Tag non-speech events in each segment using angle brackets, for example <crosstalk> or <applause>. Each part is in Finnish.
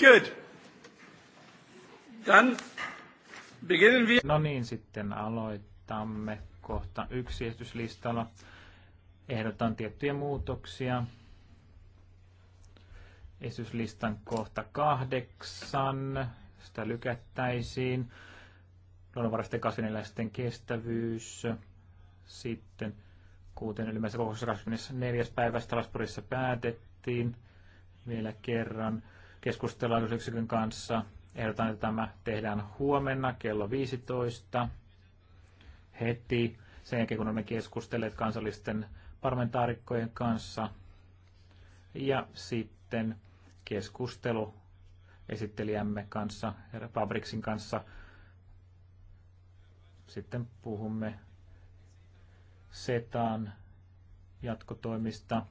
Good. Dann beginnen wir. No niin, sitten aloitamme kohta yksi esityslistalla. Ehdotan tiettyjä muutoksia. Esityslistan kohta kahdeksan. Sitä lykättäisiin. Luonnonvaraisten kasvineläisten kestävyys. Sitten kuuteen ylimmäisessä kokouksessa 24. päivä Strasbourgissa päätettiin vielä kerran keskustellaan yksikön kanssa. Ehdotan, että tämä tehdään huomenna kello 15 heti sen jälkeen, kun olemme keskustelleet kansallisten parlamentaarikkojen kanssa. Ja sitten keskustelu esittelijämme kanssa, herra Fabriksin kanssa. Sitten puhumme SETAan jatkotoimista.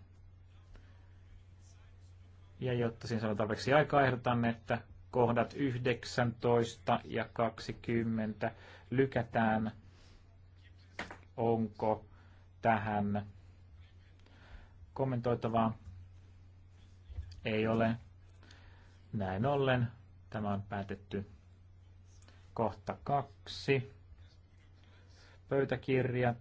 Ja jotta siinä saadaan tarpeeksi aikaa, ehdotan, että kohdat 19 ja 20 lykätään. Onko tähän kommentoitavaa? Ei ole. Näin ollen tämä on päätetty. Kohta kaksi. Pöytäkirjat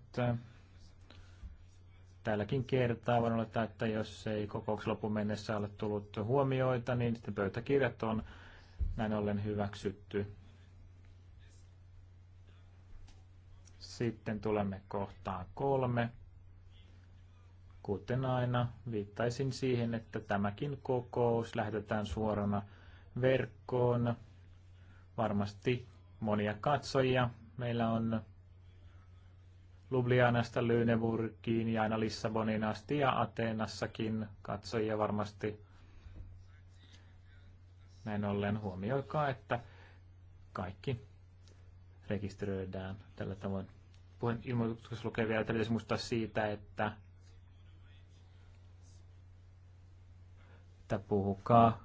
tälläkin kertaa voin olettaa, että jos ei kokouksen lopun mennessä ole tullut huomioita, niin sitten pöytäkirjat on näin ollen hyväksytty. Sitten tulemme kohtaan kolme. Kuten aina, viittaisin siihen, että tämäkin kokous lähetetään suorana verkkoon. Varmasti monia katsojia meillä on Ljubljanasta Lüneburgiin ja aina Lissabonin asti ja Ateenassakin katsojia varmasti. Näin ollen huomioikaa, että kaikki rekisteröidään tällä tavoin. Puheen ilmoituksessa lukee vielä, että pitäisi muistaa siitä, että, että puhukaa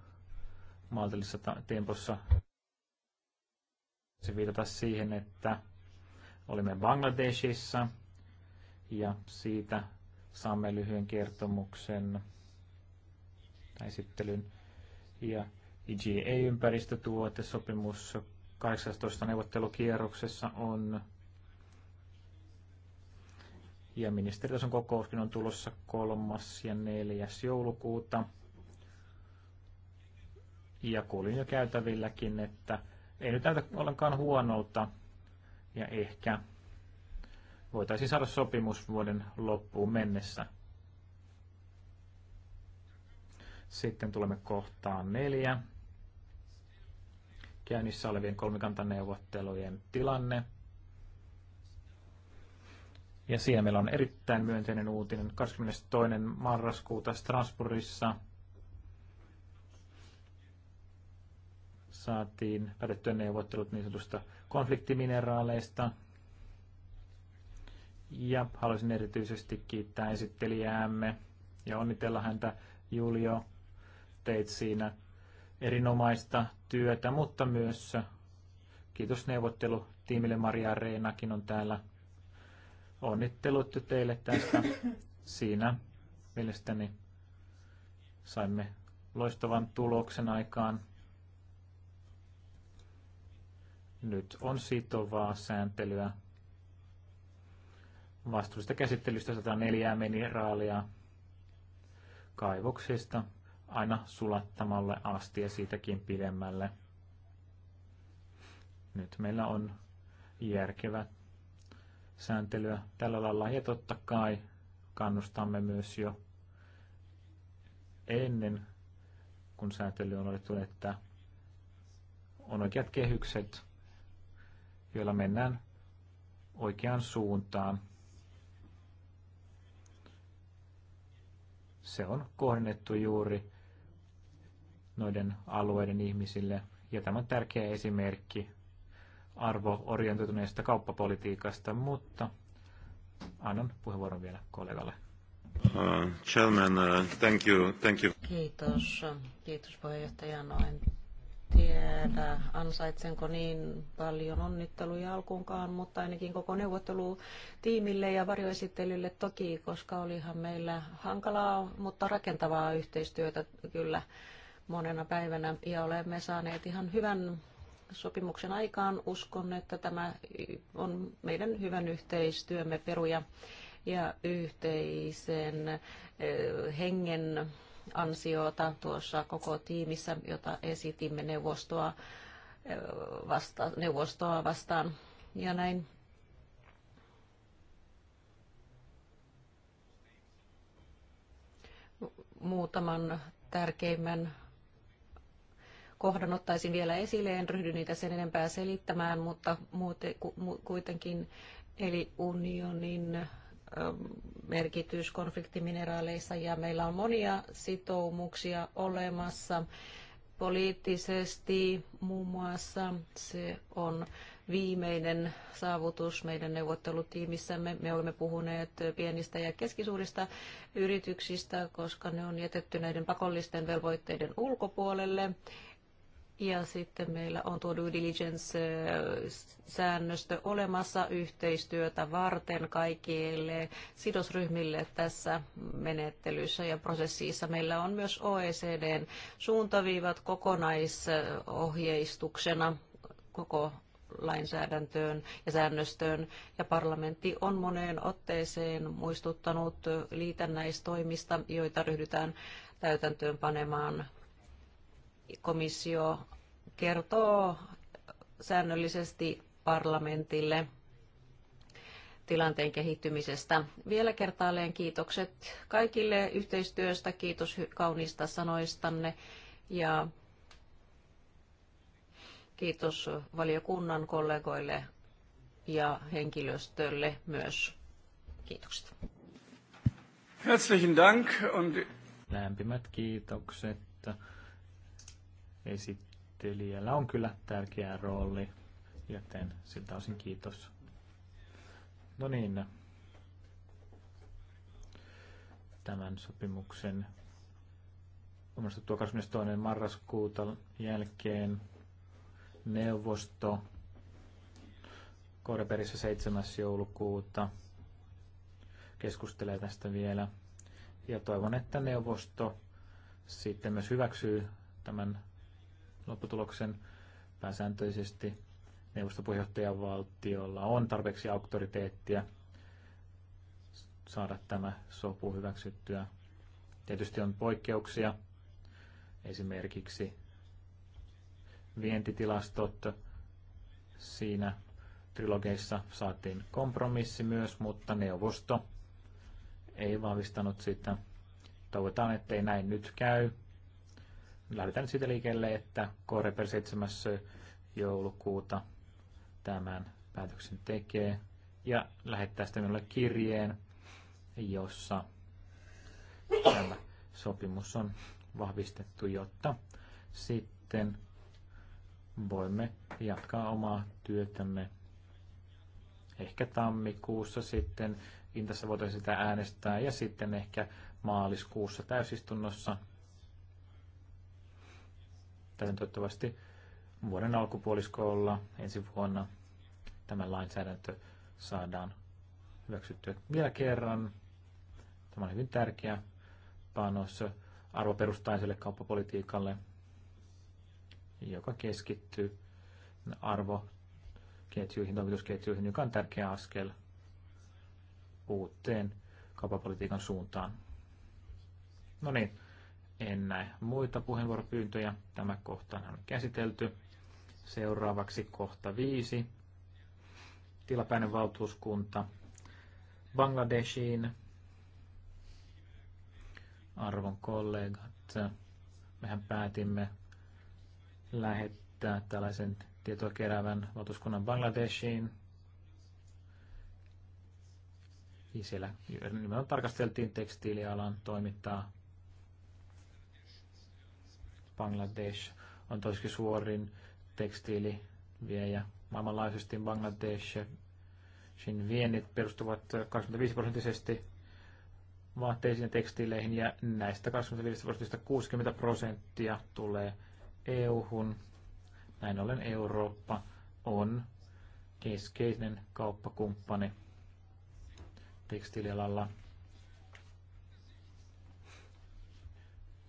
maltillisessa tempossa. Se viitata siihen, että Olimme Bangladeshissa ja siitä saamme lyhyen kertomuksen tai esittelyn. Ja IGA-ympäristötuotesopimus 18 neuvottelukierroksessa on ja ministeritason kokouskin on tulossa 3. ja 4. joulukuuta. Ja kuulin jo käytävilläkin, että ei nyt näytä ollenkaan huonolta ja ehkä voitaisiin saada sopimus vuoden loppuun mennessä. Sitten tulemme kohtaan neljä. Käynnissä olevien kolmikantaneuvottelujen tilanne. Ja siellä meillä on erittäin myönteinen uutinen 22. marraskuuta Strasbourgissa. Saatiin päätettyä neuvottelut niin sanotusta konfliktimineraaleista. Ja haluaisin erityisesti kiittää esittelijäämme ja onnitella häntä Julio. Teit siinä erinomaista työtä, mutta myös kiitos neuvottelutiimille. Maria Reenakin on täällä. Onnittelut teille tästä. Siinä mielestäni saimme loistavan tuloksen aikaan. Nyt on sitovaa sääntelyä vastuullisesta käsittelystä 104 mineraalia kaivoksista aina sulattamalle asti ja siitäkin pidemmälle. Nyt meillä on järkevä sääntelyä tällä lailla ja totta kai kannustamme myös jo ennen kun sääntely on otettu, että on oikeat kehykset joilla mennään oikeaan suuntaan. Se on kohdennettu juuri noiden alueiden ihmisille. Ja tämä on tärkeä esimerkki arvoorientoituneesta kauppapolitiikasta, mutta annan puheenvuoron vielä kollegalle. Uh, chairman, uh, thank you, thank you. Kiitos. Kiitos puheenjohtaja. Noin tiedä, ansaitsenko niin paljon onnitteluja alkuunkaan, mutta ainakin koko neuvottelutiimille ja varjoesittelylle toki, koska olihan meillä hankalaa, mutta rakentavaa yhteistyötä kyllä monena päivänä. Ja olemme saaneet ihan hyvän sopimuksen aikaan. Uskon, että tämä on meidän hyvän yhteistyömme peruja ja yhteisen eh, hengen ansiota tuossa koko tiimissä, jota esitimme neuvostoa, vasta, neuvostoa vastaan ja näin. Muutaman tärkeimmän kohdan ottaisin vielä esille, en ryhdy niitä sen enempää selittämään, mutta muuten, kuitenkin, eli unionin merkitys konfliktimineraaleissa ja meillä on monia sitoumuksia olemassa poliittisesti muun muassa. Se on viimeinen saavutus meidän neuvottelutiimissämme. Me olemme puhuneet pienistä ja keskisuurista yrityksistä, koska ne on jätetty näiden pakollisten velvoitteiden ulkopuolelle. Ja sitten meillä on tuo due diligence-säännöstö olemassa yhteistyötä varten kaikille sidosryhmille tässä menettelyssä ja prosessissa. Meillä on myös OECDn suuntaviivat kokonaisohjeistuksena koko lainsäädäntöön ja säännöstöön, ja parlamentti on moneen otteeseen muistuttanut liitännäistoimista, joita ryhdytään täytäntöön panemaan komissio kertoo säännöllisesti parlamentille tilanteen kehittymisestä. Vielä kertaalleen kiitokset kaikille yhteistyöstä, kiitos kauniista sanoistanne ja kiitos valiokunnan kollegoille ja henkilöstölle myös. Kiitokset. Herzlichen Dank und lämpimät kiitokset Esittelijällä on kyllä tärkeä rooli, joten siltä osin kiitos. No niin, tämän sopimuksen omasta 22. marraskuuta jälkeen neuvosto Koreperissä 7. joulukuuta keskustelee tästä vielä. Ja toivon, että neuvosto sitten myös hyväksyy tämän lopputuloksen pääsääntöisesti neuvostopuheenjohtajavaltiolla on tarpeeksi auktoriteettia saada tämä sopu hyväksyttyä. Tietysti on poikkeuksia, esimerkiksi vientitilastot. Siinä trilogeissa saatiin kompromissi myös, mutta neuvosto ei vahvistanut sitä. Toivotaan, ettei näin nyt käy lähdetään siitä liikkeelle, että Koreper 7. joulukuuta tämän päätöksen tekee ja lähettää sitten minulle kirjeen, jossa tämä sopimus on vahvistettu, jotta sitten voimme jatkaa omaa työtämme. Ehkä tammikuussa sitten Intassa voitaisiin sitä äänestää ja sitten ehkä maaliskuussa täysistunnossa joten toivottavasti vuoden alkupuoliskolla ensi vuonna tämä lainsäädäntö saadaan hyväksyttyä vielä kerran. Tämä on hyvin tärkeä panos arvoperustaiselle kauppapolitiikalle, joka keskittyy arvoketjuihin, toimitusketjuihin, joka on tärkeä askel uuteen kauppapolitiikan suuntaan. No niin, en näe muita puheenvuoropyyntöjä. Tämä kohta on käsitelty. Seuraavaksi kohta viisi. Tilapäinen valtuuskunta Bangladeshiin. Arvon kollegat, mehän päätimme lähettää tällaisen tietoa keräävän valtuuskunnan Bangladeshiin. Siellä nimenomaan tarkasteltiin tekstiilialan toimintaa Bangladesh on toiseksi suorin tekstiiliviejä maailmanlaajuisesti. Bangladeshin viennit perustuvat 25 prosenttisesti vaatteisiin ja tekstiileihin ja näistä 25 prosentista 60 prosenttia tulee EU-hun. Näin ollen Eurooppa on keskeinen kauppakumppani tekstiilialalla.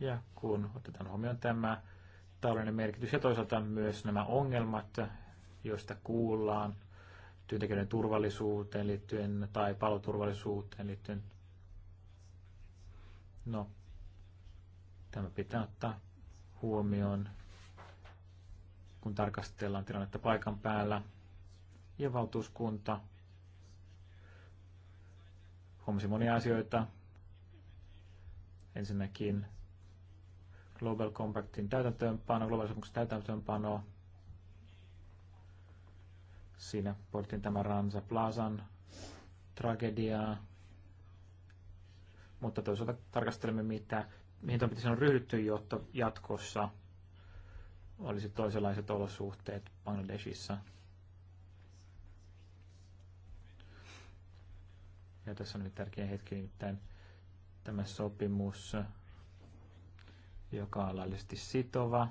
Ja kun otetaan huomioon tämä taloudellinen merkitys ja toisaalta myös nämä ongelmat, joista kuullaan työntekijöiden turvallisuuteen liittyen tai paloturvallisuuteen liittyen, no, tämä pitää ottaa huomioon, kun tarkastellaan tilannetta paikan päällä. Ja valtuuskunta huomasi monia asioita. Ensinnäkin Global Compactin täytäntöönpano, Sopimuksen täytäntöönpano. Siinä pohdittiin tämä Ransa Plazan tragediaa, mutta toisaalta tarkastelemme, mitä, mihin pitäisi on ryhdytty, jotta jatkossa olisi toisenlaiset olosuhteet Bangladeshissa. Ja tässä on nyt tärkeä hetki, nimittäin tämä sopimus joka on laillisesti sitova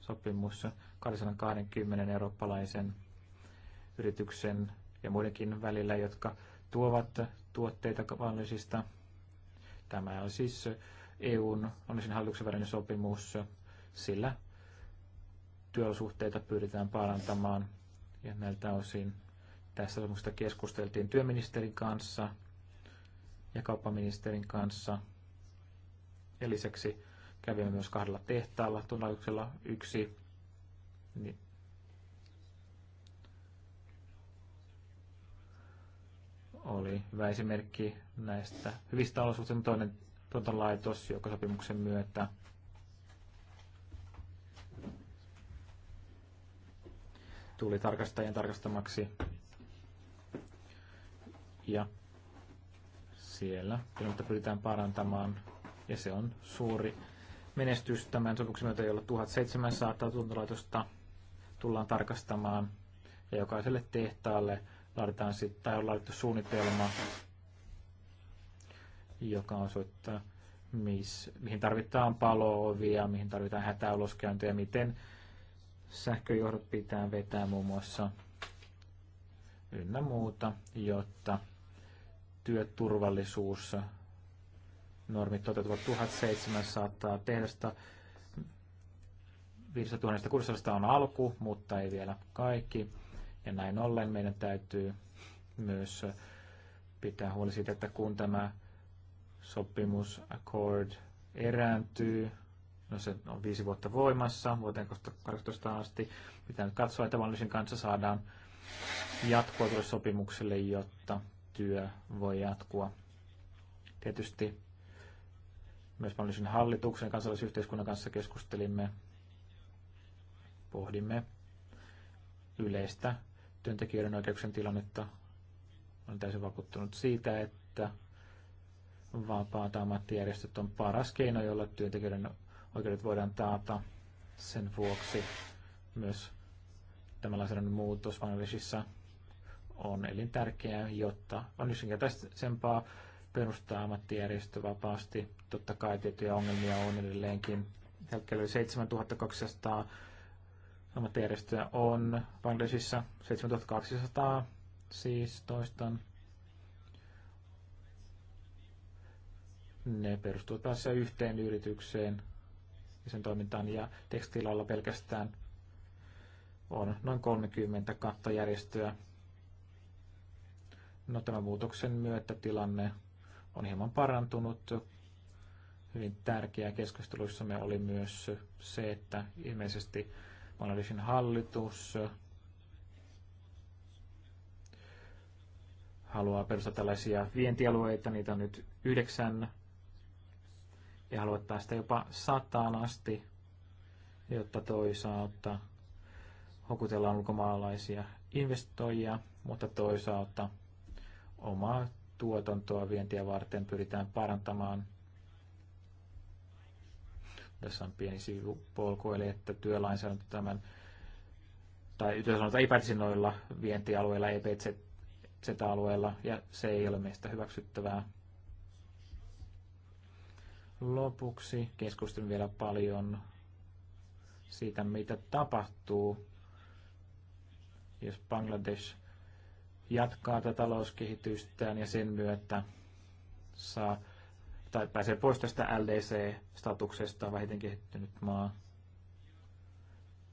sopimus 220 eurooppalaisen yrityksen ja muidenkin välillä, jotka tuovat tuotteita kaupallisista. Tämä on siis EUn onnellisen hallituksen välinen sopimus, sillä työsuhteita pyritään parantamaan. Ja näiltä osin tässä sopimuksesta keskusteltiin työministerin kanssa ja kauppaministerin kanssa. Ja lisäksi Kävimme myös kahdella tehtaalla, tunnallisuuksella yksi. Niin. Oli hyvä esimerkki näistä hyvistä olosuhteista, toinen tuotantolaitos, joka sopimuksen myötä tuli tarkastajien tarkastamaksi. Ja siellä tilannetta pyritään parantamaan. Ja se on suuri menestys tämän sopimuksen myötä, jolla 1700 tuntolaitosta tullaan tarkastamaan ja jokaiselle tehtaalle laaditaan sit, tai on laadittu suunnitelma, joka osoittaa, miss, mihin tarvitaan paloovia, mihin tarvitaan hätäoloskäyntöjä, miten sähköjohdot pitää vetää muun muassa ynnä muuta, jotta työturvallisuus normit toteutuvat 1700 tehdasta. 5600 on alku, mutta ei vielä kaikki. Ja näin ollen meidän täytyy myös pitää huoli siitä, että kun tämä sopimus, accord, erääntyy, no se on viisi vuotta voimassa, vuoteen 2018 asti, pitää nyt katsoa, että Vanlisin kanssa saadaan jatkoa tuolle sopimukselle, jotta työ voi jatkua. Tietysti myös mahdollisen hallituksen kansalaisyhteiskunnan kanssa keskustelimme, pohdimme yleistä työntekijöiden oikeuksien tilannetta. Olen täysin vakuuttunut siitä, että vapaat ammattijärjestöt on paras keino, jolla työntekijöiden oikeudet voidaan taata. Sen vuoksi myös tämä lainsäädännön muutos on elintärkeää, jotta on yksinkertaisempaa perustaa ammattijärjestö vapaasti. Totta kai tiettyjä ongelmia on edelleenkin. Hetkellä 7200 ammattijärjestöä on Bangladesissa, 7200 siis toistan. Ne perustuvat taas yhteen yritykseen ja sen toimintaan ja tekstilalla pelkästään on noin 30 kattojärjestöä. No tämän muutoksen myötä tilanne on hieman parantunut. Hyvin tärkeää keskusteluissamme oli myös se, että ilmeisesti Bangladesin hallitus haluaa perustaa tällaisia vientialueita, niitä on nyt yhdeksän, ja haluaa päästä jopa sataan asti, jotta toisaalta houkutellaan ulkomaalaisia investoijia, mutta toisaalta omaa tuotantoa vientiä varten pyritään parantamaan. Tässä on pieni sivupolku, eli että työlainsäädäntö tämän tai työsanota ei vientialueilla, EPZ-alueilla, ja se ei ole meistä hyväksyttävää. Lopuksi keskustelin vielä paljon siitä, mitä tapahtuu, jos Bangladesh jatkaa tätä talouskehitystään ja sen myötä saa tai pääsee pois tästä LDC-statuksesta vähiten kehittynyt maa.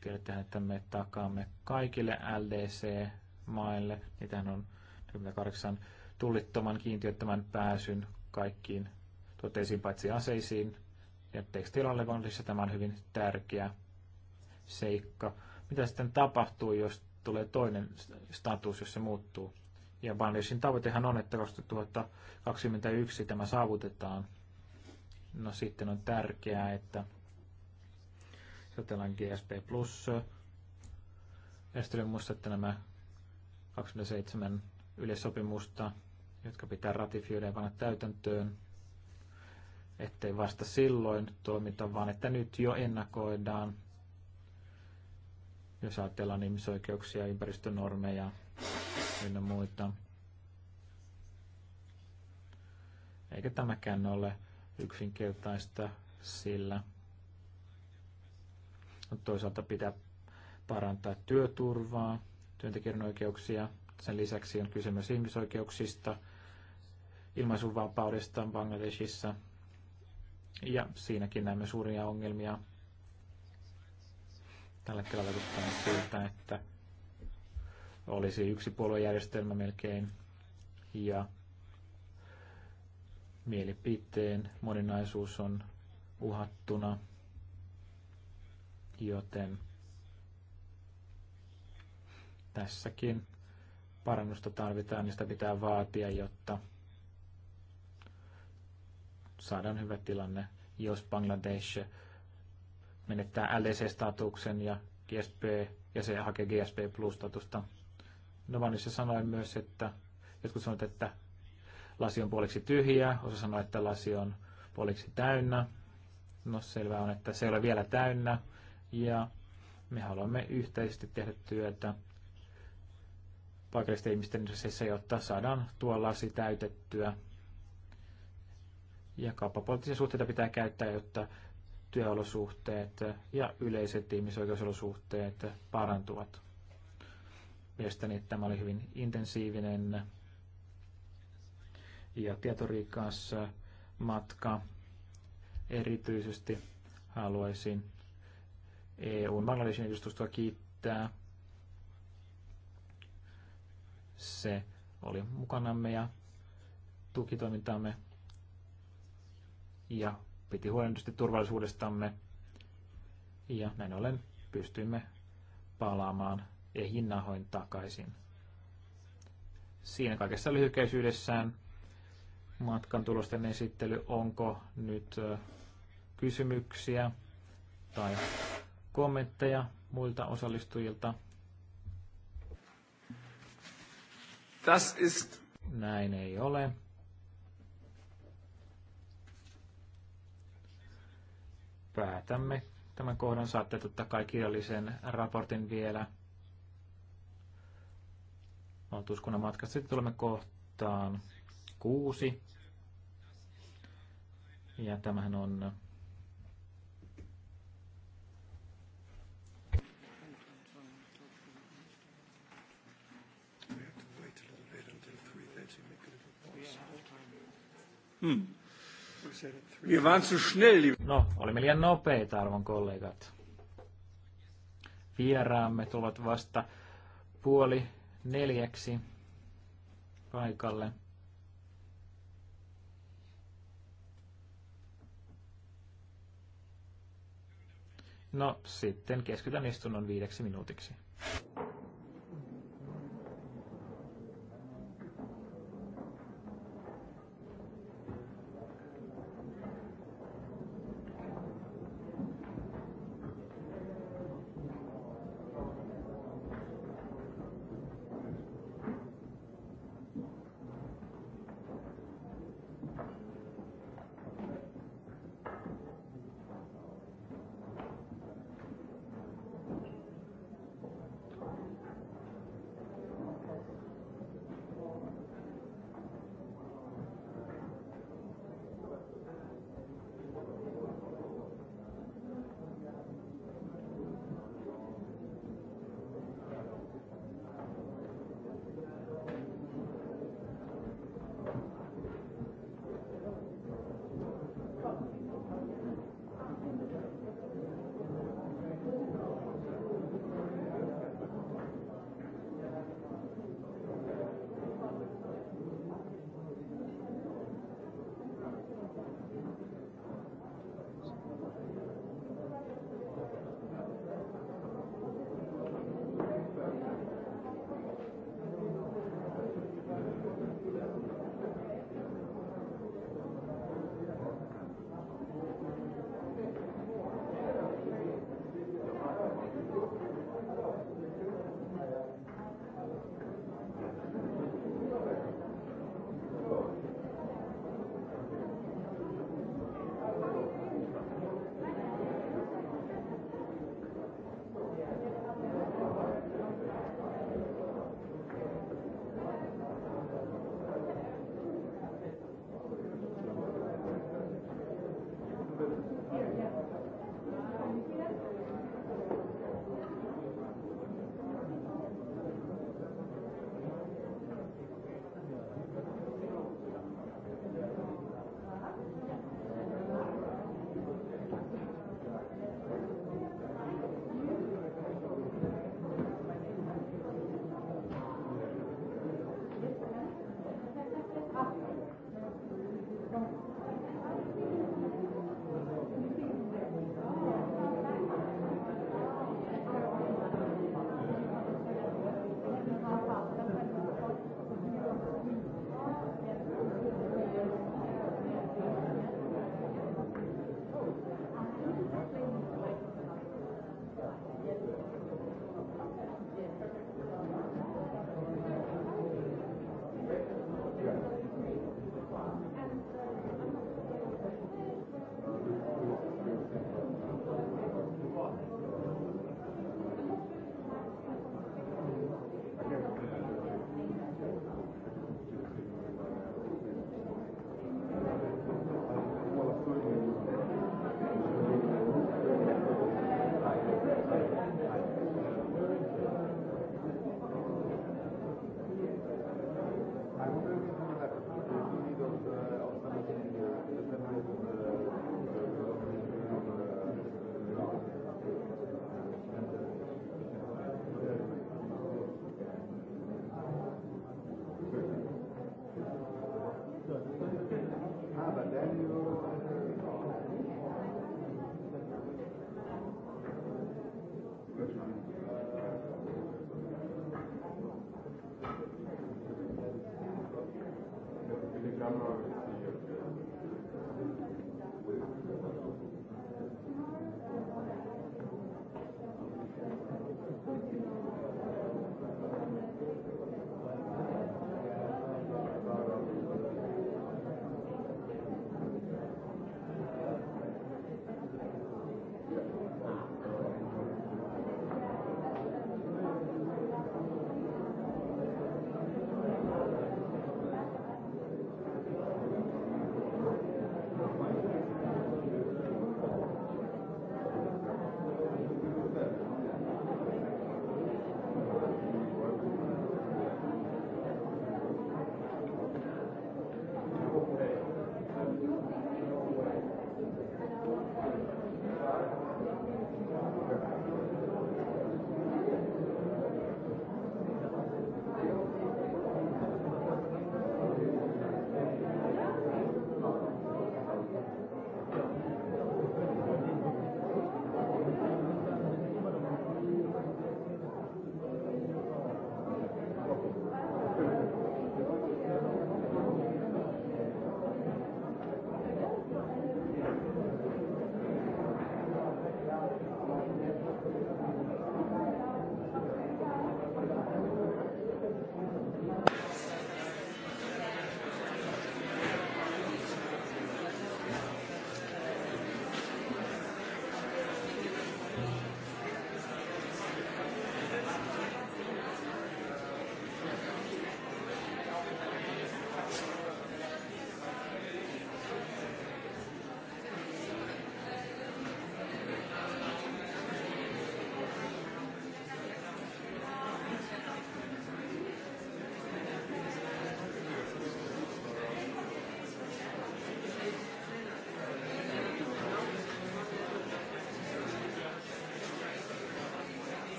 Tiedetään, että me takaamme kaikille LDC-maille, niitä on 48 tullittoman kiintiöttömän pääsyn kaikkiin tuotteisiin paitsi aseisiin ja tekstiilalle tämä on hyvin tärkeä seikka. Mitä sitten tapahtuu, jos tulee toinen status, jos se muuttuu. Ja Bangladeshin tavoitehan on, että 2021 tämä saavutetaan. No sitten on tärkeää, että ajatellaan GSP+, on muista, että nämä 27 yleissopimusta, jotka pitää ratifioida ja panna täytäntöön, ettei vasta silloin toimita, vaan että nyt jo ennakoidaan jos ajatellaan ihmisoikeuksia, ympäristönormeja ja muita. Eikä tämäkään ole yksinkertaista, sillä toisaalta pitää parantaa työturvaa, työntekijän oikeuksia. Sen lisäksi on kyse myös ihmisoikeuksista, ilmaisuvapaudesta Bangladesissa. Ja siinäkin näemme suuria ongelmia Tällä hetkellä vaikuttaa siltä, että olisi yksi puoluejärjestelmä melkein ja mielipiteen moninaisuus on uhattuna, joten tässäkin parannusta tarvitaan, niistä pitää vaatia, jotta saadaan hyvä tilanne, jos Bangladesh menettää LDC-statuksen ja GSP, ja se hakee GSP Plus-statusta. Novanissa sanoi myös, että jotkut sanoivat, että lasi on puoliksi tyhjä, osa sanoi, että lasi on puoliksi täynnä. No selvää on, että se ei ole vielä täynnä ja me haluamme yhteisesti tehdä työtä paikallisten ihmisten resursseissa, jotta saadaan tuo lasi täytettyä. Ja kauppapoliittisia suhteita pitää käyttää, jotta työolosuhteet ja yleiset ihmisoikeusolosuhteet parantuvat. Mielestäni tämä oli hyvin intensiivinen ja tietoriikas matka. Erityisesti haluaisin EUn Bangladesin edustustoa kiittää. Se oli mukanamme ja tukitoimintamme ja piti huolen turvallisuudestamme ja näin ollen pystyimme palaamaan ehjin nahoin takaisin. Siinä kaikessa lyhykäisyydessään matkan tulosten esittely, onko nyt kysymyksiä tai kommentteja muilta osallistujilta. Das ist... Näin ei ole. päätämme tämän kohdan. Saatte totta kai kirjallisen raportin vielä valtuuskunnan matkasta. Sitten tulemme kohtaan kuusi. Ja tämähän on Hmm. No, olimme liian nopeita, arvon kollegat. Vieraamme tulevat vasta puoli neljäksi paikalle. No, sitten keskitytään istunnon viideksi minuutiksi.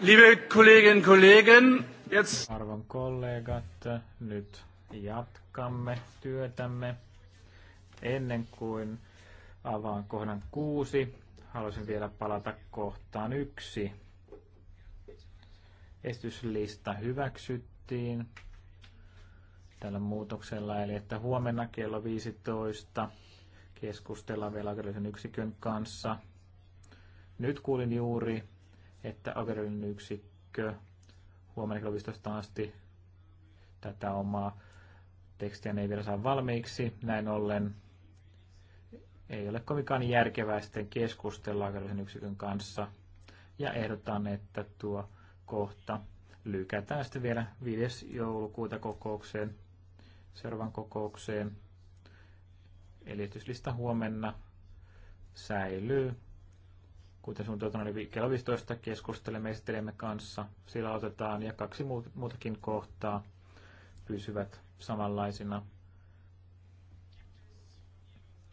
Liebe Kolleginnen und Kollegen, jetzt... Arvon kollegat, nyt jatkamme työtämme. Ennen kuin avaan kohdan kuusi, haluaisin vielä palata kohtaan yksi. Estyslista hyväksyttiin tällä muutoksella, eli että huomenna kello 15 keskustellaan vielä yksikön kanssa – nyt kuulin juuri, että oikeudellinen yksikkö huomenna kello 15 asti tätä omaa tekstiä ei vielä saa valmiiksi. Näin ollen ei ole kovinkaan järkevää sitten keskustella oikeudellisen yksikön kanssa. Ja ehdotan, että tuo kohta lykätään sitten vielä 5. joulukuuta kokoukseen, seuraavan kokoukseen. Eli esityslista huomenna säilyy Kuten suunniteltuna, niin kello 15 keskustelemme esittelemme kanssa. Sillä otetaan ja kaksi muutakin kohtaa pysyvät samanlaisina.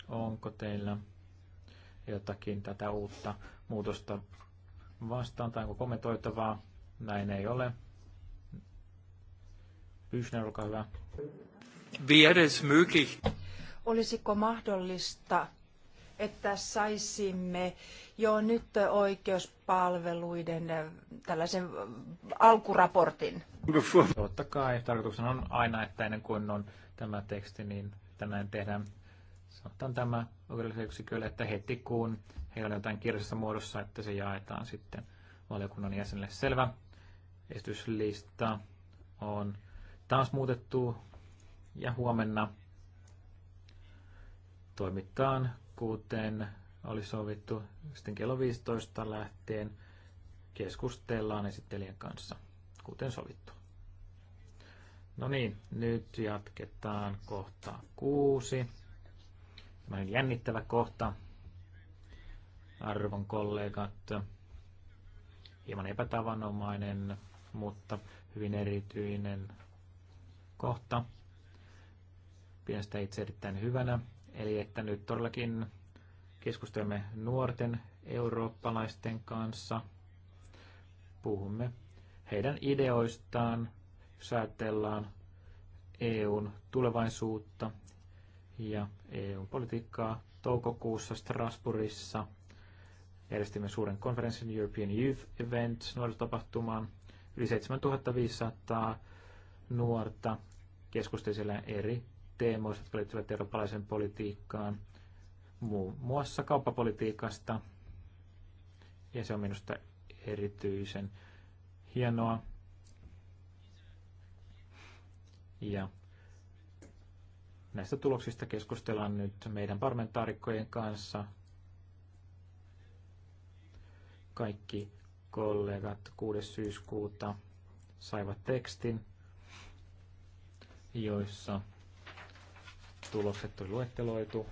Onko teillä jotakin tätä uutta muutosta vastaan tai onko kommentoitavaa? Näin ei ole. Pyysner, olkaa hyvä. Olisiko mahdollista, että saisimme Joo, nyt oikeuspalveluiden eh, tällaisen eh, alkuraportin? Totta kai. Tarkoituksena on aina, että ennen kuin on tämä teksti, niin tänään tehdään, sanotaan tämä oikeudellisen yksikölle, että heti kun heillä on jotain kirjassa muodossa, että se jaetaan sitten valiokunnan jäsenille. Selvä. Esityslista on taas muutettu ja huomenna toimitaan kuten oli sovittu. Sitten kello 15 lähtien keskustellaan esittelijän kanssa, kuten sovittu. No niin, nyt jatketaan kohta kuusi. Tämä on jännittävä kohta. Arvon kollegat, hieman epätavanomainen, mutta hyvin erityinen kohta. Pidän sitä itse erittäin hyvänä. Eli että nyt todellakin Keskustelemme nuorten eurooppalaisten kanssa. Puhumme heidän ideoistaan, säätellään EUn tulevaisuutta ja EUn politiikkaa. Toukokuussa Strasbourgissa järjestimme suuren konferenssin European Youth Event nuorisotapahtumaan. Yli 7500 nuorta keskusteli eri teemoista, jotka liittyvät eurooppalaiseen politiikkaan, muun muassa kauppapolitiikasta. Ja se on minusta erityisen hienoa. Ja näistä tuloksista keskustellaan nyt meidän parlamentaarikkojen kanssa. Kaikki kollegat 6. syyskuuta saivat tekstin, joissa tulokset on luetteloitu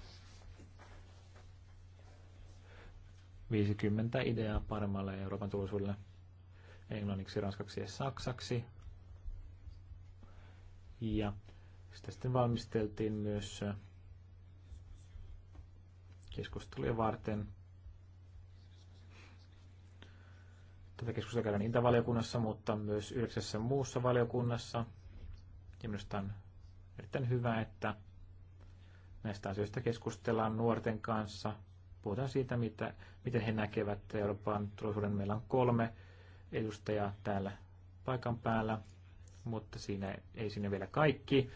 50 ideaa paremmalle Euroopan turvallisuudelle englanniksi, ranskaksi ja saksaksi. Ja sitä sitten valmisteltiin myös äh, keskusteluja varten. Tätä keskustelua käydään Intavaliokunnassa, mutta myös yhdeksässä muussa valiokunnassa. Ja minusta on erittäin hyvä, että näistä asioista keskustellaan nuorten kanssa – Puhutaan siitä, mitä, miten he näkevät Euroopan turvallisuuden. Meillä on kolme edustajaa täällä paikan päällä, mutta siinä ei sinne vielä kaikki.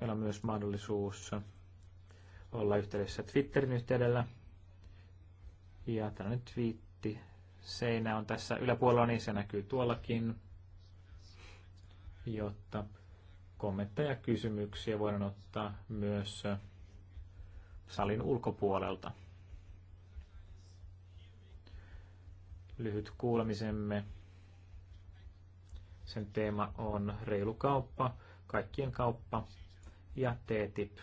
Meillä on myös mahdollisuus olla yhteydessä Twitterin yhteydellä. Ja tällainen twiitti seinä on tässä yläpuolella, niin se näkyy tuollakin, jotta kommentteja ja kysymyksiä voidaan ottaa myös salin ulkopuolelta. lyhyt kuulemisemme. Sen teema on reilu kauppa, kaikkien kauppa ja TTIP.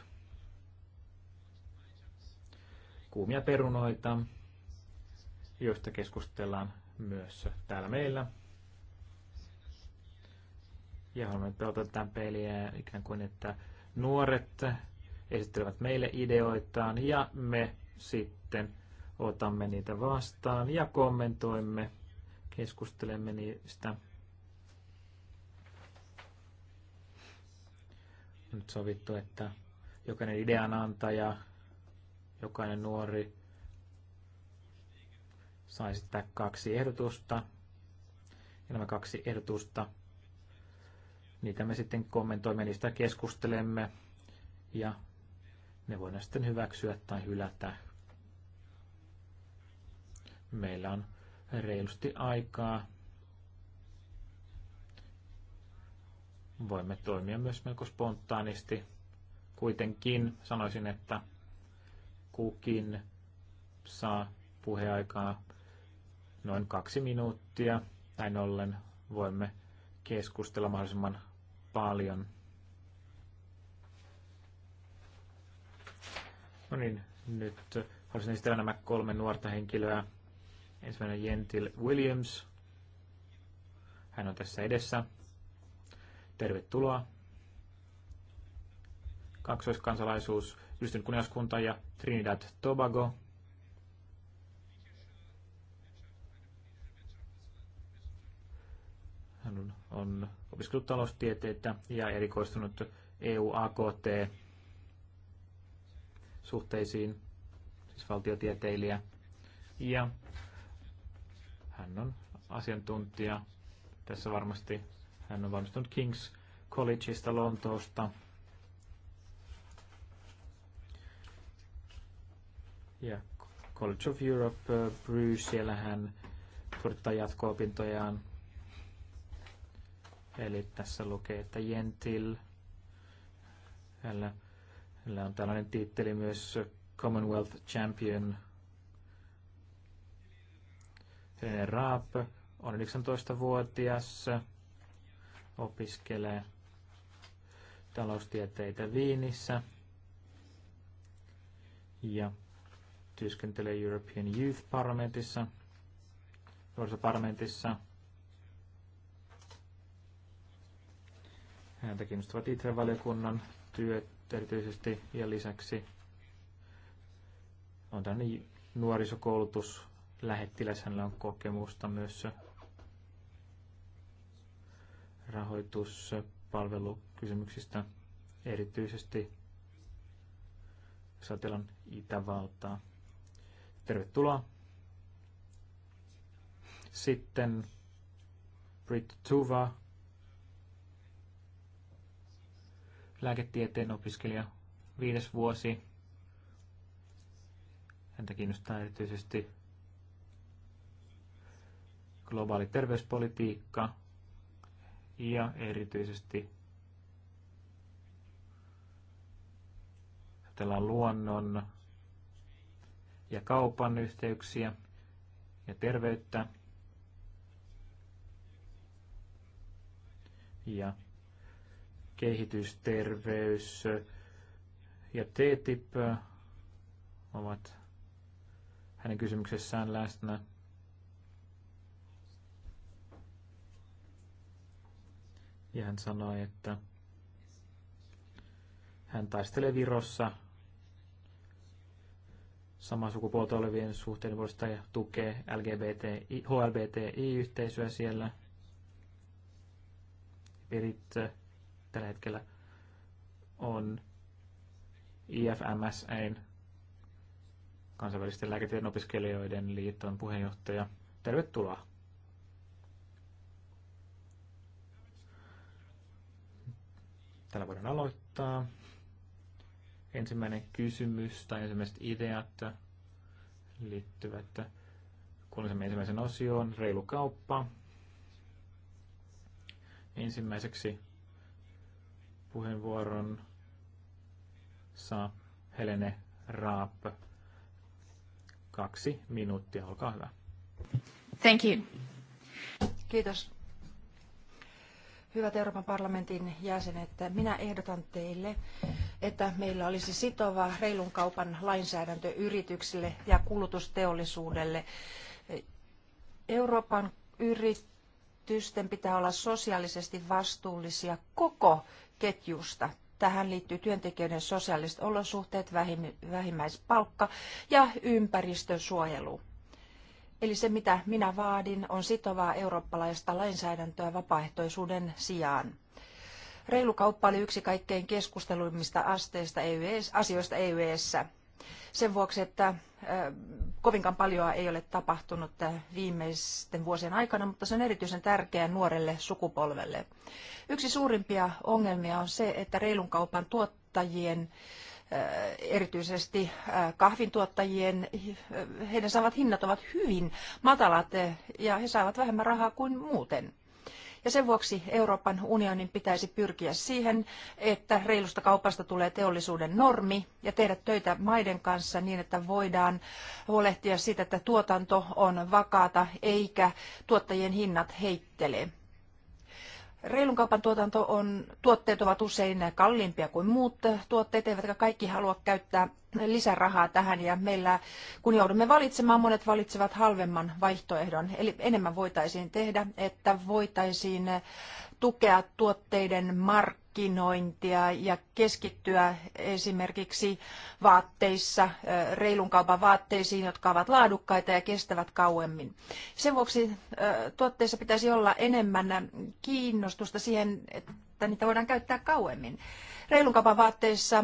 Kuumia perunoita, joista keskustellaan myös täällä meillä. Ja haluamme pelata tämän peliä ikään kuin, että nuoret esittelevät meille ideoitaan ja me sitten otamme niitä vastaan ja kommentoimme, keskustelemme niistä. Nyt sovittu, että jokainen ideanantaja, jokainen nuori saa esittää kaksi ehdotusta. Ja nämä kaksi ehdotusta, niitä me sitten kommentoimme, niistä keskustelemme ja ne voidaan sitten hyväksyä tai hylätä meillä on reilusti aikaa. Voimme toimia myös melko spontaanisti. Kuitenkin sanoisin, että kukin saa puheaikaa noin kaksi minuuttia. Näin ollen voimme keskustella mahdollisimman paljon. No niin, nyt haluaisin esitellä nämä kolme nuorta henkilöä Ensimmäinen Gentil Williams. Hän on tässä edessä. Tervetuloa. Kaksoiskansalaisuus, Yhdistynyt kuningaskunta ja Trinidad Tobago. Hän on opiskellut taloustieteitä ja erikoistunut EU-AKT-suhteisiin, siis valtiotieteilijä. Ja hän on asiantuntija. Tässä varmasti hän on valmistunut King's Collegeista Lontoosta. Ja College of Europe äh, Bruce, siellä hän suorittaa jatko-opintojaan. Eli tässä lukee, että Jentil. Hänellä, hänellä on tällainen titteli myös äh, Commonwealth Champion – Raap on 19-vuotias, opiskelee taloustieteitä Viinissä ja työskentelee European Youth Parlamentissa, nuorisoparlamentissa. Häntä kiinnostavat it valiokunnan työt erityisesti ja lisäksi on tämmöinen nuorisokoulutus lähettiläs, hänellä on kokemusta myös rahoituspalvelukysymyksistä, erityisesti Satelan Itävaltaa. Tervetuloa. Sitten Brit Tuva, lääketieteen opiskelija, viides vuosi. Häntä kiinnostaa erityisesti globaali terveyspolitiikka ja erityisesti ajatellaan luonnon ja kaupan yhteyksiä ja terveyttä. Ja kehitysterveys ja TTIP ovat hänen kysymyksessään läsnä. Ja hän sanoi, että hän taistelee Virossa samaa sukupuolta olevien suhteiden vuodesta ja tukee LGBTI, HLBTI-yhteisöä siellä. Pirit äh, tällä hetkellä on IFMSAin kansainvälisten lääketieteen opiskelijoiden liiton puheenjohtaja. Tervetuloa! Täällä voidaan aloittaa. Ensimmäinen kysymys tai ensimmäiset ideat liittyvät kuulisemme ensimmäisen osioon, reilu kauppa. Ensimmäiseksi puheenvuoron saa Helene Raap. Kaksi minuuttia, olkaa hyvä. Thank you. Kiitos. Hyvät Euroopan parlamentin jäsenet, minä ehdotan teille, että meillä olisi sitova reilun kaupan lainsäädäntö yrityksille ja kulutusteollisuudelle. Euroopan yritysten pitää olla sosiaalisesti vastuullisia koko ketjusta. Tähän liittyy työntekijöiden sosiaaliset olosuhteet, vähimmäispalkka ja ympäristösuojelu. Eli se, mitä minä vaadin, on sitovaa eurooppalaista lainsäädäntöä vapaaehtoisuuden sijaan. Reilu kauppa oli yksi kaikkein keskusteluimmista asteista EUS, asioista EU:ssa. Sen vuoksi, että kovinkaan paljon ei ole tapahtunut viimeisten vuosien aikana, mutta se on erityisen tärkeää nuorelle sukupolvelle. Yksi suurimpia ongelmia on se, että reilun kaupan tuottajien Äh, erityisesti äh, kahvintuottajien, äh, heidän saavat hinnat ovat hyvin matalat ja he saavat vähemmän rahaa kuin muuten. Ja sen vuoksi Euroopan unionin pitäisi pyrkiä siihen, että reilusta kaupasta tulee teollisuuden normi ja tehdä töitä maiden kanssa niin, että voidaan huolehtia siitä, että tuotanto on vakaata eikä tuottajien hinnat heittele. Reilun kaupan tuotanto on, tuotteet ovat usein kalliimpia kuin muut tuotteet, eivätkä kaikki halua käyttää lisärahaa tähän. Ja meillä, kun joudumme valitsemaan, monet valitsevat halvemman vaihtoehdon. Eli enemmän voitaisiin tehdä, että voitaisiin tukea tuotteiden markkinoita markkinointia ja keskittyä esimerkiksi vaatteissa, reilun kaupan vaatteisiin, jotka ovat laadukkaita ja kestävät kauemmin. Sen vuoksi tuotteissa pitäisi olla enemmän kiinnostusta siihen, että niitä voidaan käyttää kauemmin. Reilun kaupan vaatteissa,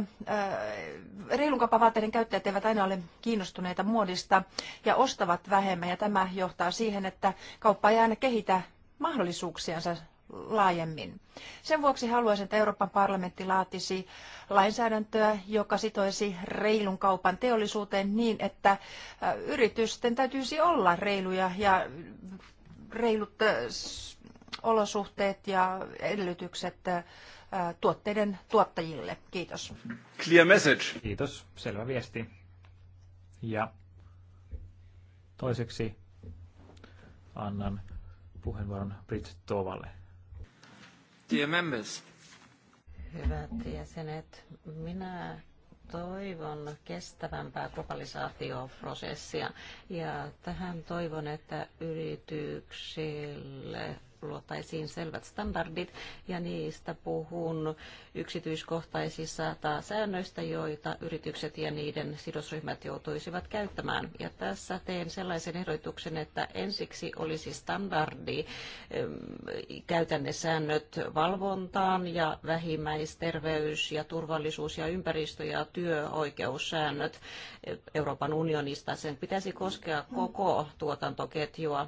reilun kaupan vaatteiden käyttäjät eivät aina ole kiinnostuneita muodista ja ostavat vähemmän ja tämä johtaa siihen, että kauppa ei aina kehitä mahdollisuuksiansa laajemmin. Sen vuoksi haluaisin, että Euroopan parlamentti laatisi lainsäädäntöä, joka sitoisi reilun kaupan teollisuuteen niin, että äh, yritysten täytyisi olla reiluja ja reilut äh, olosuhteet ja edellytykset äh, tuotteiden tuottajille. Kiitos. Clear message. Kiitos. Selvä viesti. Ja toiseksi annan puheenvuoron Bridget Tovalle. Dear members. Hyvät jäsenet, minä toivon kestävämpää globalisaatioprosessia ja tähän toivon, että yrityksille luotaisiin selvät standardit ja niistä puhun yksityiskohtaisissa säännöistä, joita yritykset ja niiden sidosryhmät joutuisivat käyttämään. Ja tässä teen sellaisen ehdotuksen, että ensiksi olisi standardi käytännesäännöt valvontaan ja vähimmäisterveys ja turvallisuus ja ympäristö ja työoikeussäännöt Euroopan unionista. Sen pitäisi koskea koko tuotantoketjua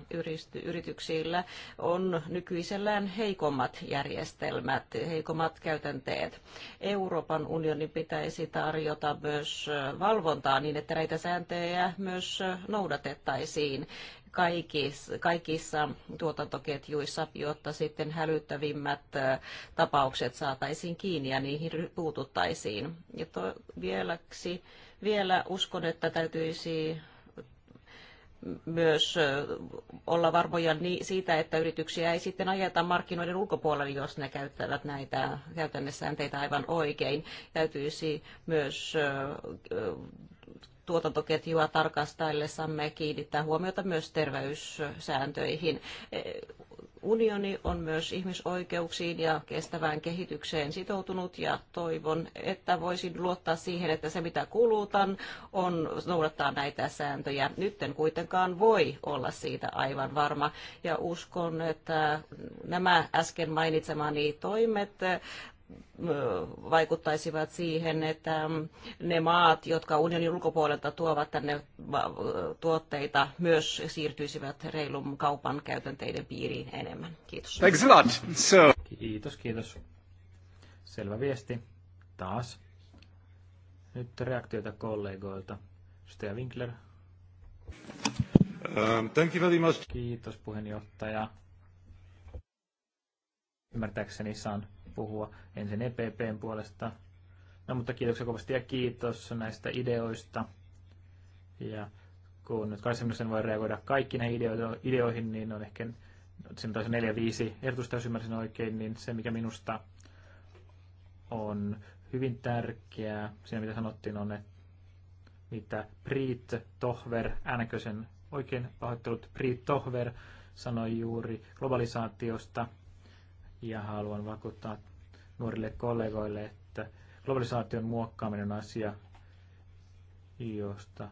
yrityksillä. On nykyisellään heikommat järjestelmät, heikommat käytänteet. Euroopan unionin pitäisi tarjota myös valvontaa niin, että näitä sääntöjä myös noudatettaisiin kaikissa, kaikissa tuotantoketjuissa, jotta sitten hälyttävimmät tapaukset saataisiin kiinni ja niihin puututtaisiin. Ja to, vieläksi, vielä uskon, että täytyisi myös olla varmoja siitä, että yrityksiä ei sitten ajeta markkinoiden ulkopuolelle, jos ne käyttävät näitä käytännössäänteitä aivan oikein. Täytyisi myös tuotantoketjua tarkastaillessamme kiinnittää huomiota myös terveyssääntöihin unioni on myös ihmisoikeuksiin ja kestävään kehitykseen sitoutunut ja toivon, että voisin luottaa siihen, että se mitä kulutan on noudattaa näitä sääntöjä. Nyt en kuitenkaan voi olla siitä aivan varma ja uskon, että nämä äsken mainitsemani toimet vaikuttaisivat siihen, että ne maat, jotka unionin ulkopuolelta tuovat tänne tuotteita, myös siirtyisivät reilun kaupan käytänteiden piiriin enemmän. Kiitos. Thanks a lot. So. Kiitos, kiitos. Selvä viesti. Taas. Nyt reaktioita kollegoilta. Stea Winkler. Um, thank you very much. Kiitos puheenjohtaja. Ymmärtääkseni saan puhua ensin EPPn puolesta. No mutta kiitoksia kovasti ja kiitos näistä ideoista. Ja kun nyt 80 voi reagoida kaikki näihin ideoihin, niin on ehkä sen taisi neljä viisi ehdotusta, jos ymmärsin oikein, niin se mikä minusta on hyvin tärkeää, siinä mitä sanottiin on, että mitä Priit Tohver, äänäköisen oikein pahoittelut, Priit Tohver sanoi juuri globalisaatiosta, ja haluan vakuuttaa nuorille kollegoille, että globalisaation muokkaaminen on asia, josta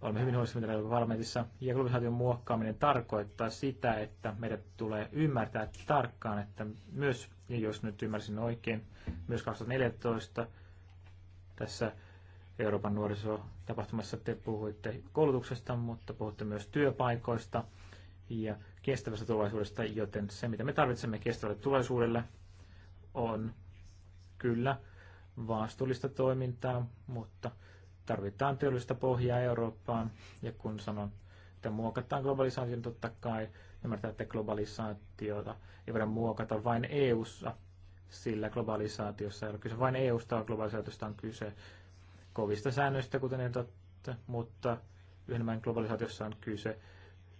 olemme hyvin huolissamme täällä parlamentissa. Ja globalisaation muokkaaminen tarkoittaa sitä, että meidän tulee ymmärtää tarkkaan, että myös, ja jos nyt ymmärsin oikein, myös 2014 tässä Euroopan nuorisotapahtumassa te puhuitte koulutuksesta, mutta puhutte myös työpaikoista ja kestävästä tulevaisuudesta, joten se, mitä me tarvitsemme kestävälle tulevaisuudelle, on kyllä vastuullista toimintaa, mutta tarvitaan teollista pohjaa Eurooppaan. Ja kun sanon, että muokataan globalisaation, totta kai ymmärtää, että globalisaatiota ei voida muokata vain EU-ssa, sillä globalisaatiossa ei ole kyse vain EU-sta, vaan globalisaatiosta on kyse kovista säännöistä, kuten totta, mutta yhden globalisaatiossa on kyse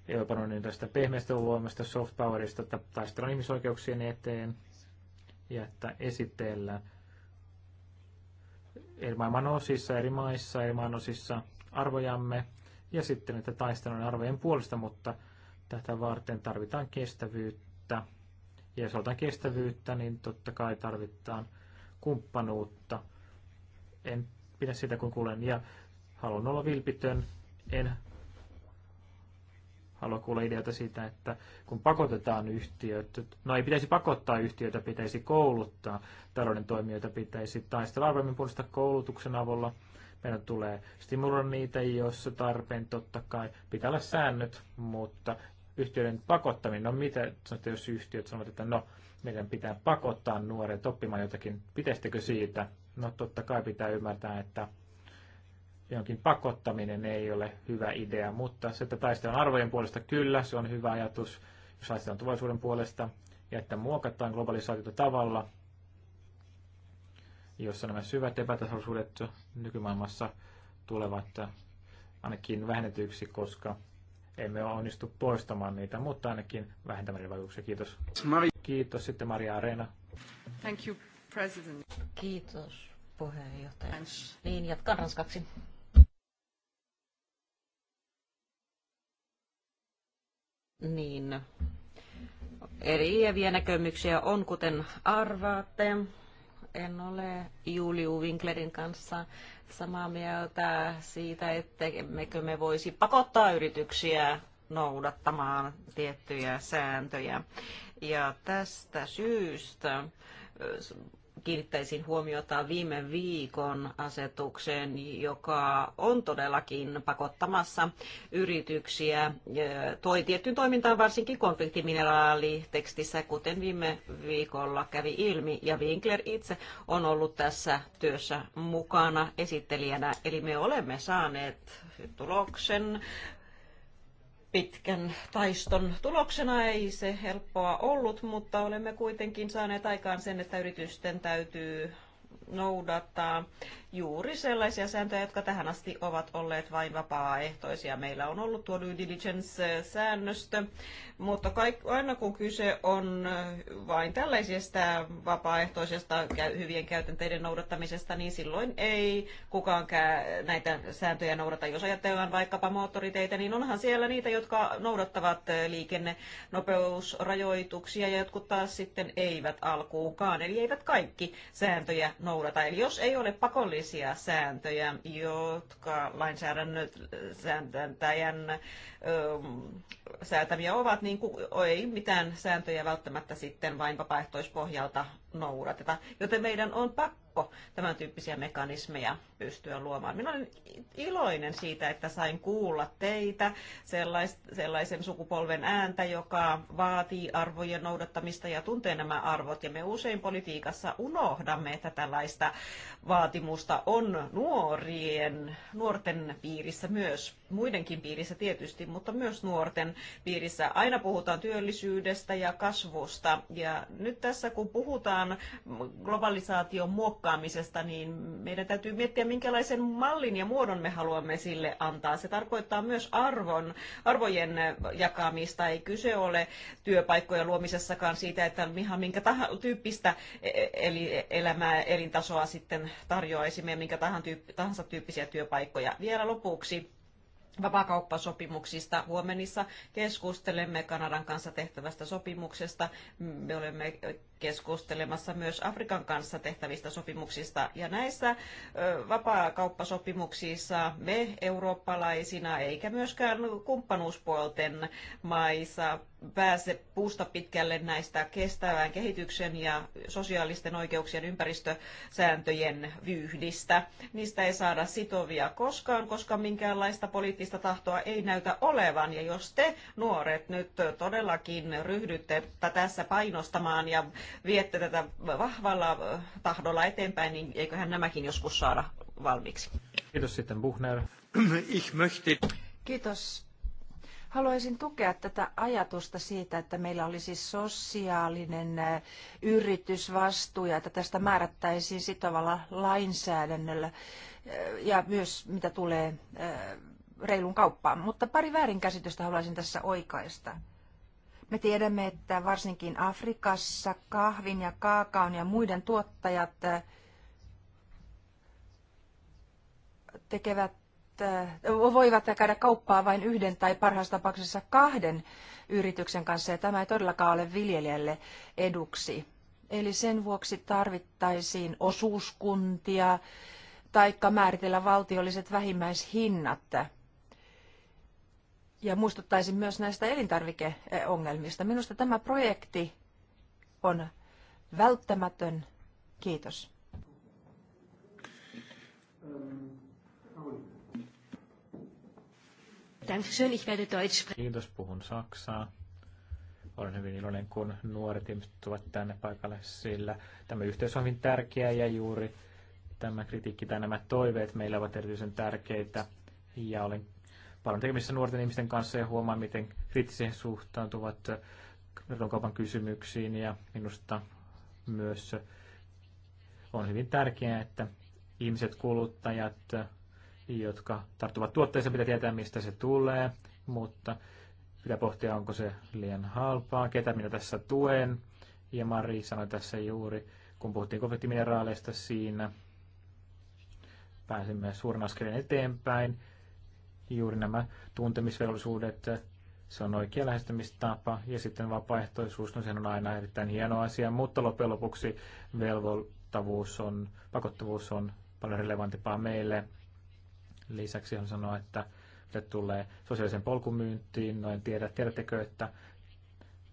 Euroopan niin tästä pehmeästä voimasta, soft powerista, taistellaan ihmisoikeuksien eteen ja että esitellään eri maailman osissa, eri maissa, eri maailman osissa arvojamme ja sitten, että taistelun arvojen puolesta, mutta tätä varten tarvitaan kestävyyttä. Ja jos otetaan kestävyyttä, niin totta kai tarvitaan kumppanuutta. En pidä sitä, kun kuulen. Ja haluan olla vilpitön. En haluaa kuulla ideoita siitä, että kun pakotetaan yhtiöt, no ei pitäisi pakottaa yhtiöitä, pitäisi kouluttaa talouden toimijoita, pitäisi taistella arvoimmin puolesta koulutuksen avulla. Meidän tulee stimuloida niitä, jos tarpeen totta kai. Pitää olla säännöt, mutta yhtiöiden pakottaminen, no mitä sanotte, jos yhtiöt sanovat, että no meidän pitää pakottaa nuoret oppimaan jotakin, pitäisikö siitä? No totta kai pitää ymmärtää, että johonkin pakottaminen ei ole hyvä idea, mutta se, että taistellaan arvojen puolesta, kyllä, se on hyvä ajatus, jos taistellaan tulevaisuuden puolesta, ja että muokataan globalisaatiota tavalla, jossa nämä syvät epätasaisuudet nykymaailmassa tulevat ainakin vähennetyksi, koska emme onnistu poistamaan niitä, mutta ainakin vähentämään vaikutuksia. Kiitos. Kiitos. Sitten Maria Areena. Thank you, President. Kiitos, puheenjohtaja. Niin, jatkan ranskaksi. Niin, eriäviä näkemyksiä on, kuten arvaatte. En ole Juliu Winklerin kanssa samaa mieltä siitä, että mekö me voisi pakottaa yrityksiä noudattamaan tiettyjä sääntöjä. Ja tästä syystä kiinnittäisin huomiota viime viikon asetukseen, joka on todellakin pakottamassa yrityksiä toi tiettyyn toimintaan, varsinkin konfliktimineraalitekstissä, kuten viime viikolla kävi ilmi. Ja Winkler itse on ollut tässä työssä mukana esittelijänä, eli me olemme saaneet tuloksen pitkän taiston tuloksena ei se helppoa ollut, mutta olemme kuitenkin saaneet aikaan sen, että yritysten täytyy noudattaa juuri sellaisia sääntöjä, jotka tähän asti ovat olleet vain vapaaehtoisia. Meillä on ollut tuo due diligence-säännöstö, mutta aina kun kyse on vain tällaisesta vapaaehtoisesta hyvien käytänteiden noudattamisesta, niin silloin ei kukaan näitä sääntöjä noudata. Jos ajatellaan vaikkapa moottoriteitä, niin onhan siellä niitä, jotka noudattavat liikennenopeusrajoituksia ja jotkut taas sitten eivät alkuunkaan, eli eivät kaikki sääntöjä noudata. Eli jos ei ole pakollista juridisia sääntöjä, jotka lainsäädäntäjän säätämiä ovat, niin ei mitään sääntöjä välttämättä sitten vain vapaaehtoispohjalta noudateta. Joten meidän on pakko tämän tyyppisiä mekanismeja pystyä luomaan. Minä olen iloinen siitä, että sain kuulla teitä sellaisen sukupolven ääntä, joka vaatii arvojen noudattamista ja tuntee nämä arvot. Ja me usein politiikassa unohdamme, että tällaista vaatimusta on nuorien, nuorten piirissä myös muidenkin piirissä tietysti, mutta myös nuorten piirissä. Aina puhutaan työllisyydestä ja kasvusta. Ja nyt tässä kun puhutaan globalisaation muokkaamisesta, niin meidän täytyy miettiä, minkälaisen mallin ja muodon me haluamme sille antaa. Se tarkoittaa myös arvon, arvojen jakamista. Ei kyse ole työpaikkojen luomisessakaan siitä, että ihan minkä tahansa tyyppistä e, e, eli elämää, elintasoa sitten tarjoaisimme, minkä tahansa tyyppisiä työpaikkoja. Vielä lopuksi vapaakauppasopimuksista. Huomenissa keskustelemme Kanadan kanssa tehtävästä sopimuksesta. Me olemme keskustelemassa myös Afrikan kanssa tehtävistä sopimuksista. Ja näissä vapaakauppasopimuksissa me eurooppalaisina eikä myöskään kumppanuuspuolten maissa pääse puusta pitkälle näistä kestävän kehityksen ja sosiaalisten oikeuksien ympäristösääntöjen vyyhdistä. Niistä ei saada sitovia koskaan, koska minkäänlaista poliittista tahtoa ei näytä olevan. Ja jos te nuoret nyt todellakin ryhdytte tässä painostamaan ja viette tätä vahvalla tahdolla eteenpäin, niin eiköhän nämäkin joskus saada valmiiksi. Kiitos sitten Buchner. Ich möchte. Kiitos. Haluaisin tukea tätä ajatusta siitä, että meillä olisi sosiaalinen yritysvastuu ja että tästä määrättäisiin sitovalla lainsäädännöllä ja myös mitä tulee reilun kauppaan. Mutta pari väärinkäsitystä haluaisin tässä oikaista. Me tiedämme, että varsinkin Afrikassa kahvin ja kaakaon ja muiden tuottajat äh, tekevät äh, voivat käydä kauppaa vain yhden tai parhaassa tapauksessa kahden yrityksen kanssa, ja tämä ei todellakaan ole viljelijälle eduksi. Eli sen vuoksi tarvittaisiin osuuskuntia, taikka määritellä valtiolliset vähimmäishinnat ja muistuttaisin myös näistä elintarvikeongelmista. Minusta tämä projekti on välttämätön. Kiitos. ich werde Deutsch Kiitos, puhun saksaa. Olen hyvin iloinen, kun nuoret ihmiset tulevat tänne paikalle, sillä tämä yhteys on hyvin tärkeä ja juuri tämä kritiikki tai nämä toiveet meillä ovat erityisen tärkeitä. Ja olen paljon tekemisissä nuorten ihmisten kanssa ja huomaa, miten kriittisiin suhtautuvat verkkokaupan kysymyksiin ja minusta myös on hyvin tärkeää, että ihmiset, kuluttajat, jotka tarttuvat tuotteeseen, pitää tietää, mistä se tulee, mutta pitää pohtia, onko se liian halpaa, ketä minä tässä tuen. Ja Mari sanoi tässä juuri, kun puhuttiin konfliktimineraaleista siinä, pääsimme suurin askeleen eteenpäin juuri nämä tuntemisvelvollisuudet, se on oikea lähestymistapa ja sitten vapaaehtoisuus, no sehän on aina erittäin hieno asia, mutta loppujen lopuksi velvoittavuus on, pakottavuus on paljon relevantipaa meille. Lisäksi on sanoa, että mitä tulee sosiaalisen polkumyyntiin, no en tiedä, tiedättekö, että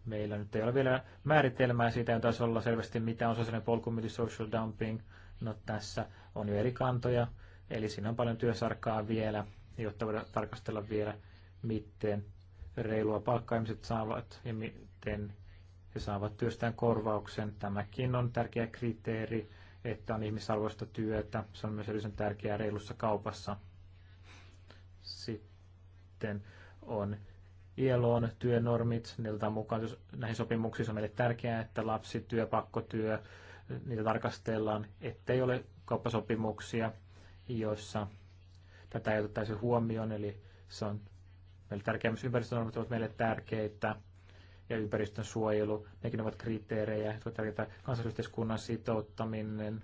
meillä nyt ei ole vielä määritelmää siitä, ei taisi olla selvästi mitä on sosiaalinen polkumyynti, social dumping, no tässä on jo eri kantoja, eli siinä on paljon työsarkaa vielä jotta voidaan tarkastella vielä, miten reilua palkkaa ihmiset saavat ja miten he saavat työstään korvauksen. Tämäkin on tärkeä kriteeri, että on ihmisarvoista työtä. Se on myös erityisen tärkeää reilussa kaupassa. Sitten on ILOn työnormit, niiltä mukaan näihin sopimuksiin on meille tärkeää, että työ, pakkotyö, niitä tarkastellaan, ettei ole kauppasopimuksia, joissa tätä ei otettaisi huomioon, eli se on meille tärkeä, myös ympäristönormit ovat meille tärkeitä, ja ympäristön suojelu, nekin ovat kriteerejä, jotka ovat tärkeitä, kansallisyhteiskunnan sitouttaminen,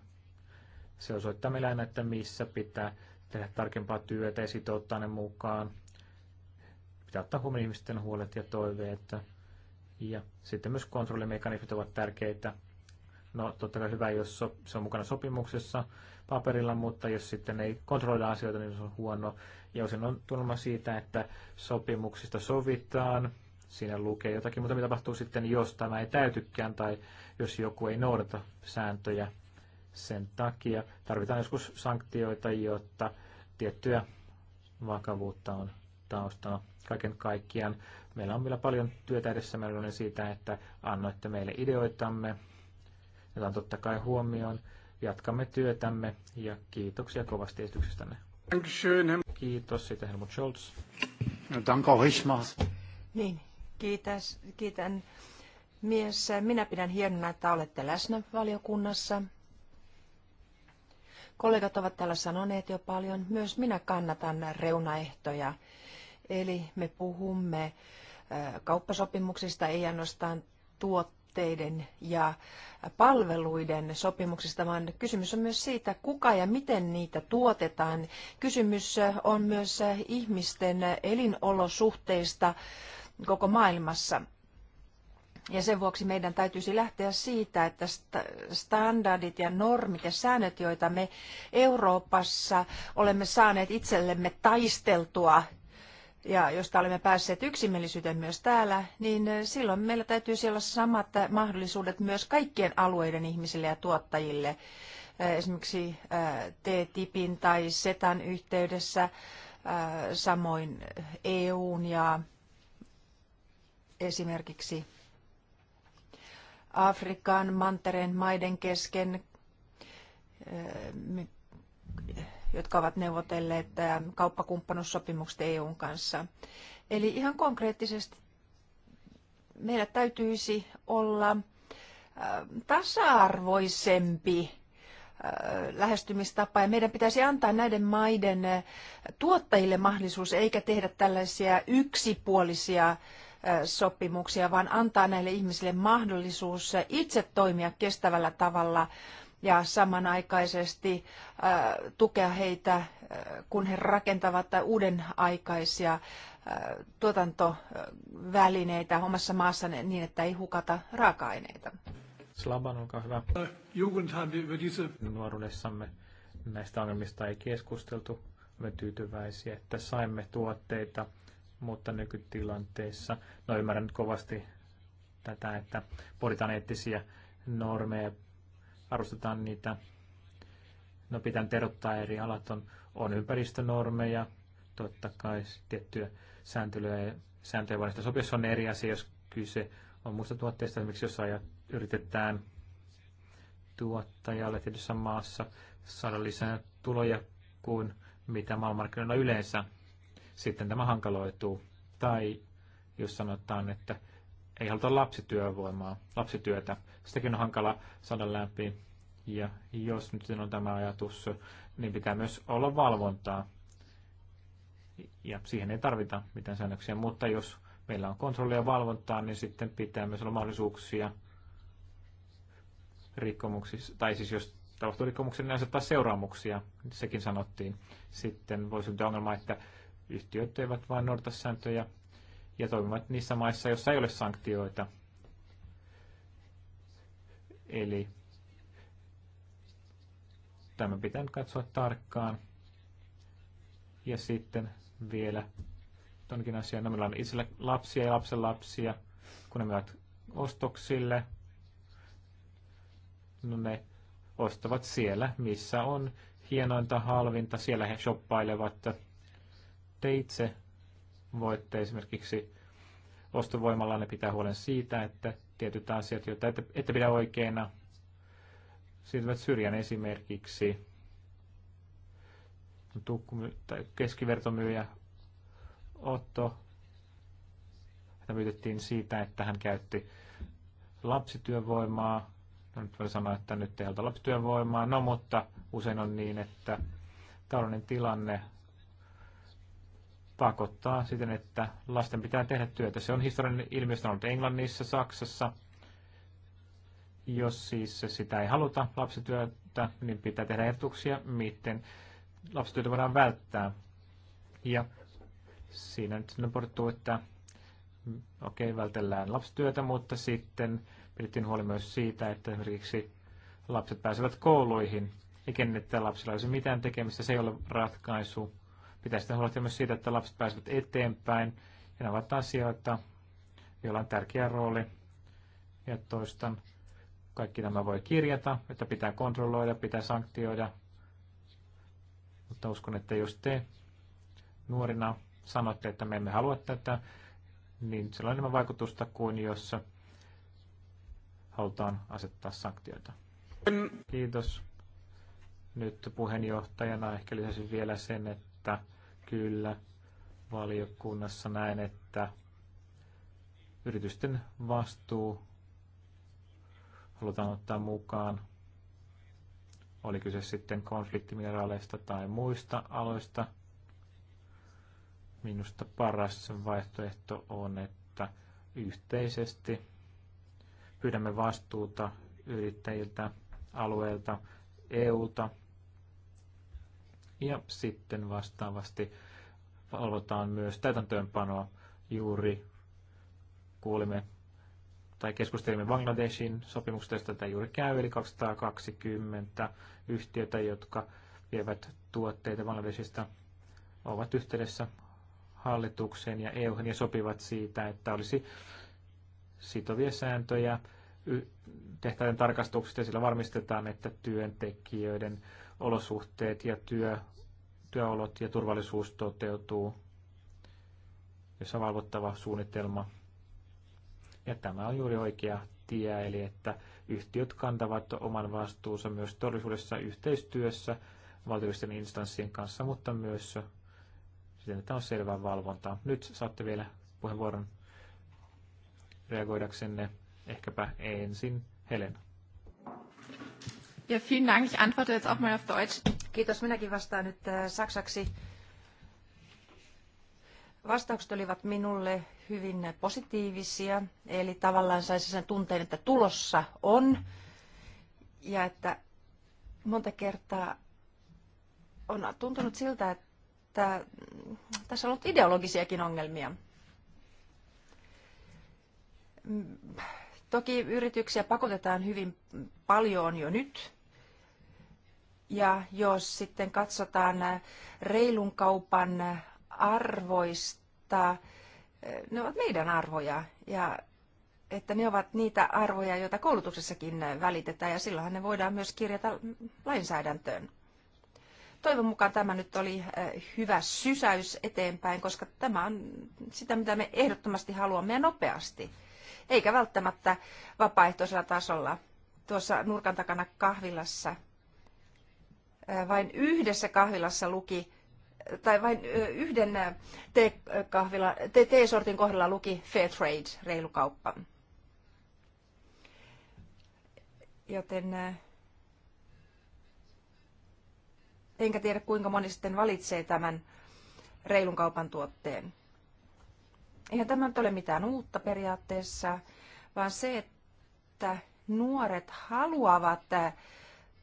se osoittaa meille aina, että missä pitää tehdä tarkempaa työtä ja sitouttaa ne mukaan. Pitää ottaa huomioon ihmisten huolet ja toiveet. Ja sitten myös kontrollimekanismit ovat tärkeitä. No totta kai hyvä, jos so, se on mukana sopimuksessa paperilla, mutta jos sitten ei kontrolloida asioita, niin se on huono. Ja usein on tunnelma siitä, että sopimuksista sovitaan, siinä lukee jotakin, mutta mitä tapahtuu sitten, jos tämä ei täytykään tai jos joku ei noudata sääntöjä sen takia. Tarvitaan joskus sanktioita, jotta tiettyä vakavuutta on taustalla. Kaiken kaikkiaan meillä on vielä paljon työtä edessä. Meillä on siitä, että annoitte meille ideoitamme otan totta kai huomioon. Jatkamme työtämme ja kiitoksia kovasti esityksestänne. Kiitos siitä Helmut Scholz. Danke Niin, kiitos, kiitän mies. Minä pidän hienona, että olette läsnä valiokunnassa. Kollegat ovat täällä sanoneet jo paljon. Myös minä kannatan reunaehtoja. Eli me puhumme kauppasopimuksista, ei ainoastaan tuotteista tuotteiden ja palveluiden sopimuksista, vaan kysymys on myös siitä, kuka ja miten niitä tuotetaan. Kysymys on myös ihmisten elinolosuhteista koko maailmassa. Ja sen vuoksi meidän täytyisi lähteä siitä, että standardit ja normit ja säännöt, joita me Euroopassa olemme saaneet itsellemme taisteltua ja josta olemme päässeet yksimielisyyteen myös täällä, niin eh, silloin meillä täytyy olla samat eh, mahdollisuudet myös kaikkien alueiden ihmisille ja tuottajille. Eh, esimerkiksi TTIPin tai SETAn yhteydessä, samoin EUn ja esimerkiksi Afrikan mantereen maiden kesken jotka ovat neuvotelleet kauppakumppanuussopimukset EUn kanssa. Eli ihan konkreettisesti meillä täytyisi olla tasa-arvoisempi lähestymistapa ja meidän pitäisi antaa näiden maiden tuottajille mahdollisuus eikä tehdä tällaisia yksipuolisia sopimuksia, vaan antaa näille ihmisille mahdollisuus itse toimia kestävällä tavalla ja samanaikaisesti äh, tukea heitä, äh, kun he rakentavat uuden aikaisia äh, tuotantovälineitä omassa maassa niin, että ei hukata raaka-aineita. Slaban, olkaa hyvä. Nuoruudessamme näistä ongelmista ei keskusteltu. Olemme tyytyväisiä, että saimme tuotteita, mutta nykytilanteessa, no ymmärrän kovasti tätä, että pohditaan eettisiä normeja arvostetaan niitä. No pitää terottaa eri alat. On, on ympäristönormeja, totta kai tiettyä sääntelyä ja sääntöjä voidaan sopia. Se on eri asia, jos kyse on muista tuotteista. Esimerkiksi jos ajat, yritetään tuottajalle tietyssä maassa saada lisää tuloja kuin mitä maailmanmarkkinoilla yleensä, sitten tämä hankaloituu. Tai jos sanotaan, että ei haluta lapsityövoimaa, lapsityötä. Sitäkin on hankala saada läpi. Ja jos nyt on tämä ajatus, niin pitää myös olla valvontaa. Ja siihen ei tarvita mitään säännöksiä, mutta jos meillä on kontrollia ja valvontaa, niin sitten pitää myös olla mahdollisuuksia rikkomuksissa, tai siis jos tapahtuu rikkomuksia, niin asettaa seuraamuksia, sekin sanottiin. Sitten voisi olla ongelma, että yhtiöt eivät vain noudata sääntöjä, ja toimivat niissä maissa, joissa ei ole sanktioita. Eli tämä pitää nyt katsoa tarkkaan. Ja sitten vielä tonkin asia, no meillä on itsellä lapsia ja lapsenlapsia, kun ne menevät ostoksille, no ne ostavat siellä, missä on hienointa, halvinta, siellä he shoppailevat. Te itse voitte esimerkiksi ne pitää huolen siitä, että tietyt asiat, joita ette, ette pidä oikeina, siirtyvät syrjän esimerkiksi tukku- tai keskivertomyyjä Otto. hän pyytettiin siitä, että hän käytti lapsityövoimaa. No, nyt voi sanoa, että nyt ei lapsityövoimaa. No, mutta usein on niin, että taloudellinen tilanne pakottaa siten, että lasten pitää tehdä työtä. Se on historiallinen ilmiö, on ollut Englannissa, Saksassa. Jos siis sitä ei haluta lapsityötä, niin pitää tehdä ehdotuksia, miten lapsityötä voidaan välttää. Ja siinä nyt on porttu, että okei, okay, vältellään lapsityötä, mutta sitten pidettiin huoli myös siitä, että esimerkiksi lapset pääsevät kouluihin. Eikä niin, että lapsilla olisi mitään tekemistä, se ei ole ratkaisu Pitäisi huolehtia myös siitä, että lapset pääsevät eteenpäin. Ja nämä ovat asioita, joilla on tärkeä rooli. Ja toistan, kaikki nämä voi kirjata, että pitää kontrolloida, pitää sanktioida. Mutta uskon, että jos te nuorina sanotte, että me emme halua tätä, niin sillä on enemmän vaikutusta kuin jos halutaan asettaa sanktioita. Kiitos. Nyt puheenjohtajana ehkä lisäsin vielä sen, että että kyllä valiokunnassa näen, että yritysten vastuu halutaan ottaa mukaan. Oli kyse sitten konfliktimineraaleista tai muista aloista. Minusta paras vaihtoehto on, että yhteisesti pyydämme vastuuta yrittäjiltä, alueelta, EUlta ja sitten vastaavasti valvotaan myös täytäntöönpanoa juuri kuulimme tai keskustelimme Bangladeshin sopimuksesta, josta tätä juuri käy, eli 220 yhtiötä, jotka vievät tuotteita Bangladesista, ovat yhteydessä hallitukseen ja eu ja sopivat siitä, että olisi sitovia sääntöjä tehtäiden tarkastuksista ja sillä varmistetaan, että työntekijöiden olosuhteet ja työ, työolot ja turvallisuus toteutuu, jossa on valvottava suunnitelma. Ja tämä on juuri oikea tie, eli että yhtiöt kantavat oman vastuunsa myös todellisuudessa yhteistyössä valtiollisten instanssien kanssa, mutta myös siten, että on selvää valvontaa. Nyt saatte vielä puheenvuoron reagoidaksenne ehkäpä ensin Helena. Ja, vielen Dank. Ich antworte jetzt auch mal auf Deutsch. Kiitos. Minäkin vastaan nyt äh, saksaksi. Vastaukset olivat minulle hyvin positiivisia, eli tavallaan saisi sen tunteen, että tulossa on ja että monta kertaa on tuntunut siltä, että tässä on ollut ideologisiakin ongelmia. Mm, toki yrityksiä pakotetaan hyvin paljon jo nyt ja jos sitten katsotaan reilun kaupan arvoista, ne ovat meidän arvoja ja että ne ovat niitä arvoja, joita koulutuksessakin välitetään ja silloinhan ne voidaan myös kirjata lainsäädäntöön. Toivon mukaan tämä nyt oli äh, hyvä sysäys eteenpäin, koska tämä on sitä, mitä me ehdottomasti haluamme ja nopeasti, eikä välttämättä vapaaehtoisella tasolla tuossa nurkan takana kahvilassa – vain yhdessä kahvilassa luki, tai vain yhden T-sortin kohdalla luki Fair Trade, reilu kauppa. Joten enkä tiedä kuinka moni sitten valitsee tämän reilun kaupan tuotteen. Eihän tämä nyt ole mitään uutta periaatteessa, vaan se, että nuoret haluavat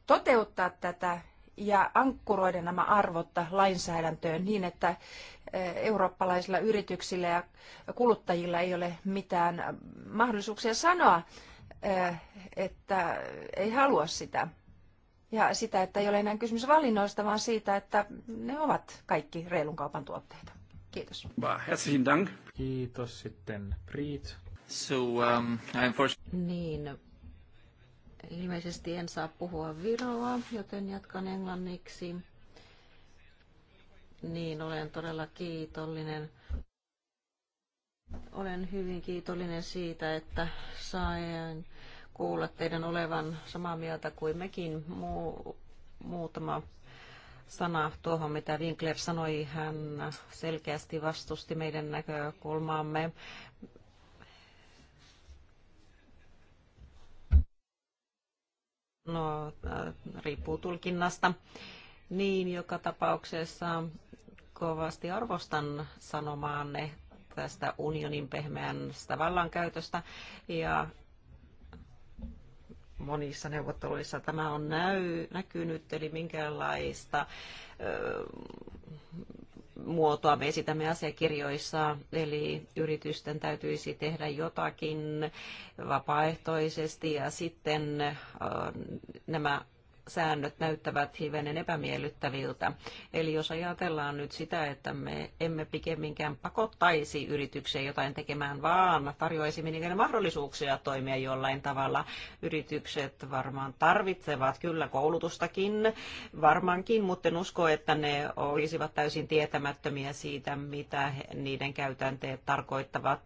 toteuttaa tätä ja ankkuroida nämä arvot lainsäädäntöön niin, että eh, eurooppalaisilla yrityksillä ja kuluttajilla ei ole mitään mahdollisuuksia sanoa, eh, että ei halua sitä. Ja sitä, että ei ole enää kysymys valinnoista, vaan siitä, että ne ovat kaikki reilun kaupan tuotteita. Kiitos. Herzlichen Dank. Kiitos sitten, Priit. So, um, I'm for... Niin, Ilmeisesti en saa puhua viroa, joten jatkan englanniksi. Niin, olen todella kiitollinen. Olen hyvin kiitollinen siitä, että sain kuulla teidän olevan samaa mieltä kuin mekin. Muu, muutama sana tuohon, mitä Winkler sanoi. Hän selkeästi vastusti meidän näkökulmaamme No, äh, riippuu tulkinnasta. Niin, joka tapauksessa kovasti arvostan sanomaanne tästä unionin pehmeästä vallankäytöstä ja monissa neuvotteluissa tämä on näy, näkynyt, eli minkäänlaista ö, muotoa me esitämme asiakirjoissa, eli yritysten täytyisi tehdä jotakin vapaaehtoisesti ja sitten nämä säännöt näyttävät hivenen epämiellyttäviltä. Eli jos ajatellaan nyt sitä, että me emme pikemminkään pakottaisi yrityksiä jotain tekemään, vaan tarjoaisimme niille mahdollisuuksia toimia jollain tavalla. Yritykset varmaan tarvitsevat kyllä koulutustakin, varmaankin, mutta en usko, että ne olisivat täysin tietämättömiä siitä, mitä niiden käytänteet tarkoittavat.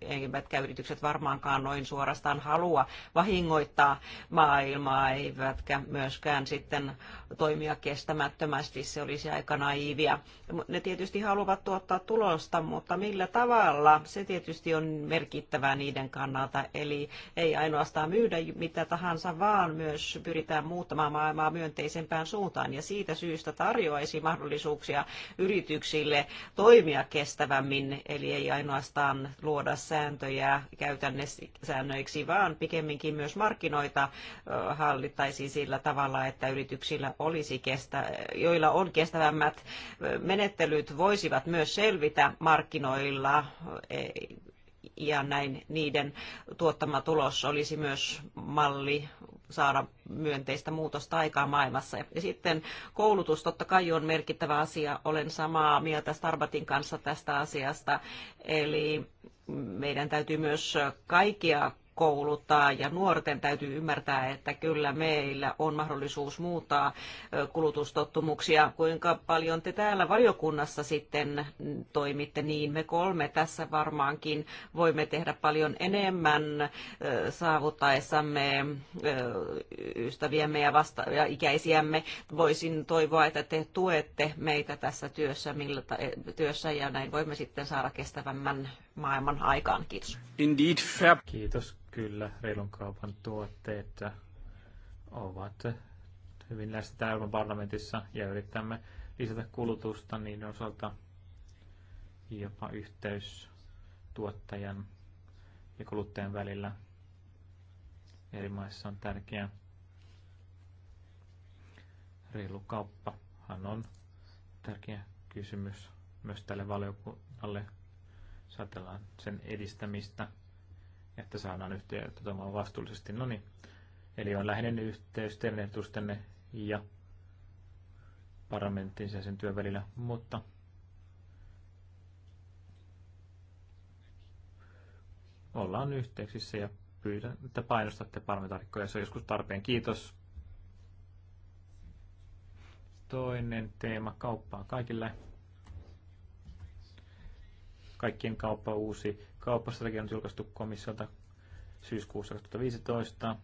Eivätkä yritykset varmaankaan noin suorastaan halua vahingoittaa maailmaa eivätkä myöskään sitten toimia kestämättömästi. Se olisi aika naivia. Ne tietysti haluavat tuottaa tulosta, mutta millä tavalla? Se tietysti on merkittävää niiden kannalta. Eli ei ainoastaan myydä mitä tahansa, vaan myös pyritään muuttamaan maailmaa myönteisempään suuntaan. Ja siitä syystä tarjoaisi mahdollisuuksia yrityksille toimia kestävämmin, eli ei ainoastaan luoda sääntöjä käytännössä säännöiksi, vaan pikemminkin myös markkinoita hallit, toimittaisiin sillä tavalla, että yrityksillä olisi kestä, joilla on kestävämmät menettelyt, voisivat myös selvitä markkinoilla e, ja näin niiden tuottama tulos olisi myös malli saada myönteistä muutosta aikaa maailmassa. Ja sitten koulutus totta kai on merkittävä asia. Olen samaa mieltä Starbatin kanssa tästä asiasta. Eli meidän täytyy myös kaikkia kouluttaa ja nuorten täytyy ymmärtää, että kyllä meillä on mahdollisuus muuttaa kulutustottumuksia. Kuinka paljon te täällä valiokunnassa sitten toimitte, niin me kolme tässä varmaankin voimme tehdä paljon enemmän saavuttaessamme ystäviämme ja, vasta- ja ikäisiämme. Voisin toivoa, että te tuette meitä tässä työssä, millä e, työssä ja näin voimme sitten saada kestävämmän maailman aikaan. Kiitos. Indeed, fab. Kiitos. Kyllä, reilun kaupan tuotteet äh, ovat hyvin läsnä täällä parlamentissa ja yritämme lisätä kulutusta niin osalta jopa yhteys tuottajan ja kuluttajan välillä eri maissa on tärkeä Reilu kauppahan on tärkeä kysymys myös tälle valiokunnalle ajatellaan sen edistämistä, että saadaan yhteyttä toimimaan vastuullisesti. No niin, eli on läheinen yhteys teidän ja parlamentin ja sen työn välillä, mutta ollaan yhteyksissä ja pyydän, että painostatte parlamentaarikkoja, se on joskus tarpeen. Kiitos. Toinen teema kauppaa kaikille. Kaikkien kauppa uusi kauppastrategia on julkaistu komissiolta syyskuussa 2015.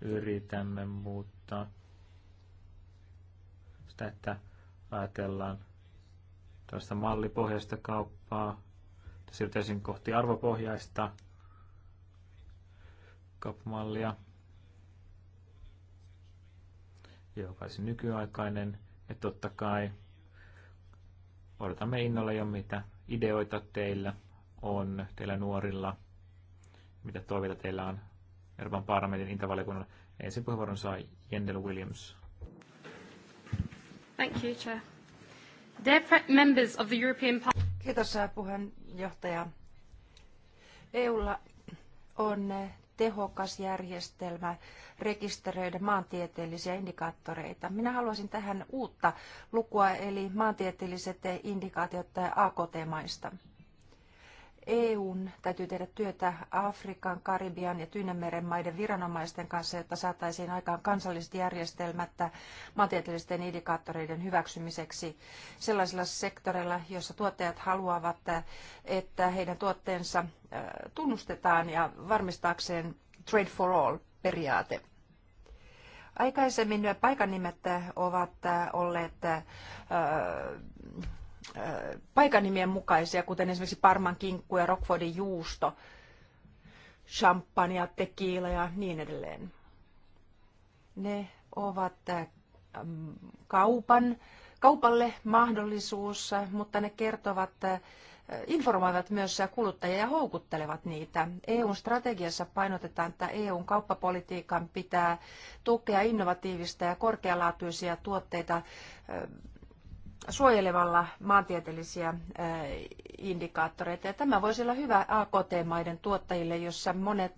Yritämme muuttaa sitä, että ajatellaan tällaista mallipohjaista kauppaa, siirtäisin kohti arvopohjaista kauppamallia, joka olisi nykyaikainen ja totta kai odotamme innolla jo, mitä ideoita teillä on, teillä nuorilla, mitä toiveita teillä on Euroopan parlamentin intervallikunnan. Ensin puheenvuoron sai Jendel Williams. Thank you, Chair. Dear members of the European Parliament. Kiitos puheenjohtaja. EUlla on tehokas järjestelmä rekisteröidä maantieteellisiä indikaattoreita. Minä haluaisin tähän uutta lukua, eli maantieteelliset indikaatiot AKT-maista. EUn täytyy tehdä työtä Afrikan, Karibian ja Tyynemeren maiden viranomaisten kanssa, jotta saataisiin aikaan kansalliset järjestelmät maantieteellisten indikaattoreiden hyväksymiseksi sellaisilla sektoreilla, joissa tuottajat haluavat, että heidän tuotteensa äh, tunnustetaan ja varmistaakseen trade for all periaate. Aikaisemmin paikan nimet ovat äh, olleet äh, Paikanimien mukaisia, kuten esimerkiksi Parman kinkku ja Rockfordin juusto, champagne, tekiila ja niin edelleen. Ne ovat äh, mm, kaupan, kaupalle mahdollisuus, mutta ne kertovat, äh, informoivat myös kuluttajia ja houkuttelevat niitä. EUn strategiassa painotetaan, että EUn kauppapolitiikan pitää tukea innovatiivista ja korkealaatuisia tuotteita äh, suojelevalla maantieteellisiä indikaattoreita. Ja tämä voisi olla hyvä AKT-maiden tuottajille, jossa monet,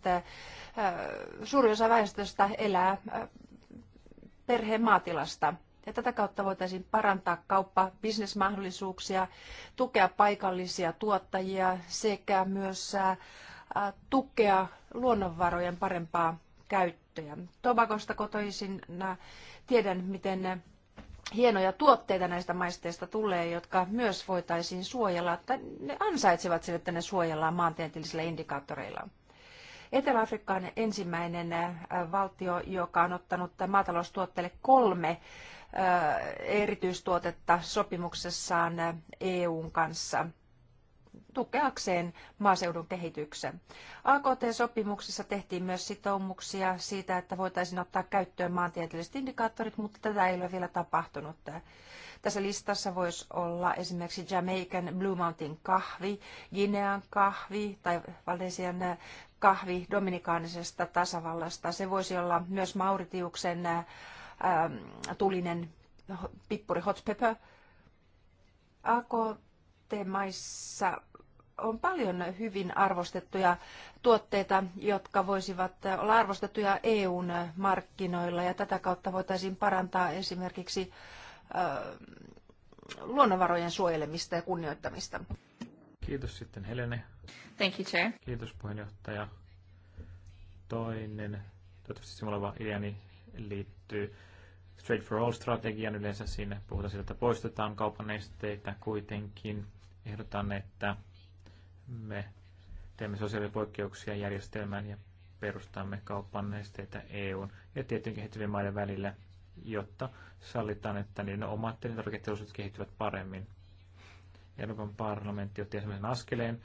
suuri osa väestöstä elää perheen maatilasta. Ja tätä kautta voitaisiin parantaa kauppa, bisnesmahdollisuuksia, tukea paikallisia tuottajia sekä myös tukea luonnonvarojen parempaa käyttöä. Tobagosta kotoisin tiedän, miten hienoja tuotteita näistä maisteista tulee, jotka myös voitaisiin suojella, että ne ansaitsevat sen, että ne suojellaan maantieteellisillä indikaattoreilla. Etelä-Afrikka on ensimmäinen äh, valtio, joka on ottanut maataloustuotteille kolme äh, erityistuotetta sopimuksessaan äh, EUn kanssa – tukeakseen maaseudun kehityksen. AKT-sopimuksessa tehtiin myös sitoumuksia siitä, että voitaisiin ottaa käyttöön maantieteelliset indikaattorit, mutta tätä ei ole vielä tapahtunut. Tässä listassa voisi olla esimerkiksi Jamaican Blue Mountain kahvi, Ginean kahvi tai Valdesian kahvi Dominikaanisesta tasavallasta. Se voisi olla myös Mauritiuksen ähm, tulinen pippuri hot pepper. AKT-maissa on paljon hyvin arvostettuja tuotteita, jotka voisivat olla arvostettuja EUn markkinoilla ja tätä kautta voitaisiin parantaa esimerkiksi luonnonvarojen suojelemista ja kunnioittamista. Kiitos sitten Helene. Thank you, Chair. Kiitos puheenjohtaja. Toinen, toivottavasti oleva ideani liittyy Straight for All-strategian. Yleensä siinä puhutaan siitä, että poistetaan kaupan esteitä kuitenkin. Ehdotan, että me teemme sosiaalipoikkeuksia järjestelmään ja perustamme kaupan esteitä EUn ja tietenkin kehittyvien maiden välillä, jotta sallitaan, että niiden omat elintarviketeollisuudet kehittyvät paremmin. Euroopan parlamentti otti ensimmäisen askeleen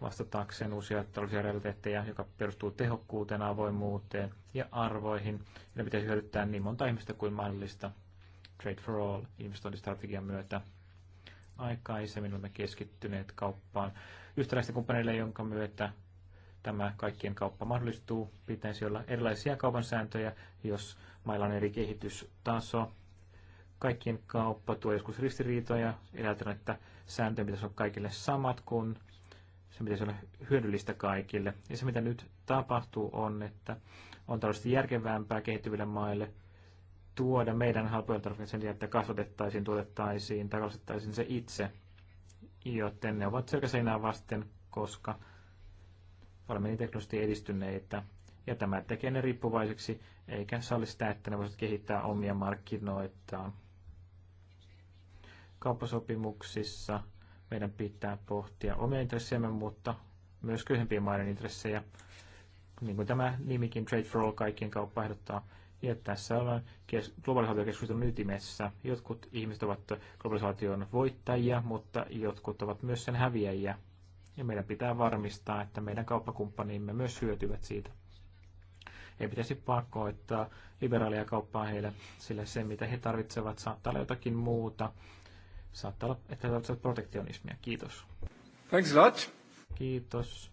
vastatakseen uusia taloudellisia realiteetteja, joka perustuu tehokkuuteen, avoimuuteen ja arvoihin. Ja pitäisi hyödyttää niin monta ihmistä kuin mahdollista Trade for All investointistrategian myötä aikaisemmin olemme keskittyneet kauppaan yhtäläisten kumppaneille, jonka myötä tämä kaikkien kauppa mahdollistuu. Pitäisi olla erilaisia kaupan sääntöjä, jos mailla on eri kehitystaso. Kaikkien kauppa tuo joskus ristiriitoja. Ajatellaan, että sääntöjen pitäisi olla kaikille samat, kun se pitäisi olla hyödyllistä kaikille. Ja se, mitä nyt tapahtuu, on, että on tällaista järkevämpää kehittyville maille tuoda meidän halpojen tarvikkeita sen sijaan, että kasvatettaisiin, tuotettaisiin tai kasvatettaisiin se itse. Joten ne ovat selkäseinää vasten, koska olemme niin teknologisesti edistyneitä. Ja tämä tekee ne riippuvaiseksi, eikä salli sitä, että ne voisivat kehittää omia markkinoitaan. Kauppasopimuksissa meidän pitää pohtia omia intressejämme, mutta myös köyhempien maiden intressejä. Niin kuin tämä nimikin Trade for All kaikkien kauppa ehdottaa, ja tässä ollaan kes- globalisaatiokeskustelun ytimessä. Jotkut ihmiset ovat globalisaation voittajia, mutta jotkut ovat myös sen häviäjiä. Ja meidän pitää varmistaa, että meidän kauppakumppanimme myös hyötyvät siitä. Ei pitäisi pakkoittaa liberaalia kauppaa heille, sillä se mitä he tarvitsevat saattaa olla jotakin muuta. Saattaa olla, että he tarvitsevat protektionismia. Kiitos. Thanks a lot. Kiitos.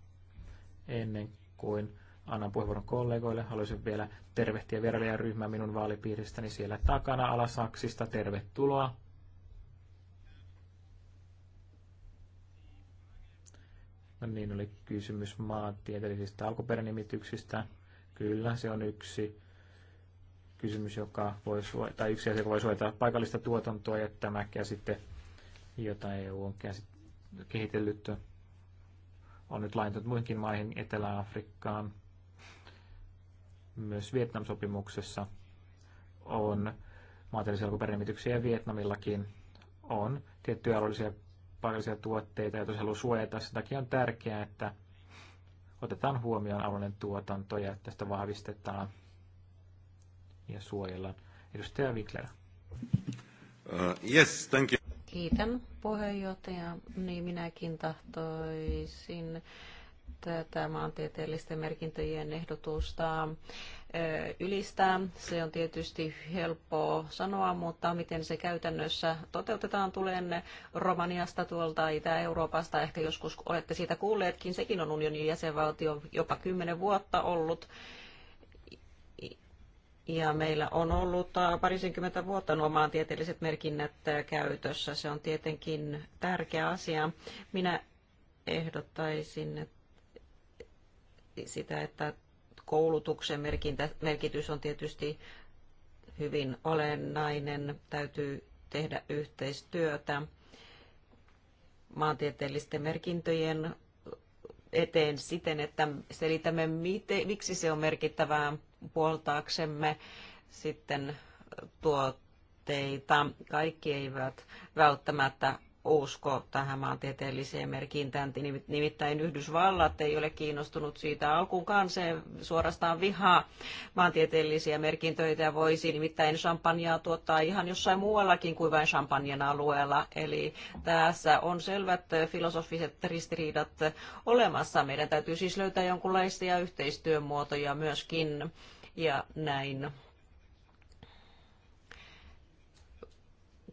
Ennen kuin annan puheenvuoron kollegoille, haluaisin vielä tervehtiä vierailijaryhmä minun vaalipiiristäni siellä takana Alasaksista. Tervetuloa. No niin, oli kysymys maantieteellisistä alkuperänimityksistä. Kyllä, se on yksi kysymys, joka voi suojata, tai yksi asia, joka voi suojata paikallista tuotantoa ja tämä käsite, jota EU on käsit- kehitellyt, on nyt laajentunut muihinkin maihin, Etelä-Afrikkaan, myös Vietnam-sopimuksessa on maatellisia alkuperänimityksiä Vietnamillakin on tiettyjä alueellisia paikallisia tuotteita, joita se haluaa suojata. Sen takia on tärkeää, että otetaan huomioon alueellinen tuotanto ja että sitä vahvistetaan ja suojellaan. Edustaja Wikler. Uh, yes, thank you. Kiitän puheenjohtaja. Niin minäkin tahtoisin tätä maantieteellisten merkintöjen ehdotusta ylistää. Se on tietysti helppoa sanoa, mutta miten se käytännössä toteutetaan, tulen Romaniasta tuolta Itä-Euroopasta. Ehkä joskus olette siitä kuulleetkin. Sekin on unionin jäsenvaltio jopa kymmenen vuotta ollut. Ja meillä on ollut parisenkymmentä vuotta nuo maantieteelliset merkinnät käytössä. Se on tietenkin tärkeä asia. Minä ehdottaisin, että sitä, että koulutuksen merkintä, merkitys on tietysti hyvin olennainen. Täytyy tehdä yhteistyötä maantieteellisten merkintöjen eteen siten, että selitämme, miten, miksi se on merkittävää puoltaaksemme sitten tuotteita. Kaikki eivät välttämättä usko tähän maantieteelliseen merkintään. Nimittäin Yhdysvallat ei ole kiinnostunut siitä alkuunkaan. Se suorastaan vihaa maantieteellisiä merkintöitä ja voisi nimittäin champagnea tuottaa ihan jossain muuallakin kuin vain champagnen alueella. Eli tässä on selvät filosofiset ristiriidat olemassa. Meidän täytyy siis löytää jonkinlaisia yhteistyömuotoja myöskin ja näin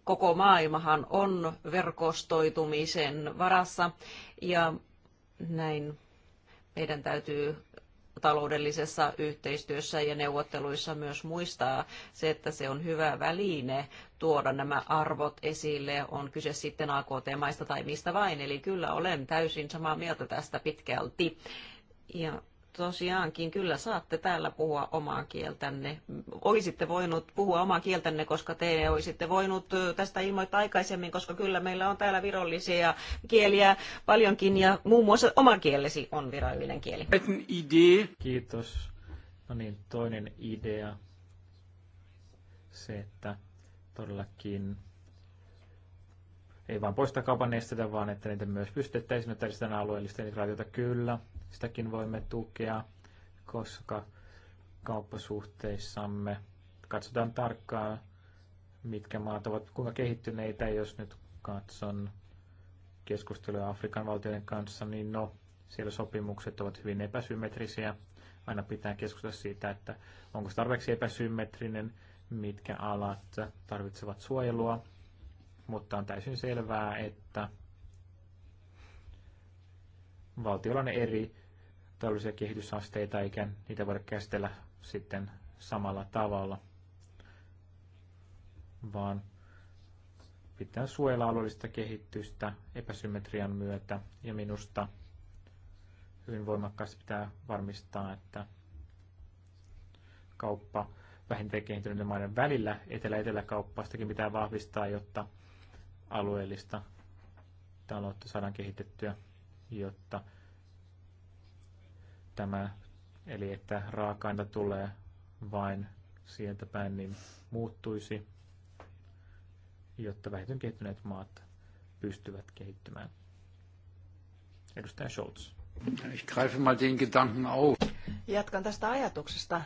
koko maailmahan on verkostoitumisen varassa ja näin meidän täytyy taloudellisessa yhteistyössä ja neuvotteluissa myös muistaa se, että se on hyvä väline tuoda nämä arvot esille, on kyse sitten AKT-maista tai mistä vain. Eli kyllä olen täysin samaa mieltä tästä pitkälti. Ja tosiaankin kyllä saatte täällä puhua omaa kieltänne. Olisitte voinut puhua omaa kieltänne, koska te olisitte voinut tästä ilmoittaa aikaisemmin, koska kyllä meillä on täällä virallisia kieliä paljonkin ja muun muassa oma kielesi on virallinen kieli. Kiitos. No niin, toinen idea. Se, että todellakin ei vain poista kaupan esteitä, vaan että niitä myös pystyttäisiin, että alueellista integraatiota kyllä – Sitäkin voimme tukea, koska kauppasuhteissamme katsotaan tarkkaan, mitkä maat ovat kuinka kehittyneitä. Jos nyt katson keskusteluja Afrikan valtioiden kanssa, niin no, siellä sopimukset ovat hyvin epäsymmetrisiä. Aina pitää keskustella siitä, että onko se tarpeeksi epäsymmetrinen, mitkä alat tarvitsevat suojelua, mutta on täysin selvää, että valtiolla on eri taloudellisia kehitysasteita, eikä niitä voida käsitellä sitten samalla tavalla, vaan pitää suojella alueellista kehitystä epäsymmetrian myötä, ja minusta hyvin voimakkaasti pitää varmistaa, että kauppa vähintään kehittyneiden maiden välillä etelä-eteläkauppaastakin pitää vahvistaa, jotta alueellista taloutta saadaan kehitettyä, jotta tämä, eli että raakainta tulee vain sieltä päin, niin muuttuisi, jotta vähiten kehittyneet maat pystyvät kehittymään. Edustaja Scholz. Ich greife mal den Gedanken auf. Jatkan tästä ajatuksesta.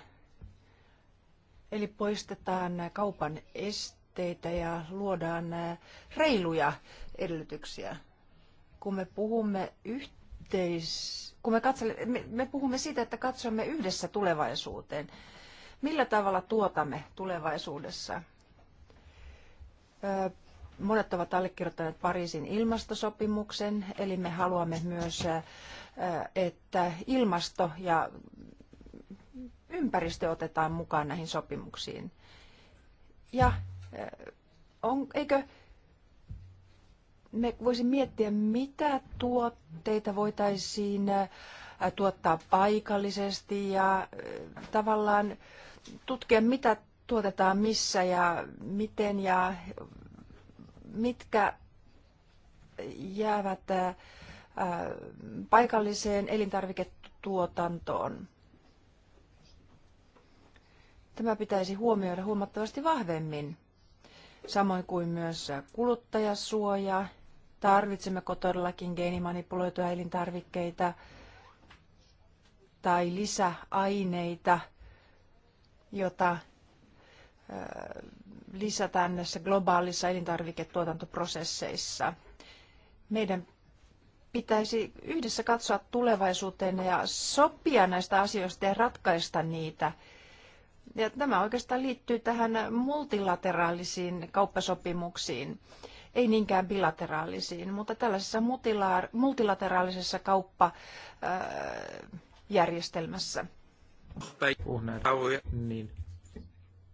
Eli poistetaan kaupan esteitä ja luodaan reiluja edellytyksiä. Kun me puhumme yhteen, kun me, katsele, me, me puhumme siitä, että katsomme yhdessä tulevaisuuteen. Millä tavalla tuotamme tulevaisuudessa? Ö, monet ovat allekirjoittaneet Pariisin ilmastosopimuksen, eli me haluamme myös, että ilmasto ja ympäristö otetaan mukaan näihin sopimuksiin. Ja on, eikö me voisin miettiä, mitä tuotteita voitaisiin äh, tuottaa paikallisesti ja äh, tavallaan tutkia, mitä tuotetaan missä ja miten ja mitkä jäävät äh, paikalliseen elintarviketuotantoon. Tämä pitäisi huomioida huomattavasti vahvemmin samoin kuin myös kuluttajasuojaa. Tarvitsemmeko todellakin geenimanipuloituja elintarvikkeita tai lisäaineita, jota lisätään näissä globaalissa elintarviketuotantoprosesseissa. Meidän pitäisi yhdessä katsoa tulevaisuuteen ja sopia näistä asioista ja ratkaista niitä – ja tämä oikeastaan liittyy tähän multilateraalisiin kauppasopimuksiin, ei niinkään bilateraalisiin, mutta tällaisessa multilateraalisessa kauppajärjestelmässä. Niin.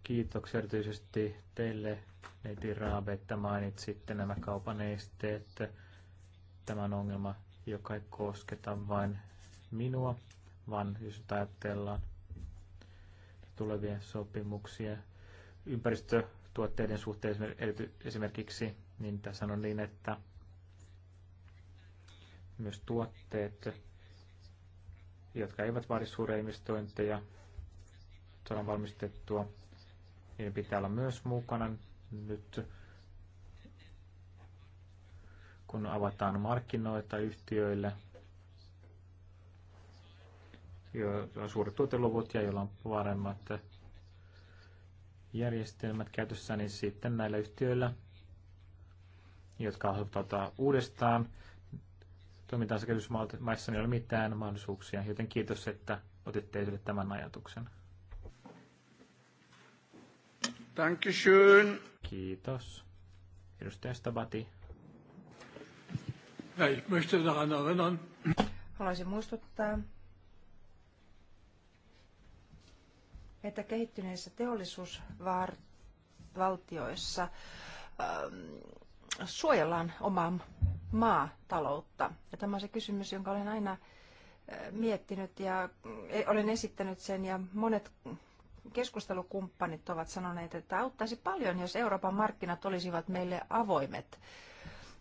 Kiitoksia erityisesti teille, Neiti Raabe, että mainitsitte nämä kaupan esteet. Tämä on ongelma, joka ei kosketa vain minua, vaan jos ajatellaan tulevia sopimuksia ympäristötuotteiden suhteen esimerkiksi, niin tässä on niin, että myös tuotteet, jotka eivät vaadi suuria investointeja, saadaan valmistettua, niin pitää olla myös mukana nyt, kun avataan markkinoita yhtiöille – joilla on suuret tuoteluvut ja joilla on paremmat järjestelmät käytössä, niin sitten näillä yhtiöillä, jotka haluavat uudestaan toimintaansa kehitysmaissa, niin ei ole mitään mahdollisuuksia. Joten kiitos, että otitte esille tämän ajatuksen. Dankeschön. Kiitos. Edustaja Stabati. Ja, ich möchte daran erinnern. Haluaisin muistuttaa, että kehittyneissä teollisuusvaltioissa ähm, suojellaan omaa maataloutta. Ja tämä on se kysymys, jonka olen aina äh, miettinyt ja e, olen esittänyt sen ja monet keskustelukumppanit ovat sanoneet, että auttaisi paljon, jos Euroopan markkinat olisivat meille avoimet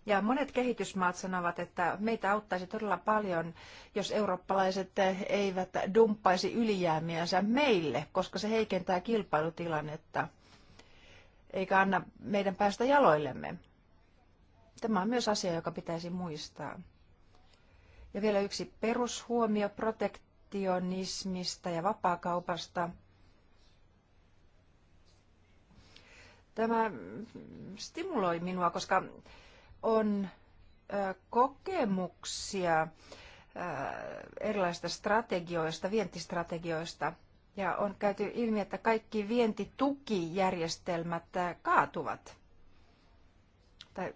ja monet kehitysmaat sanovat, että meitä auttaisi todella paljon, jos eurooppalaiset eivät dumppaisi ylijäämiänsä meille, koska se heikentää kilpailutilannetta, eikä anna meidän päästä jaloillemme. Tämä on myös asia, joka pitäisi muistaa. Ja vielä yksi perushuomio protektionismista ja vapaakaupasta. Tämä stimuloi minua, koska on kokemuksia erilaisista strategioista, vientistrategioista. Ja on käyty ilmi, että kaikki vientitukijärjestelmät kaatuvat. Tai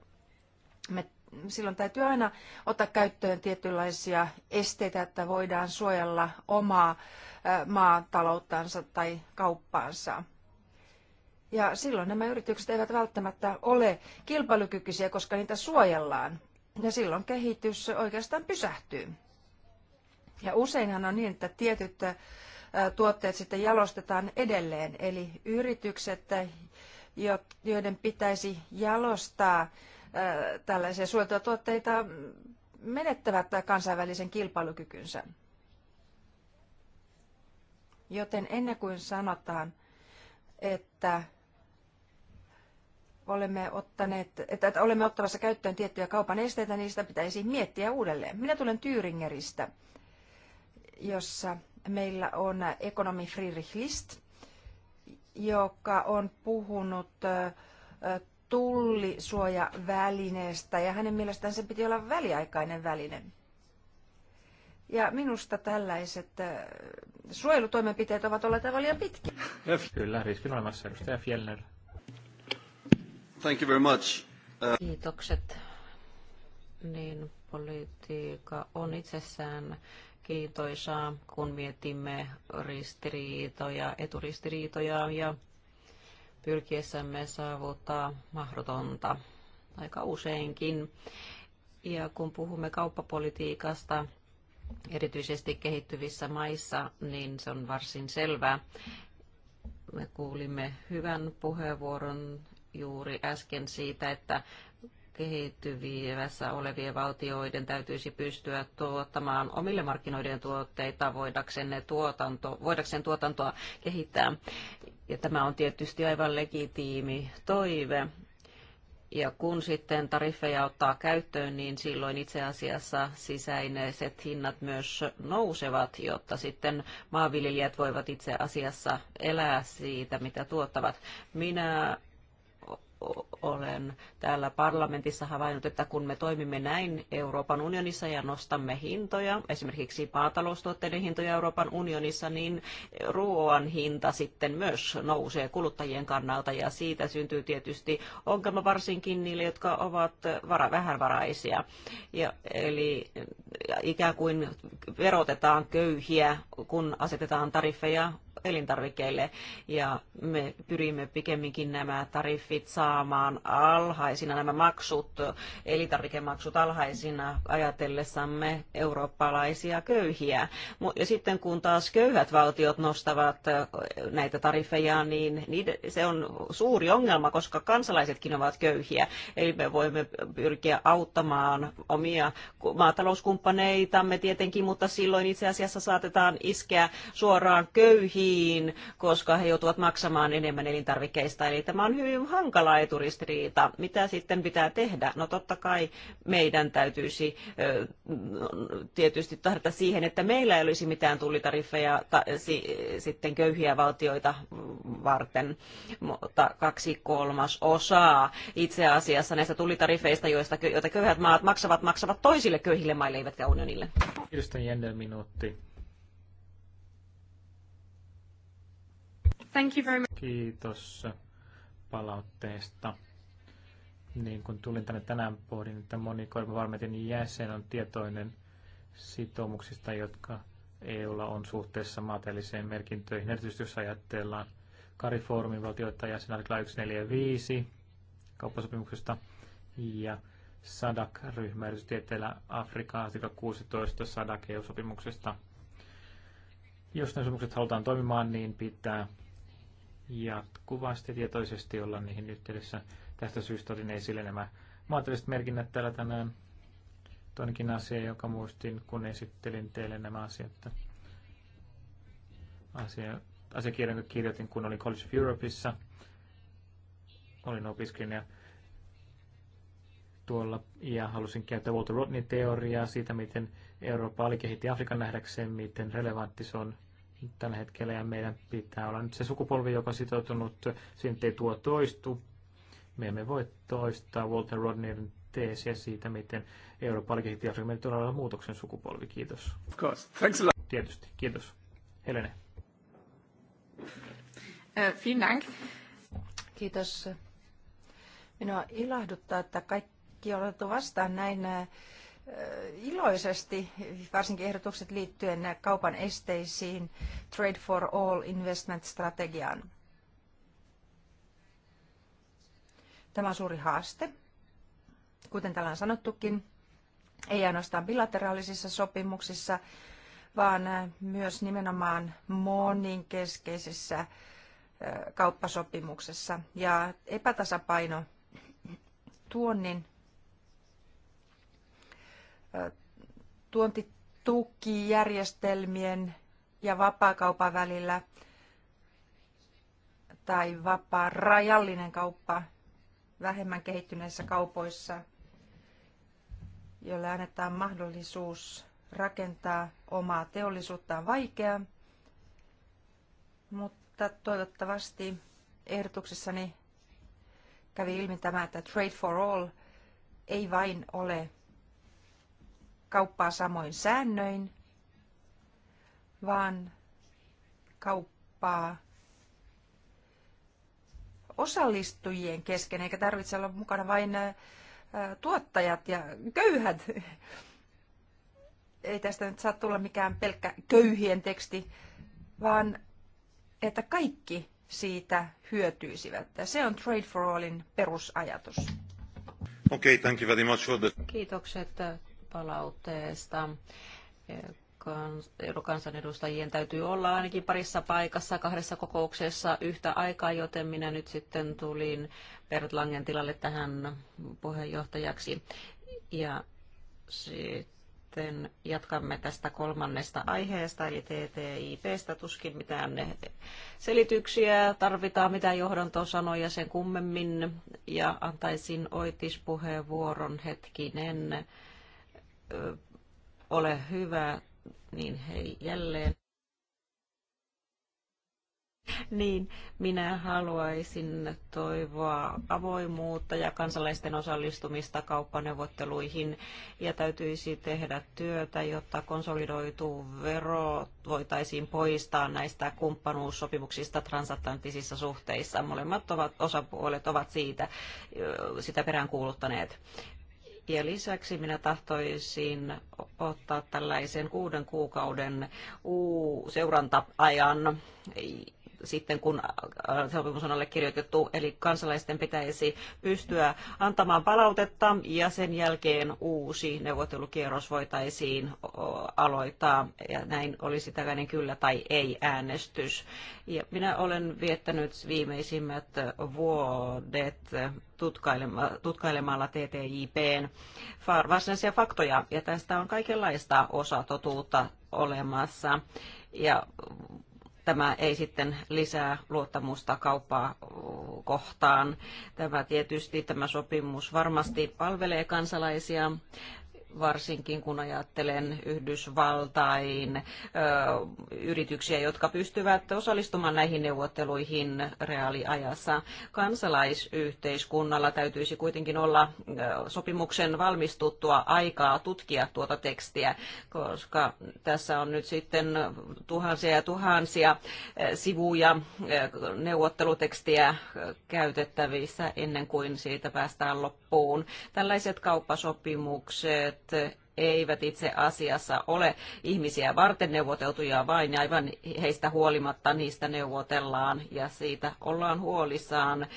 me, silloin täytyy aina ottaa käyttöön tietynlaisia esteitä, että voidaan suojella omaa maatalouttansa tai kauppaansa. Ja silloin nämä yritykset eivät välttämättä ole kilpailukykyisiä, koska niitä suojellaan. Ja silloin kehitys oikeastaan pysähtyy. Ja useinhan on niin, että tietyt tuotteet sitten jalostetaan edelleen, eli yritykset, joiden pitäisi jalostaa tällaisia suojeltuja tuotteita, menettävät kansainvälisen kilpailukykynsä. Joten ennen kuin sanotaan, että olemme, ottaneet, että, että olemme ottamassa käyttöön tiettyjä kaupan esteitä, niistä pitäisi miettiä uudelleen. Minä tulen Tyyringeristä, jossa meillä on ekonomi Friedrich List, joka on puhunut tullisuojavälineestä ja hänen mielestään se piti olla väliaikainen väline. Ja minusta tällaiset suojelutoimenpiteet ovat olleet aivan liian pitkiä. Kyllä, riskin olemassa edustaja Fjellner. Thank you very much. Uh, Kiitokset. Niin, politiikka on itsessään kiintoisaa, kun mietimme ristiriitoja, eturistiriitoja ja pyrkiessämme saavuttaa mahdotonta aika useinkin. Ja kun puhumme kauppapolitiikasta, erityisesti kehittyvissä maissa, niin se on varsin selvää. Me kuulimme hyvän puheenvuoron juuri äsken siitä, että kehittyvässä olevien valtioiden täytyisi pystyä tuottamaan omille markkinoiden tuotteita voidakseen, ne tuotanto, voidakseen tuotantoa kehittää. Ja tämä on tietysti aivan legitiimi toive. Ja kun sitten tariffeja ottaa käyttöön, niin silloin itse asiassa sisäiset hinnat myös nousevat, jotta sitten maanviljelijät voivat itse asiassa elää siitä, mitä tuottavat. Minä olen täällä parlamentissa havainnut, että kun me toimimme näin Euroopan unionissa ja nostamme hintoja, esimerkiksi maataloustuotteiden hintoja Euroopan unionissa, niin ruoan hinta sitten myös nousee kuluttajien kannalta ja siitä syntyy tietysti ongelma varsinkin niille, jotka ovat vara, vähävaraisia. Ja, eli ja ikään kuin verotetaan köyhiä, kun asetetaan tariffeja elintarvikkeille. Ja me pyrimme pikemminkin nämä tariffit saamaan alhaisina, nämä maksut, elintarvikemaksut alhaisina ajatellessamme eurooppalaisia köyhiä. Ja sitten kun taas köyhät valtiot nostavat näitä tariffeja, niin se on suuri ongelma, koska kansalaisetkin ovat köyhiä. Eli me voimme pyrkiä auttamaan omia maatalouskumppaneitamme tietenkin, mutta silloin itse asiassa saatetaan iskeä suoraan köyhiin kotiin, koska he joutuvat maksamaan enemmän elintarvikkeista. Eli tämä on hyvin hankala eturistiriita. Mitä sitten pitää tehdä? No totta kai meidän täytyisi tietysti tahdata siihen, että meillä ei olisi mitään tullitariffeja ta- si- sitten köyhiä valtioita varten, mutta kaksi kolmas osaa itse asiassa näistä tullitariffeista, joista, joita köyhät maat maksavat, maksavat toisille köyhille maille, eivätkä unionille. Kirsten Jendel minuutti. Thank you very much. Kiitos palautteesta. Niin kun tulin tänne tänään pohdin, että moni korvavarmetin jäsen on tietoinen sitoumuksista, jotka EUlla on suhteessa maateelliseen merkintöihin, erityisesti jos ajatellaan Kariformin valtioita ja sen artikla 145 kauppasopimuksesta ja sadac ryhmä erityisesti Etelä-Afrika, artikla 16 sadac eu sopimuksesta Jos nämä sopimukset halutaan toimimaan, niin pitää jatkuvasti tietoisesti olla niihin yhteydessä. Tästä syystä olin esille nämä maatilliset merkinnät täällä tänään. Toinenkin asia, joka muistin, kun esittelin teille nämä asiat. Asia, asiakirjan kirjoitin, kun olin College of Europeissa. Olin opiskelija tuolla ja halusin käyttää Walter Rodney teoriaa siitä, miten Eurooppa alikehitti Afrikan nähdäkseen, miten relevantti se on tällä hetkellä ja meidän pitää olla nyt se sukupolvi, joka on sitoutunut, siihen ei tuo toistu. Me emme voi toistaa Walter Rodneyn teesiä siitä, miten Euroopan kehitti Afrikan. Meidän tulee olla muutoksen sukupolvi. Kiitos. Of course. Thanks a lot. Tietysti. Kiitos. Helene. Äh, vielen Dank. Kiitos. Minua ilahduttaa, että kaikki olet vastaan näin äh, iloisesti, varsinkin ehdotukset liittyen kaupan esteisiin, Trade for All investment-strategiaan. Tämä on suuri haaste, kuten täällä on sanottukin, ei ainoastaan bilateraalisissa sopimuksissa, vaan myös nimenomaan moninkeskeisissä kauppasopimuksessa. Ja epätasapaino tuonnin tuontitukijärjestelmien ja vapaakaupan välillä tai vapaa rajallinen kauppa vähemmän kehittyneissä kaupoissa, jolle annetaan mahdollisuus rakentaa omaa teollisuutta on mutta toivottavasti ehdotuksessani kävi ilmi tämä, että Trade for All ei vain ole kauppaa samoin säännöin, vaan kauppaa osallistujien kesken, eikä tarvitse olla mukana vain tuottajat ja köyhät. Ei tästä nyt saa tulla mikään pelkkä köyhien teksti, vaan että kaikki siitä hyötyisivät. Ja se on Trade for Allin perusajatus. Okay, thank you very much for the... Kiitokset palautteesta kansanedustajien täytyy olla ainakin parissa paikassa kahdessa kokouksessa yhtä aikaa, joten minä nyt sitten tulin Bert Langen tilalle tähän puheenjohtajaksi. Ja sitten jatkamme tästä kolmannesta aiheesta, eli TTIPstä. Tuskin mitään ne selityksiä tarvitaan, mitä johdanto sanoi ja sen kummemmin. Ja antaisin oitispuheenvuoron hetkinen ole hyvä, niin hei jälleen. Niin, minä haluaisin toivoa avoimuutta ja kansalaisten osallistumista kauppaneuvotteluihin ja täytyisi tehdä työtä, jotta konsolidoitu vero voitaisiin poistaa näistä kumppanuussopimuksista transatlanttisissa suhteissa. Molemmat ovat, osapuolet ovat siitä sitä peräänkuuluttaneet. Ja lisäksi minä tahtoisin ottaa tällaisen kuuden kuukauden seurantaajan sitten, kun äh, sopimus on allekirjoitettu. Eli kansalaisten pitäisi pystyä antamaan palautetta ja sen jälkeen uusi neuvottelukierros voitaisiin aloittaa. Ja näin olisi tällainen kyllä tai ei äänestys. Ja minä olen viettänyt viimeisimmät vuodet tutkailemalla TTIPn varsinaisia faktoja, ja tästä on kaikenlaista osatotuutta olemassa. Ja tämä ei sitten lisää luottamusta kauppaa kohtaan. Tämä tietysti tämä sopimus varmasti palvelee kansalaisia varsinkin kun ajattelen Yhdysvaltain yrityksiä, jotka pystyvät osallistumaan näihin neuvotteluihin reaaliajassa. Kansalaisyhteiskunnalla täytyisi kuitenkin olla sopimuksen valmistuttua aikaa tutkia tuota tekstiä, koska tässä on nyt sitten tuhansia ja tuhansia sivuja neuvottelutekstiä käytettävissä ennen kuin siitä päästään loppuun. Tällaiset kauppasopimukset eivät itse asiassa ole ihmisiä varten neuvoteltuja, vain aivan heistä huolimatta niistä neuvotellaan ja siitä ollaan huolissaan,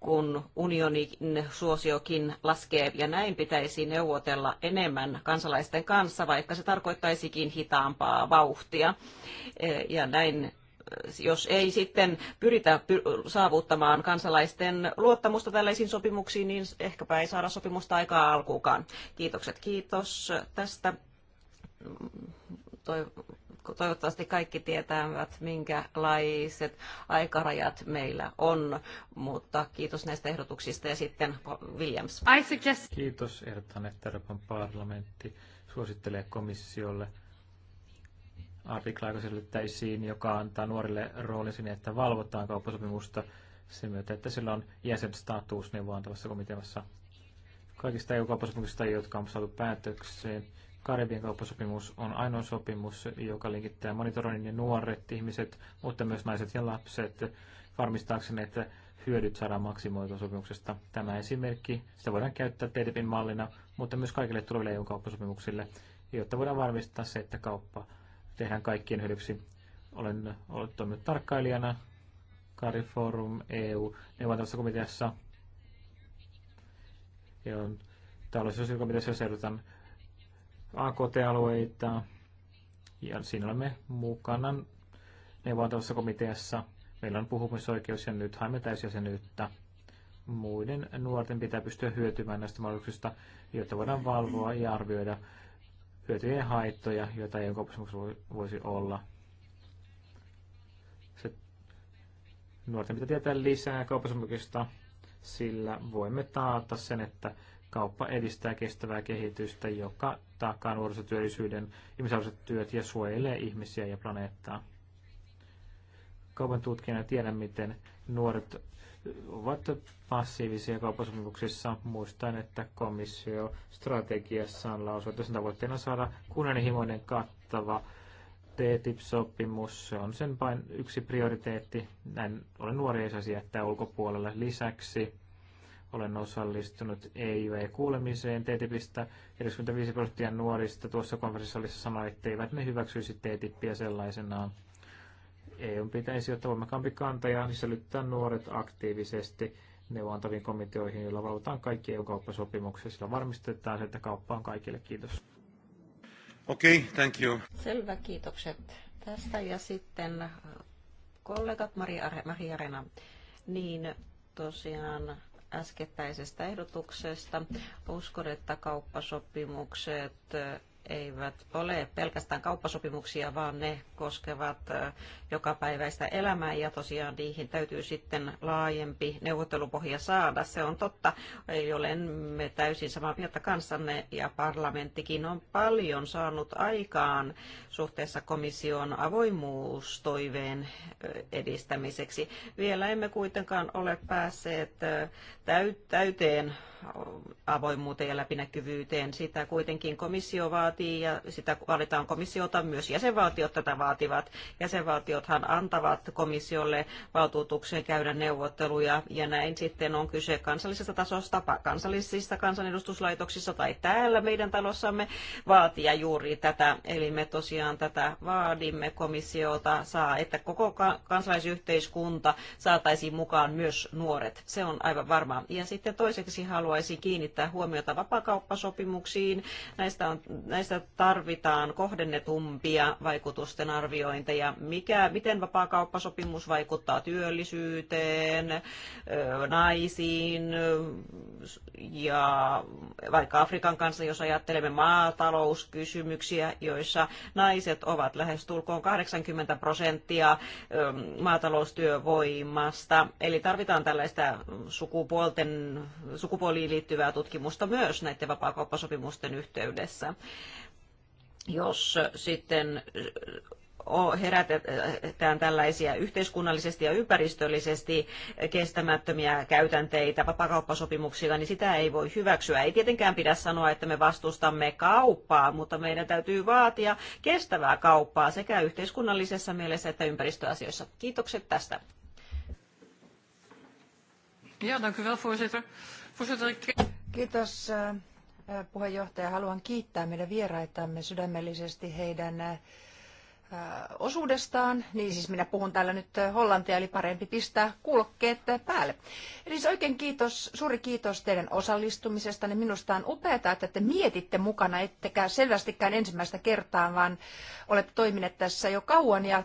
kun unionin suosiokin laskee ja näin pitäisi neuvotella enemmän kansalaisten kanssa, vaikka se tarkoittaisikin hitaampaa vauhtia. Ja näin jos ei sitten pyritä saavuttamaan kansalaisten luottamusta tällaisiin sopimuksiin, niin ehkäpä ei saada sopimusta aikaa alkuukaan. Kiitokset, kiitos tästä. Toivottavasti kaikki tietävät, minkälaiset aikarajat meillä on, mutta kiitos näistä ehdotuksista ja sitten Williams. I suggest... Kiitos, Ertan, että Euroopan parlamentti suosittelee komissiolle – artiklaa, joka joka antaa nuorille roolin sinne, niin, että valvotaan kauppasopimusta sen myötä, että sillä on jäsenstatus neuvoantavassa komiteassa. Kaikista EU-kauppasopimuksista, jotka on saatu päätökseen, Karibian kauppasopimus on ainoa sopimus, joka linkittää monitoroinnin ja nuoret ihmiset, mutta myös naiset ja lapset, varmistaakseni, että hyödyt saadaan maksimoitua sopimuksesta. Tämä esimerkki, sitä voidaan käyttää TTIPin mallina, mutta myös kaikille tuleville EU-kauppasopimuksille, jotta voidaan varmistaa se, että kauppa tehdään kaikkien hyödyksi. Olen ollut toiminut tarkkailijana Cariforum EU neuvontavassa komiteassa. Ja on taloudellisessa komiteassa, jossa edutan AKT-alueita. Ja siinä olemme mukana neuvontavassa komiteassa. Meillä on puhumisoikeus ja nyt haemme täysjäsenyyttä. Muiden nuorten pitää pystyä hyötymään näistä mahdollisuuksista, jotta voidaan valvoa ja arvioida hyötyjä ja haittoja, joita voi voisi olla. Se nuorten pitää tietää lisää kauppasopimuksista, sillä voimme taata sen, että kauppa edistää kestävää kehitystä, joka takaa nuorisotyöllisyyden, ihmisarvoiset työt ja suojelee ihmisiä ja planeettaa. Kaupan tutkijana tiedän, miten nuoret ovat massiivisia kauppasopimuksissa. Muistan, että komissio strategiassaan lausui, että sen tavoitteena saada kunnianhimoinen kattava TTIP-sopimus. Se on sen vain yksi prioriteetti. Näin olen nuori ei saisi jättää ulkopuolelle. Lisäksi olen osallistunut EIV-kuulemiseen TTIPistä. 45 prosenttia nuorista tuossa konferenssissa sanoi, että eivät ne hyväksyisi TTIPiä sellaisenaan. EUn pitäisi ottaa voimakkaampi kanta ja sisällyttää nuoret aktiivisesti neuvontaviin komiteoihin, joilla valvotaan kaikki EU-kauppasopimuksia. Sillä varmistetaan se, että kauppa on kaikille. Kiitos. Okei, okay, thank you. Selvä, kiitokset tästä. Ja sitten äh, kollegat Maria, Maria Arena. Niin tosiaan äskettäisestä ehdotuksesta. Uskon, että kauppasopimukset eivät ole pelkästään kauppasopimuksia, vaan ne koskevat jokapäiväistä elämää ja tosiaan niihin täytyy sitten laajempi neuvottelupohja saada. Se on totta. Ei me täysin samaa mieltä kanssanne ja parlamenttikin on paljon saanut aikaan suhteessa komission avoimuustoiveen edistämiseksi. Vielä emme kuitenkaan ole päässeet täyteen avoimuuteen ja läpinäkyvyyteen. Sitä kuitenkin komissio vaatii ja sitä valitaan komissiota. Myös jäsenvaltiot tätä vaativat. Jäsenvaltiothan antavat komissiolle valtuutuksen käydä neuvotteluja ja näin sitten on kyse kansallisesta tasosta, kansallisista kansanedustuslaitoksissa tai täällä meidän talossamme vaatia juuri tätä. Eli me tosiaan tätä vaadimme komissiota saa, että koko kansalaisyhteiskunta saataisiin mukaan myös nuoret. Se on aivan varmaa. Ja sitten toiseksi haluan haluaisi kiinnittää huomiota vapakauppasopimuksiin. Näistä, on, näistä tarvitaan kohdennetumpia vaikutusten arviointeja. Mikä, miten vapakauppasopimus vaikuttaa työllisyyteen, naisiin ja vaikka Afrikan kanssa, jos ajattelemme maatalouskysymyksiä, joissa naiset ovat lähes tulkoon 80 prosenttia maataloustyövoimasta. Eli tarvitaan tällaista sukupuolten, sukupuoli Näihin liittyvää tutkimusta myös näiden vapaakauppasopimusten yhteydessä. Jos sitten herätetään tällaisia yhteiskunnallisesti ja ympäristöllisesti kestämättömiä käytänteitä vapakauppasopimuksilla, niin sitä ei voi hyväksyä. Ei tietenkään pidä sanoa, että me vastustamme kauppaa, mutta meidän täytyy vaatia kestävää kauppaa sekä yhteiskunnallisessa mielessä että ympäristöasioissa. Kiitokset tästä. Ja, dank u wel, voorzitter. Kiitos äh, puheenjohtaja. Haluan kiittää meidän vieraitamme sydämellisesti heidän äh, osuudestaan, niin siis minä puhun täällä nyt äh, hollantia, eli parempi pistää kuulokkeet päälle. Eli siis oikein kiitos, suuri kiitos teidän osallistumisestanne. Niin minusta on upeaa, että te mietitte mukana, ettekä selvästikään ensimmäistä kertaa, vaan olette toimineet tässä jo kauan ja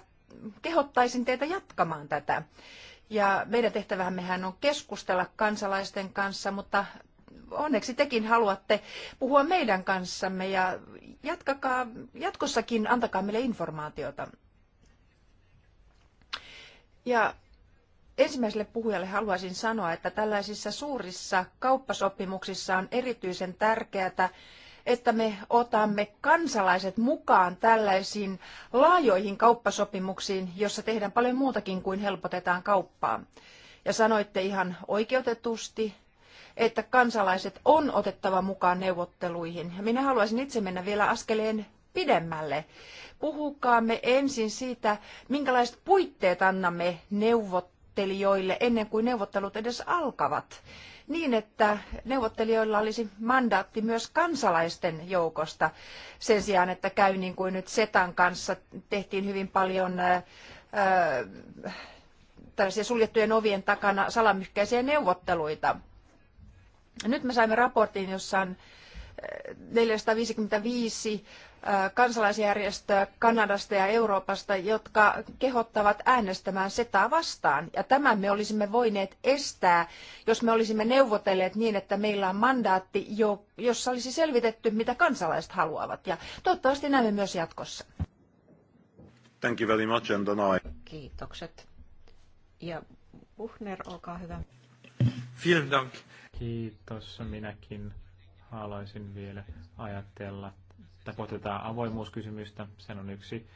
kehottaisin teitä jatkamaan tätä. Ja meidän tehtävämmehän on keskustella kansalaisten kanssa, mutta onneksi tekin haluatte puhua meidän kanssamme ja jatkakaa, jatkossakin antakaa meille informaatiota. Ja ensimmäiselle puhujalle haluaisin sanoa, että tällaisissa suurissa kauppasopimuksissa on erityisen tärkeää että me otamme kansalaiset mukaan tällaisiin laajoihin kauppasopimuksiin, jossa tehdään paljon muutakin kuin helpotetaan kauppaa. Ja sanoitte ihan oikeutetusti, että kansalaiset on otettava mukaan neuvotteluihin. Minä haluaisin itse mennä vielä askeleen pidemmälle. Puhukaamme ensin siitä, minkälaiset puitteet annamme neuvottelijoille ennen kuin neuvottelut edes alkavat niin, että neuvottelijoilla olisi mandaatti myös kansalaisten joukosta sen sijaan, että käy niin kuin nyt Setan kanssa tehtiin hyvin paljon ää, äh, äh, tällaisia suljettujen ovien takana salamyhkäisiä neuvotteluita. Nyt me saimme raportin, jossa on 455 kansalaisjärjestöä Kanadasta ja Euroopasta, jotka kehottavat äänestämään SETAa vastaan. Ja tämän me olisimme voineet estää, jos me olisimme neuvotelleet niin, että meillä on mandaatti, jossa olisi selvitetty, mitä kansalaiset haluavat. Ja toivottavasti näemme myös jatkossa. Thank you very much and Kiitokset. Ja Buchner, olkaa hyvä. Vielen Dank. Kiitos minäkin haluaisin vielä ajatella, tai pohtetaan avoimuuskysymystä. Sen on yksi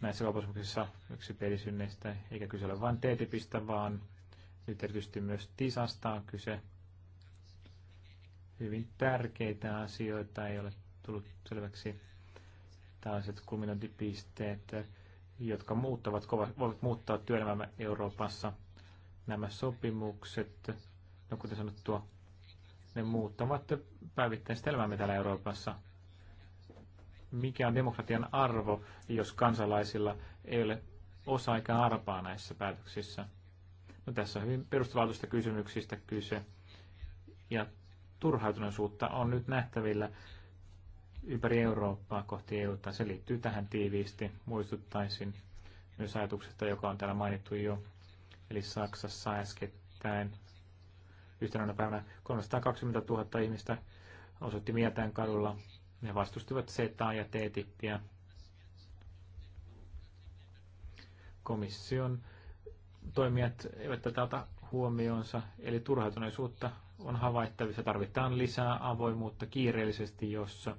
näissä kauppasopimuksissa yksi pelisynneistä, eikä kyse ole vain TTIPistä, vaan nyt erityisesti myös TISasta on kyse. Hyvin tärkeitä asioita ei ole tullut selväksi. Tällaiset kulminointipisteet, jotka muuttavat, voivat muuttaa työelämää Euroopassa. Nämä sopimukset, no kuten sanottua, ne muuttavat päivittäistä elämäämme täällä Euroopassa. Mikä on demokratian arvo, jos kansalaisilla ei ole osa eikä arpaa näissä päätöksissä? No, tässä on hyvin perustavaltuista kysymyksistä kyse. Ja turhautuneisuutta on nyt nähtävillä ympäri Eurooppaa kohti EUta. Se liittyy tähän tiiviisti. Muistuttaisin myös ajatuksesta, joka on täällä mainittu jo. Eli Saksassa äskettäin yhtenä päivänä 320 000 ihmistä osoitti mieltään kadulla. Ne vastustivat SETAa ja TTIPiä. Komission toimijat eivät tätä ota huomioonsa, eli turhautuneisuutta on havaittavissa. Tarvitaan lisää avoimuutta kiireellisesti, jossa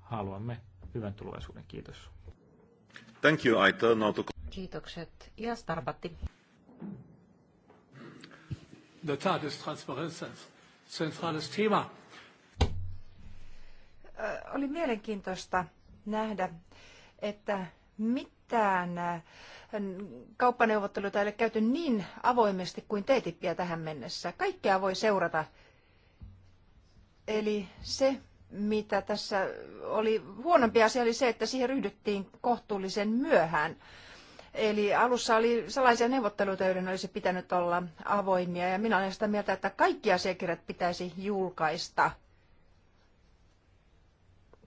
haluamme hyvän tulevaisuuden. Kiitos. Thank you, Aita. Kiitokset. Ja Starbatti. In der Tat ist Transparenz ein zentrales Thema. Äh, oli mielenkiintoista nähdä, että mitään äh, kauppaneuvotteluita ei ole käyty niin avoimesti kuin TTIPiä tähän mennessä. Kaikkea voi seurata. Eli se, mitä tässä oli huonompi asia, oli se, että siihen ryhdyttiin kohtuullisen myöhään Eli alussa oli salaisia neuvotteluita, joiden olisi pitänyt olla avoimia. Ja minä olen sitä mieltä, että kaikki asiakirjat pitäisi julkaista,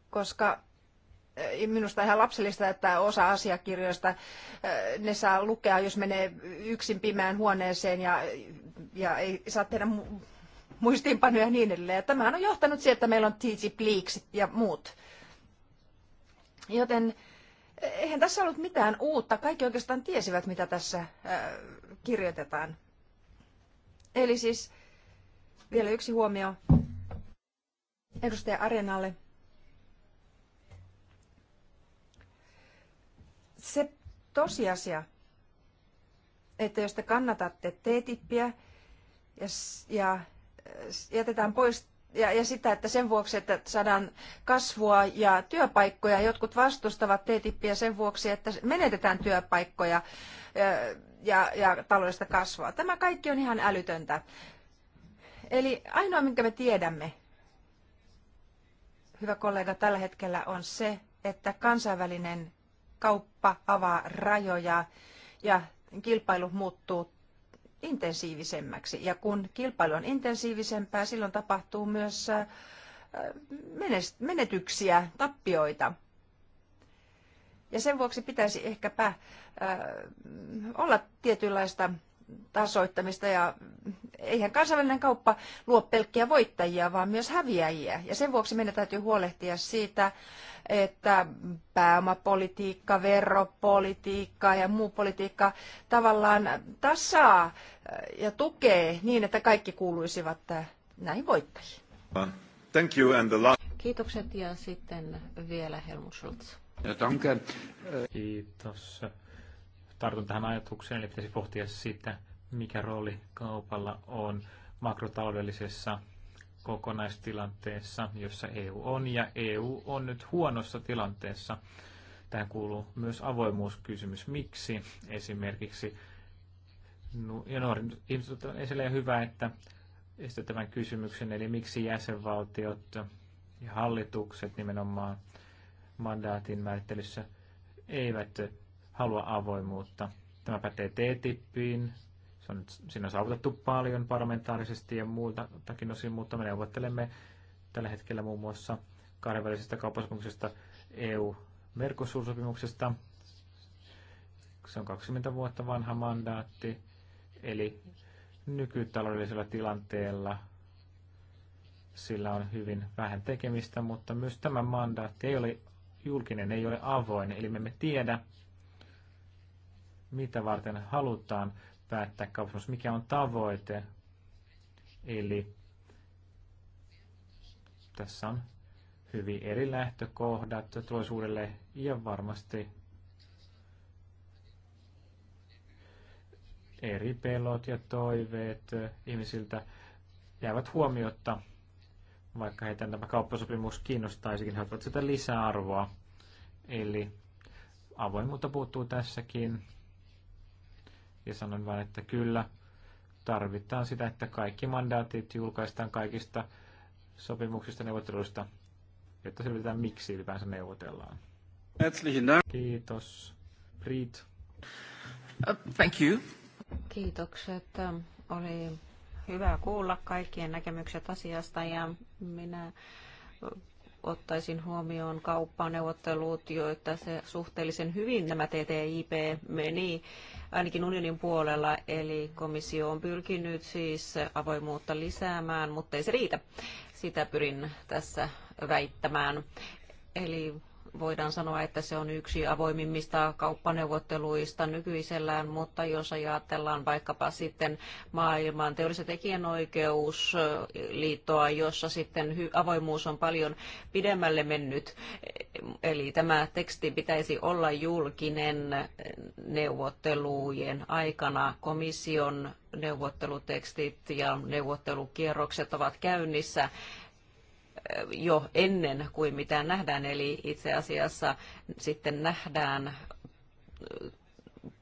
koska eh, minusta ihan lapsellista, että osa asiakirjoista eh, ne saa lukea, jos menee yksin pimeään huoneeseen ja, ja ei saa tehdä muistiinpanoja ja niin edelleen. Tämähän on johtanut siihen, että meillä on TG Bleaks ja muut. Joten Eihän tässä ollut mitään uutta. Kaikki oikeastaan tiesivät, mitä tässä kirjoitetaan. Eli siis vielä yksi huomio edustaja Arenalle. Se tosiasia, että jos te kannatatte TTIPiä ja, ja jätetään pois ja, ja sitä, että sen vuoksi, että saadaan kasvua ja työpaikkoja. Jotkut vastustavat TTIPiä sen vuoksi, että menetetään työpaikkoja ja, ja taloudellista kasvua. Tämä kaikki on ihan älytöntä. Eli ainoa, minkä me tiedämme, hyvä kollega, tällä hetkellä on se, että kansainvälinen kauppa avaa rajoja ja kilpailu muuttuu intensiivisemmäksi. Ja kun kilpailu on intensiivisempää, silloin tapahtuu myös äh, menetyksiä, tappioita. Ja sen vuoksi pitäisi ehkäpä äh, olla tietynlaista tasoittamista ja eihän kansainvälinen kauppa luo pelkkiä voittajia, vaan myös häviäjiä. Ja sen vuoksi meidän täytyy huolehtia siitä, että pääomapolitiikka, veropolitiikka ja muu politiikka tavallaan tasaa ja tukee niin, että kaikki kuuluisivat näihin voittajiin. Thank you and the last... Kiitokset ja sitten vielä Helmut Schultz. Kiitos. Tartun tähän ajatukseen, eli pitäisi pohtia sitä, mikä rooli kaupalla on makrotaloudellisessa kokonaistilanteessa, jossa EU on, ja EU on nyt huonossa tilanteessa. Tähän kuuluu myös avoimuuskysymys. Miksi esimerkiksi ja nuorin ihmiset on esille hyvä, että esität tämän kysymyksen, eli miksi jäsenvaltiot ja hallitukset nimenomaan mandaatin määrittelyssä eivät halua avoimuutta. Tämä pätee TTIPiin, se on siinä on saavutettu paljon parlamentaarisesti ja muiltakin osin, mutta me neuvottelemme tällä hetkellä muun muassa kahdenvälisestä kauppasopimuksesta eu mercosur Se on 20 vuotta vanha mandaatti, eli nykytaloudellisella tilanteella sillä on hyvin vähän tekemistä, mutta myös tämä mandaatti ei ole julkinen, ei ole avoin, eli me emme tiedä, mitä varten halutaan päättää kaupungissa, mikä on tavoite. Eli tässä on hyvin eri lähtökohdat tulisuudelle ja varmasti eri pelot ja toiveet ihmisiltä jäävät huomiotta, vaikka heitä tämä kauppasopimus kiinnostaisikin, he ottavat sitä lisäarvoa. Eli avoimuutta puuttuu tässäkin. Ja sanon vain, että kyllä, tarvitaan sitä, että kaikki mandaatit julkaistaan kaikista sopimuksista neuvotteluista, jotta selvitetään, miksi ylipäänsä neuvotellaan. Kiitos. Uh, Thank you. Kiitokset. Oli hyvä kuulla kaikkien näkemykset asiasta ja minä ottaisin huomioon kauppaneuvottelut, joita se suhteellisen hyvin tämä TTIP meni ainakin unionin puolella, eli komissio on pyrkinyt siis avoimuutta lisäämään, mutta ei se riitä. Sitä pyrin tässä väittämään. Eli voidaan sanoa, että se on yksi avoimimmista kauppaneuvotteluista nykyisellään, mutta jos ajatellaan vaikkapa sitten maailman teollisen tekijänoikeusliittoa, jossa sitten avoimuus on paljon pidemmälle mennyt, eli tämä teksti pitäisi olla julkinen neuvottelujen aikana komission neuvottelutekstit ja neuvottelukierrokset ovat käynnissä jo ennen kuin mitään nähdään, eli itse asiassa sitten nähdään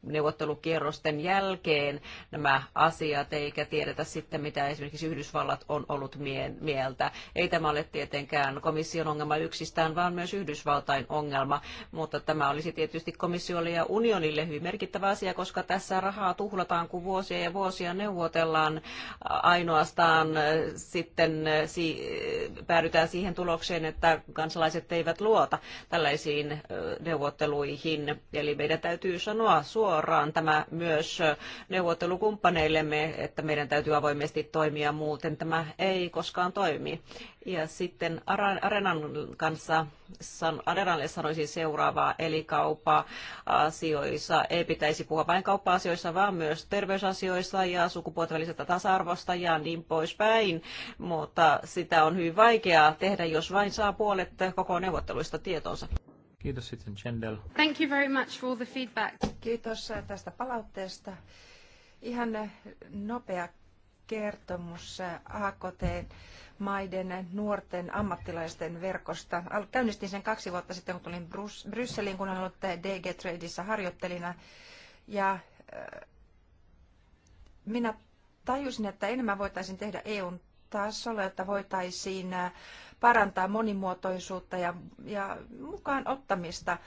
neuvottelukierrosten jälkeen nämä asiat, eikä tiedetä sitten, mitä esimerkiksi Yhdysvallat on ollut mieltä. Ei tämä ole tietenkään komission ongelma yksistään, vaan myös Yhdysvaltain ongelma, mutta tämä olisi tietysti komissiolle ja unionille hyvin merkittävä asia, koska tässä rahaa tuhlataan, kun vuosia ja vuosia neuvotellaan ainoastaan sitten päädytään siihen tulokseen, että kansalaiset eivät luota tällaisiin neuvotteluihin. Eli meidän täytyy sanoa suoraan, suoraan tämä myös neuvottelukumppaneillemme, että meidän täytyy avoimesti toimia, muuten tämä ei koskaan toimi. Ja sitten Arenan kanssa Arenalle sanoisin seuraavaa, eli kauppa-asioissa ei pitäisi puhua vain kauppa-asioissa, vaan myös terveysasioissa ja sukupuolivälisestä tasa-arvosta ja niin poispäin, mutta sitä on hyvin vaikeaa tehdä, jos vain saa puolet koko neuvotteluista tietonsa. Kiitos sitten Chendel. Thank you very much for all the feedback. Kiitos tästä palautteesta. Ihan nopea kertomus AKT-maiden nuorten ammattilaisten verkosta. Käynnistin sen kaksi vuotta sitten, kun tulin Brysseliin, kun olen ollut DG Tradeissa harjoittelina. Ja äh, minä tajusin, että enemmän voitaisiin tehdä EUn tasolla, että voitaisiin äh, parantaa monimuotoisuutta ja, ja mukaan ottamista,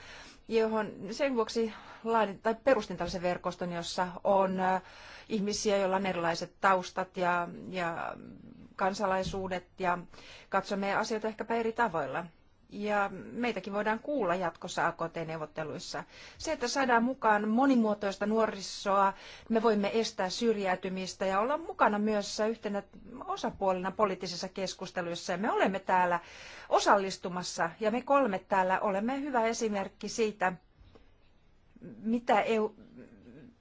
johon sen vuoksi laadin, tai perustin tällaisen verkoston, jossa on ihmisiä, joilla on erilaiset taustat ja, ja kansalaisuudet ja katsomme asioita ehkäpä eri tavoilla ja meitäkin voidaan kuulla jatkossa AKT-neuvotteluissa. Se, että saadaan mukaan monimuotoista nuorisoa, me voimme estää syrjäytymistä ja olla mukana myös yhtenä osapuolena poliittisissa keskusteluissa. Ja me olemme täällä osallistumassa ja me kolme täällä olemme hyvä esimerkki siitä, mitä EU,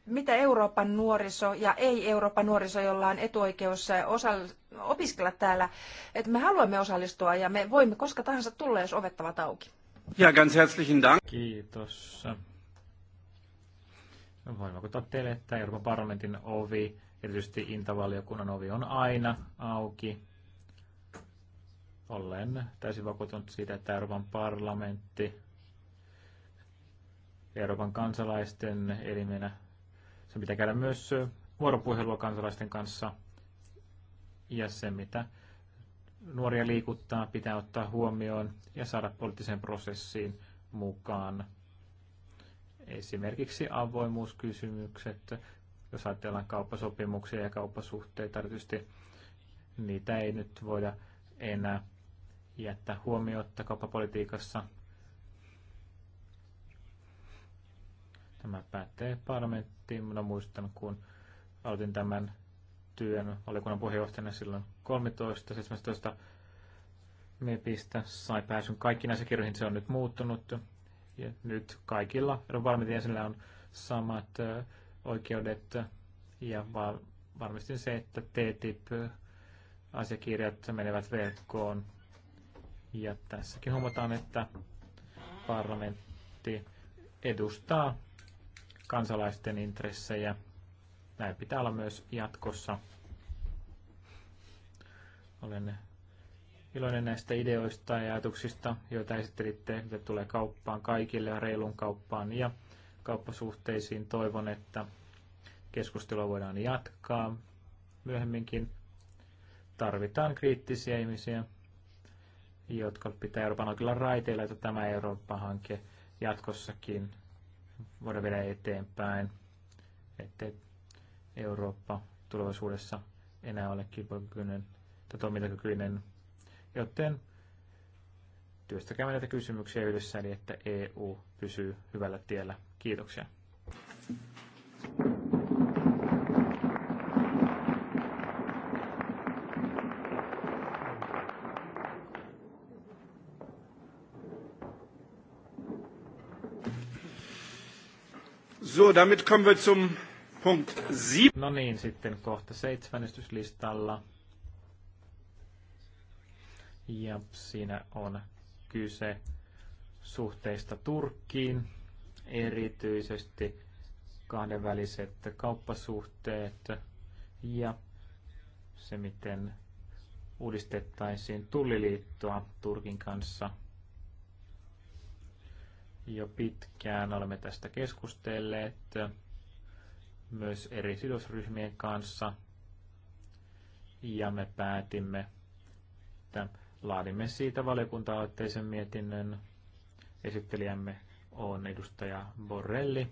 mitä Euroopan nuoriso ja ei-Euroopan nuoriso, jolla on etuoikeus eh, osall- opiskella täällä, että me haluamme osallistua ja me voimme koska tahansa tulla, jos ovet ovat auki. Ja ganz herzlichen Dank. Kiitos. Voin vakuuttaa teille, että Euroopan parlamentin ovi, erityisesti Intavaliokunnan ovi, on aina auki. Olen täysin vakuuttunut siitä, että Euroopan parlamentti Euroopan kansalaisten elimenä se pitää käydä myös vuoropuhelua kansalaisten kanssa ja se, mitä nuoria liikuttaa, pitää ottaa huomioon ja saada poliittiseen prosessiin mukaan. Esimerkiksi avoimuuskysymykset, jos ajatellaan kauppasopimuksia ja kauppasuhteita, erityisesti niitä ei nyt voida enää jättää huomiota kauppapolitiikassa. Tämä pätee parlamenttiin. Minä muistan, kun aloitin tämän työn valiokunnan puheenjohtajana silloin 13-17 MEPistä sai pääsyn kaikki näissä kirjoihin. Se on nyt muuttunut ja nyt kaikilla parlamentin jäsenillä on samat oikeudet ja varmistin se, että TTIP-asiakirjat menevät verkkoon. Ja tässäkin huomataan, että parlamentti edustaa kansalaisten intressejä. Näin pitää olla myös jatkossa. Olen iloinen näistä ideoista ja ajatuksista, joita esittelitte, mitä tulee kauppaan kaikille, reilun kauppaan ja kauppasuhteisiin. Toivon, että keskustelua voidaan jatkaa myöhemminkin. Tarvitaan kriittisiä ihmisiä, jotka pitää Euroopan oikeilla raiteilla, että tämä Eurooppa-hanke jatkossakin voidaan viedä eteenpäin, ettei Eurooppa tulevaisuudessa enää ole kilpailukykyinen tai toimintakykyinen, joten työstäkäämme näitä kysymyksiä yhdessä, eli että EU pysyy hyvällä tiellä. Kiitoksia. So, damit kommen wir zum Punkt 7. No niin, sitten kohta seitsemänestyslistalla. Ja siinä on kyse suhteista Turkkiin, erityisesti kahdenväliset kauppasuhteet ja se, miten uudistettaisiin tulliliittoa Turkin kanssa – jo pitkään olemme tästä keskustelleet myös eri sidosryhmien kanssa. Ja me päätimme, että laadimme siitä valiokunta-aloitteisen mietinnön. Esittelijämme on edustaja Borrelli.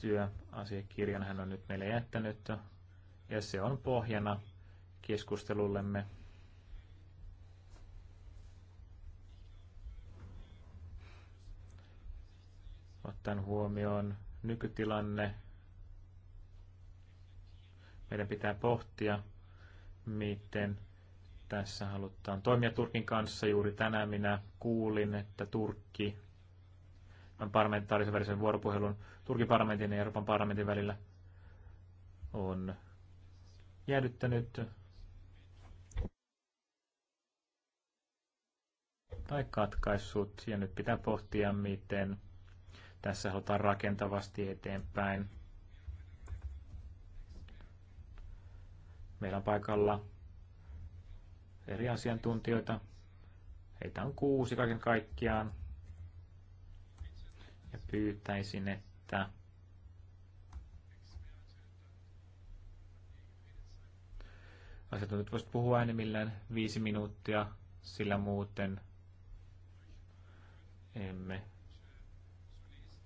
Työasiakirjan hän on nyt meille jättänyt ja se on pohjana keskustelullemme ottaen huomioon nykytilanne. Meidän pitää pohtia, miten tässä halutaan toimia Turkin kanssa. Juuri tänään minä kuulin, että Turkki on parlamentaarisen välisen vuoropuhelun Turkin parlamentin ja Euroopan parlamentin välillä on jäädyttänyt tai katkaissut. Ja nyt pitää pohtia, miten tässä halutaan rakentavasti eteenpäin. Meillä on paikalla eri asiantuntijoita. Heitä on kuusi kaiken kaikkiaan. Ja pyytäisin, että asiantuntijat voisivat puhua enemmän viisi minuuttia, sillä muuten emme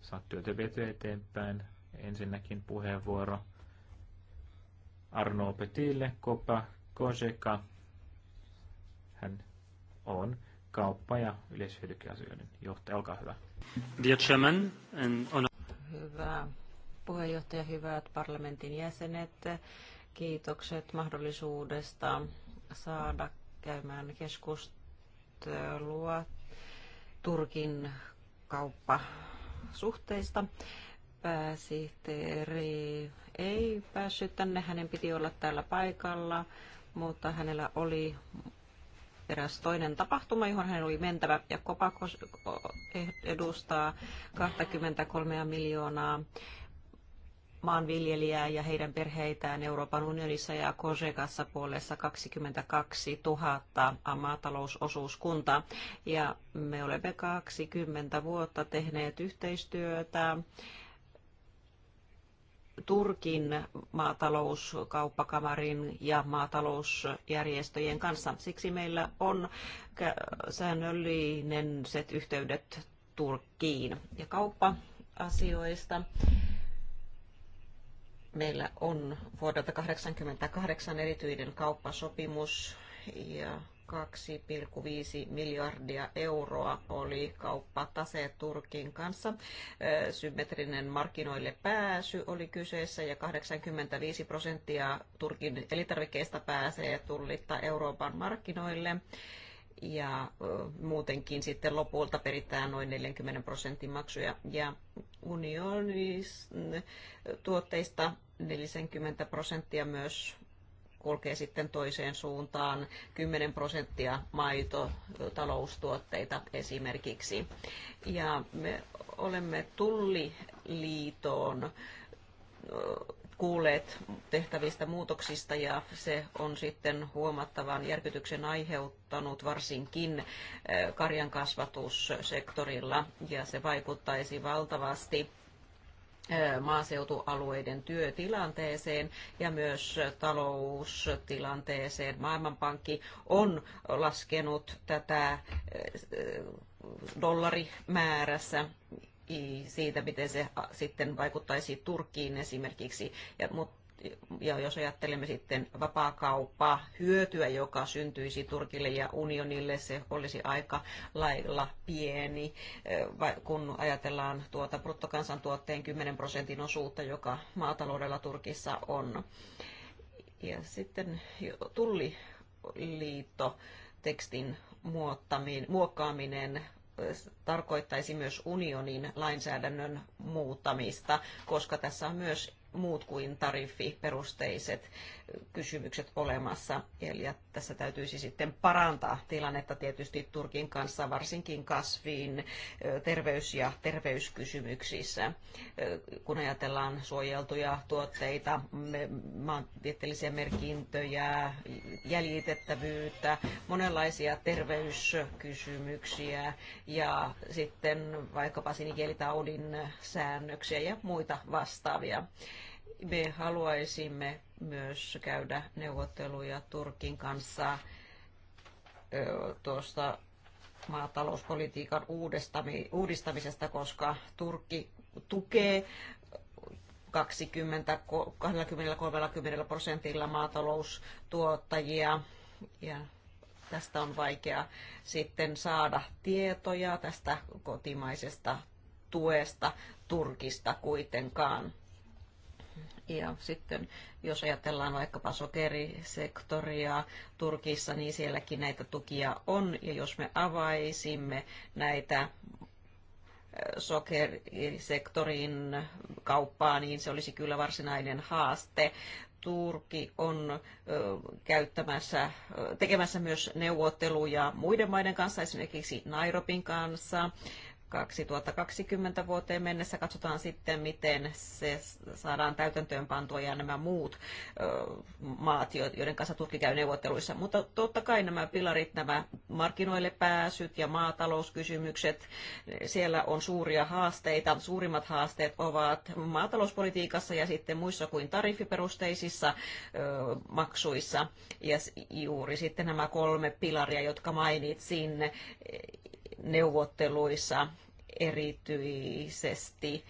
saat työtä vietyä eteenpäin. Ensinnäkin puheenvuoro Arno Petille, Kopa Koseka. Hän on kauppa- ja yleishyödykeasioiden johtaja. Olkaa hyvä. Dear Chairman, and on... Hyvä puheenjohtaja, hyvät parlamentin jäsenet. Kiitokset mahdollisuudesta saada käymään keskustelua Turkin kauppa suhteista. Pääsihteeri ei päässyt tänne, hänen piti olla täällä paikalla, mutta hänellä oli eräs toinen tapahtuma, johon hän oli mentävä, ja Kopakos eh, edustaa 23 miljoonaa maanviljelijää ja heidän perheitään Euroopan unionissa ja Kosekassa puolessa 22 000 maatalousosuuskuntaa. Ja me olemme 20 vuotta tehneet yhteistyötä Turkin maatalouskauppakamarin ja maatalousjärjestöjen kanssa. Siksi meillä on säännöllinen set yhteydet Turkkiin ja kauppa-asioista. Meillä on vuodelta 1988 erityinen kauppasopimus ja 2,5 miljardia euroa oli kauppatase Turkin kanssa. Symmetrinen markkinoille pääsy oli kyseessä ja 85 prosenttia Turkin elintarvikkeista pääsee tullitta Euroopan markkinoille. Ja muutenkin sitten lopulta peritään noin 40 prosentin maksuja. Ja unionin tuotteista 40 prosenttia myös kulkee sitten toiseen suuntaan, 10 prosenttia maito, taloustuotteita esimerkiksi. Ja me olemme Tulliliitoon kuulleet tehtävistä muutoksista ja se on sitten huomattavan järkytyksen aiheuttanut varsinkin karjan kasvatussektorilla ja se vaikuttaisi valtavasti maaseutualueiden työtilanteeseen ja myös taloustilanteeseen. Maailmanpankki on laskenut tätä dollarimäärässä siitä, miten se sitten vaikuttaisi Turkkiin esimerkiksi. Ja, mut, ja jos ajattelemme sitten vapaakauppaa, hyötyä, joka syntyisi Turkille ja unionille, se olisi aika lailla pieni, eh, kun ajatellaan tuota bruttokansantuotteen 10 prosentin osuutta, joka maataloudella Turkissa on. Ja sitten tulliliitto tekstin muokkaaminen eh, tarkoittaisi myös unionin lainsäädännön muuttamista, koska tässä on myös muut kuin tariffiperusteiset kysymykset olemassa. Eli tässä täytyisi sitten parantaa tilannetta tietysti Turkin kanssa, varsinkin kasviin, terveys- ja terveyskysymyksissä. Kun ajatellaan suojeltuja tuotteita, maantieteellisiä merkintöjä, jäljitettävyyttä, monenlaisia terveyskysymyksiä ja sitten vaikkapa sinikielitaudin säännöksiä ja muita vastaavia me haluaisimme myös käydä neuvotteluja Turkin kanssa tuosta maatalouspolitiikan uudistamisesta, koska Turkki tukee 20-30 prosentilla maataloustuottajia ja tästä on vaikea sitten saada tietoja tästä kotimaisesta tuesta Turkista kuitenkaan. Ja sitten jos ajatellaan vaikkapa sokerisektoria Turkissa, niin sielläkin näitä tukia on. Ja jos me avaisimme näitä sokerisektorin kauppaa, niin se olisi kyllä varsinainen haaste. Turki on käyttämässä, tekemässä myös neuvotteluja muiden maiden kanssa, esimerkiksi Nairobin kanssa, 2020 vuoteen mennessä. Katsotaan sitten, miten se saadaan täytäntöön pantua ja nämä muut maat, joiden kanssa Turkki käy neuvotteluissa. Mutta totta kai nämä pilarit, nämä markkinoille pääsyt ja maatalouskysymykset, siellä on suuria haasteita. Suurimmat haasteet ovat maatalouspolitiikassa ja sitten muissa kuin tariffiperusteisissa maksuissa. Ja juuri sitten nämä kolme pilaria, jotka mainitsin, neuvotteluissa erityisesti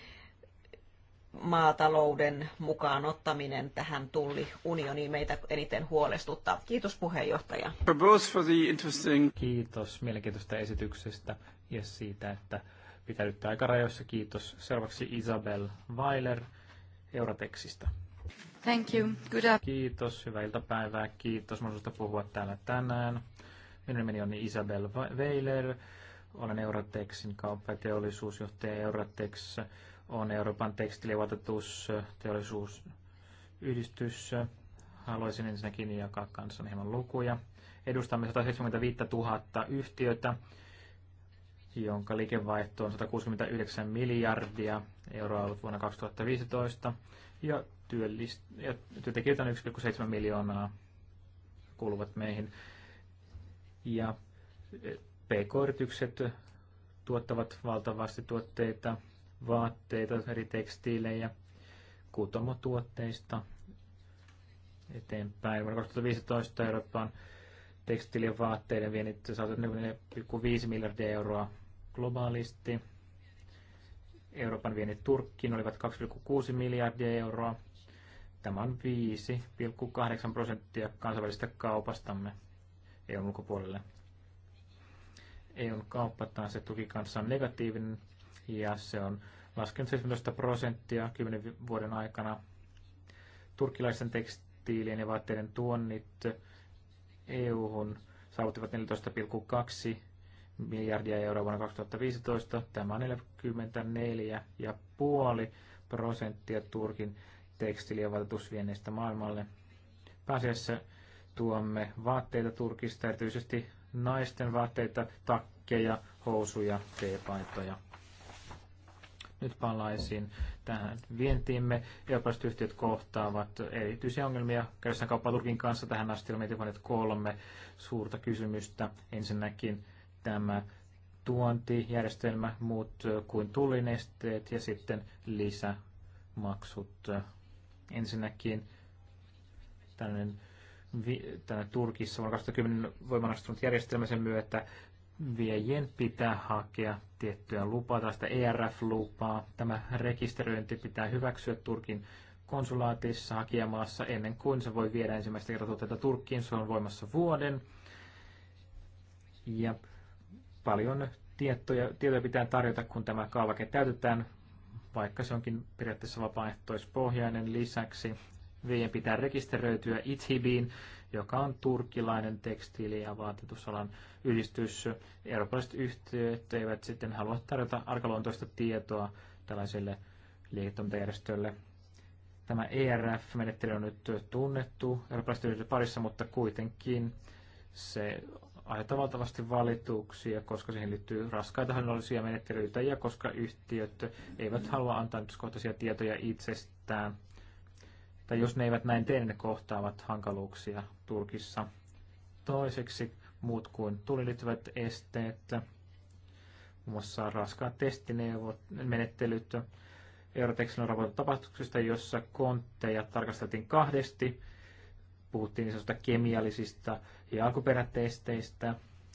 maatalouden mukaan ottaminen tähän tulliunioniin meitä eniten huolestuttaa. Kiitos puheenjohtaja. Kiitos mielenkiintoista esityksestä ja siitä, että pitäydytte aikarajoissa. Kiitos. Seuraavaksi Isabel Weiler Euratexista. Thank you. Good Kiitos. Hyvää iltapäivää. Kiitos mahdollisuudesta puhua täällä tänään. Minun nimeni on Isabel Weiler olen Euratexin kauppa- ja teollisuusjohtaja. Eurotex on Euroopan teollisuusyhdistys. Haluaisin ensinnäkin jakaa kanssa hieman lukuja. Edustamme 175 000 yhtiötä, jonka liikevaihto on 169 miljardia euroa ollut vuonna 2015 ja, työllist- ja työntekijöitä on 1,7 miljoonaa kuuluvat meihin. Ja PK-yritykset tuottavat valtavasti tuotteita, vaatteita, eri tekstiilejä, kutomotuotteista eteenpäin. Vuonna 2015 Euroopan tekstiilien vaatteiden vienit saatiin 4,5 miljardia euroa globaalisti. Euroopan vienit Turkkiin olivat 2,6 miljardia euroa. Tämä on 5,8 prosenttia kansainvälisestä kaupastamme eu ulkopuolelle. EUn kauppataan se tuki kanssa on negatiivinen ja se on laskenut 17 prosenttia 10 vuoden aikana. Turkilaisten tekstiilien ja vaatteiden tuonnit EU-hun saavuttivat 14,2 miljardia euroa vuonna 2015. Tämä on 44,5 prosenttia Turkin tekstiili- ja vaatetusvienneistä maailmalle. Pääasiassa tuomme vaatteita Turkista, erityisesti naisten vaatteita, takkeja, housuja, teepaitoja. Nyt palaisin tähän vientiimme. Eurooppalaiset yhtiöt kohtaavat erityisiä ongelmia käydessään kauppaa Turkin kanssa. Tähän asti olemme tehneet kolme suurta kysymystä. Ensinnäkin tämä tuontijärjestelmä, muut kuin tullinesteet ja sitten lisämaksut. Ensinnäkin tällainen Tänne Turkissa vuonna 2010 voimaan astunut järjestelmä sen myötä viejien pitää hakea tiettyä lupaa, tällaista ERF-lupaa. Tämä rekisteröinti pitää hyväksyä Turkin konsulaatissa hakijamaassa ennen kuin se voi viedä ensimmäistä kertaa tuotteita Turkkiin. Se on voimassa vuoden. Ja paljon tietoja, tietoja pitää tarjota, kun tämä kaavake täytetään, vaikka se onkin periaatteessa vapaaehtoispohjainen lisäksi. Viien pitää rekisteröityä Ithibiin, joka on turkkilainen tekstiili- ja vaatetusalan yhdistys. Eurooppalaiset yhtiöt eivät sitten halua tarjota arkaluontoista tietoa tällaiselle liiketoimintajärjestölle. Tämä ERF-menettely on nyt tunnettu eurooppalaiset yhtiöiden parissa, mutta kuitenkin se aiheuttaa valtavasti valituksia, koska siihen liittyy raskaita hallinnollisia menettelyitä ja koska yhtiöt eivät halua antaa yksityiskohtaisia tietoja itsestään – tai jos ne eivät näin tee, ne kohtaavat hankaluuksia Turkissa. Toiseksi muut kuin tuli esteet, muun muassa raskaat testineuvot, menettelyt, Eurotexilla on tapahtuksista, jossa kontteja tarkasteltiin kahdesti. Puhuttiin niistä kemiallisista ja alkuperätesteistä.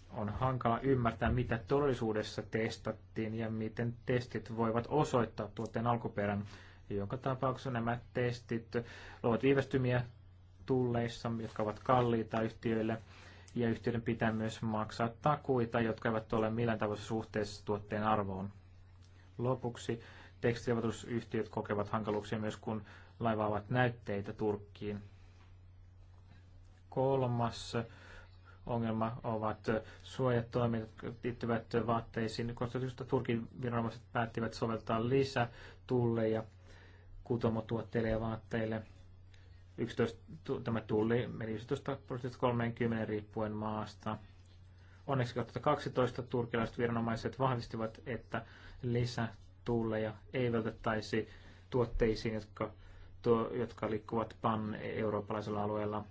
On hankala ymmärtää, mitä todellisuudessa testattiin ja miten testit voivat osoittaa tuotteen alkuperän jonka tapauksessa nämä testit luovat viivästymiä tulleissa, jotka ovat kalliita yhtiöille, ja yhtiöiden pitää myös maksaa takuita, jotka eivät ole millään tavalla suhteessa tuotteen arvoon. Lopuksi tekstivakuutusyhtiöt kokevat hankaluuksia myös, kun laivaavat näytteitä Turkkiin. Kolmas ongelma ovat suojatoimet liittyvät vaatteisiin. Konstituutiosta Turkin viranomaiset päättivät soveltaa lisää kutomotuotteille ja vaatteille. 11, tämä tulli meni 30 riippuen maasta. Onneksi 2012 turkilaiset viranomaiset vahvistivat, että lisätulleja ei vältettäisi tuotteisiin, jotka, tuo, jotka liikkuvat pan-eurooppalaisella alueella.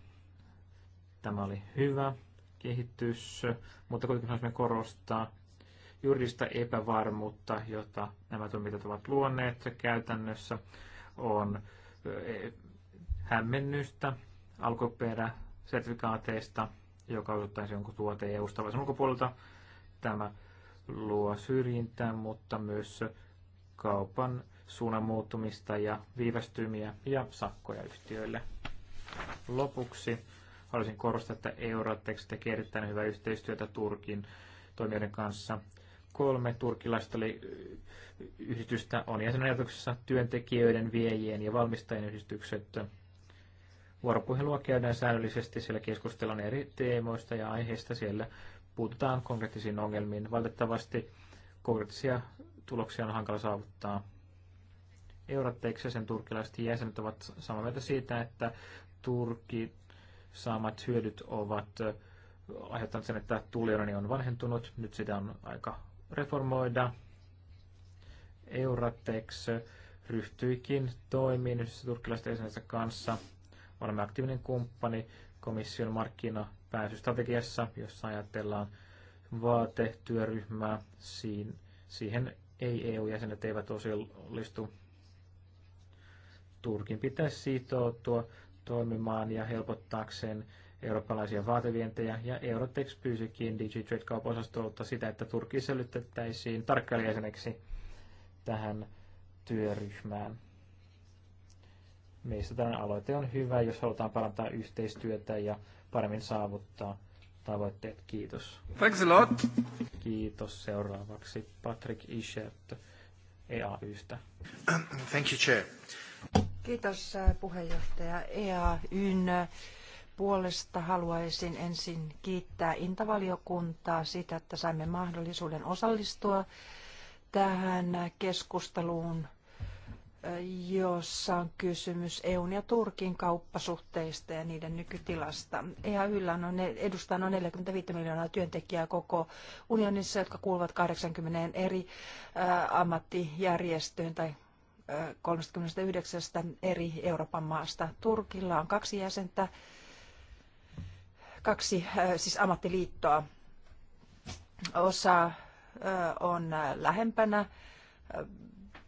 Tämä oli hyvä kehitys, mutta kuitenkin haluaisimme korostaa juridista epävarmuutta, jota nämä toimijat ovat luonneet käytännössä on hämmennystä alkuperäsertifikaateista, joka osoittaisi jonkun tuote EU-sta vai sen ulkopuolelta. Tämä luo syrjintää, mutta myös kaupan suunnan muuttumista ja viivästymiä ja sakkoja yhtiöille. Lopuksi haluaisin korostaa, että Eurotex tekee erittäin hyvää yhteistyötä Turkin toimijoiden kanssa Kolme turkilaista oli yhdistystä on jäsenajatuksessa työntekijöiden, viejien ja valmistajien yhdistykset. Vuoropuhelua käydään säännöllisesti, siellä keskustellaan eri teemoista ja aiheista, siellä puututaan konkreettisiin ongelmiin. Valitettavasti konkreettisia tuloksia on hankala saavuttaa. Euratteeksi sen turkilaiset jäsenet ovat samaa mieltä siitä, että Turki saamat hyödyt ovat äh, aiheuttaneet sen, että tulioni on vanhentunut. Nyt sitä on aika reformoida. Euratex ryhtyikin toimiin yhdessä turkkilaisten kanssa. Olemme aktiivinen kumppani komission markkinapääsystrategiassa, jossa ajatellaan vaatetyöryhmää. Siin, siihen ei-EU-jäsenet eivät osallistu. Turkin pitäisi sitoutua toimimaan ja helpottaakseen eurooppalaisia vaatevientejä, ja Eurotex pyysikin Digitrade kaupasastolta sitä, että Turkki sälytettäisiin tarkkailijäiseneksi tähän työryhmään. Meistä tällainen aloite on hyvä, jos halutaan parantaa yhteistyötä ja paremmin saavuttaa tavoitteet. Kiitos. Thanks a lot. Kiitos. Seuraavaksi Patrick Ischert EAYstä. Thank you, Chair. Kiitos äh, puheenjohtaja EAYn äh, puolesta haluaisin ensin kiittää Intavaliokuntaa siitä, että saimme mahdollisuuden osallistua tähän keskusteluun, jossa on kysymys EUn ja Turkin kauppasuhteista ja niiden nykytilasta. EAYllä on, edustaa noin 45 miljoonaa työntekijää koko unionissa, jotka kuuluvat 80 eri ammattijärjestöön tai 39 eri Euroopan maasta. Turkilla on kaksi jäsentä kaksi äh, siis ammattiliittoa. Osa äh, on äh, lähempänä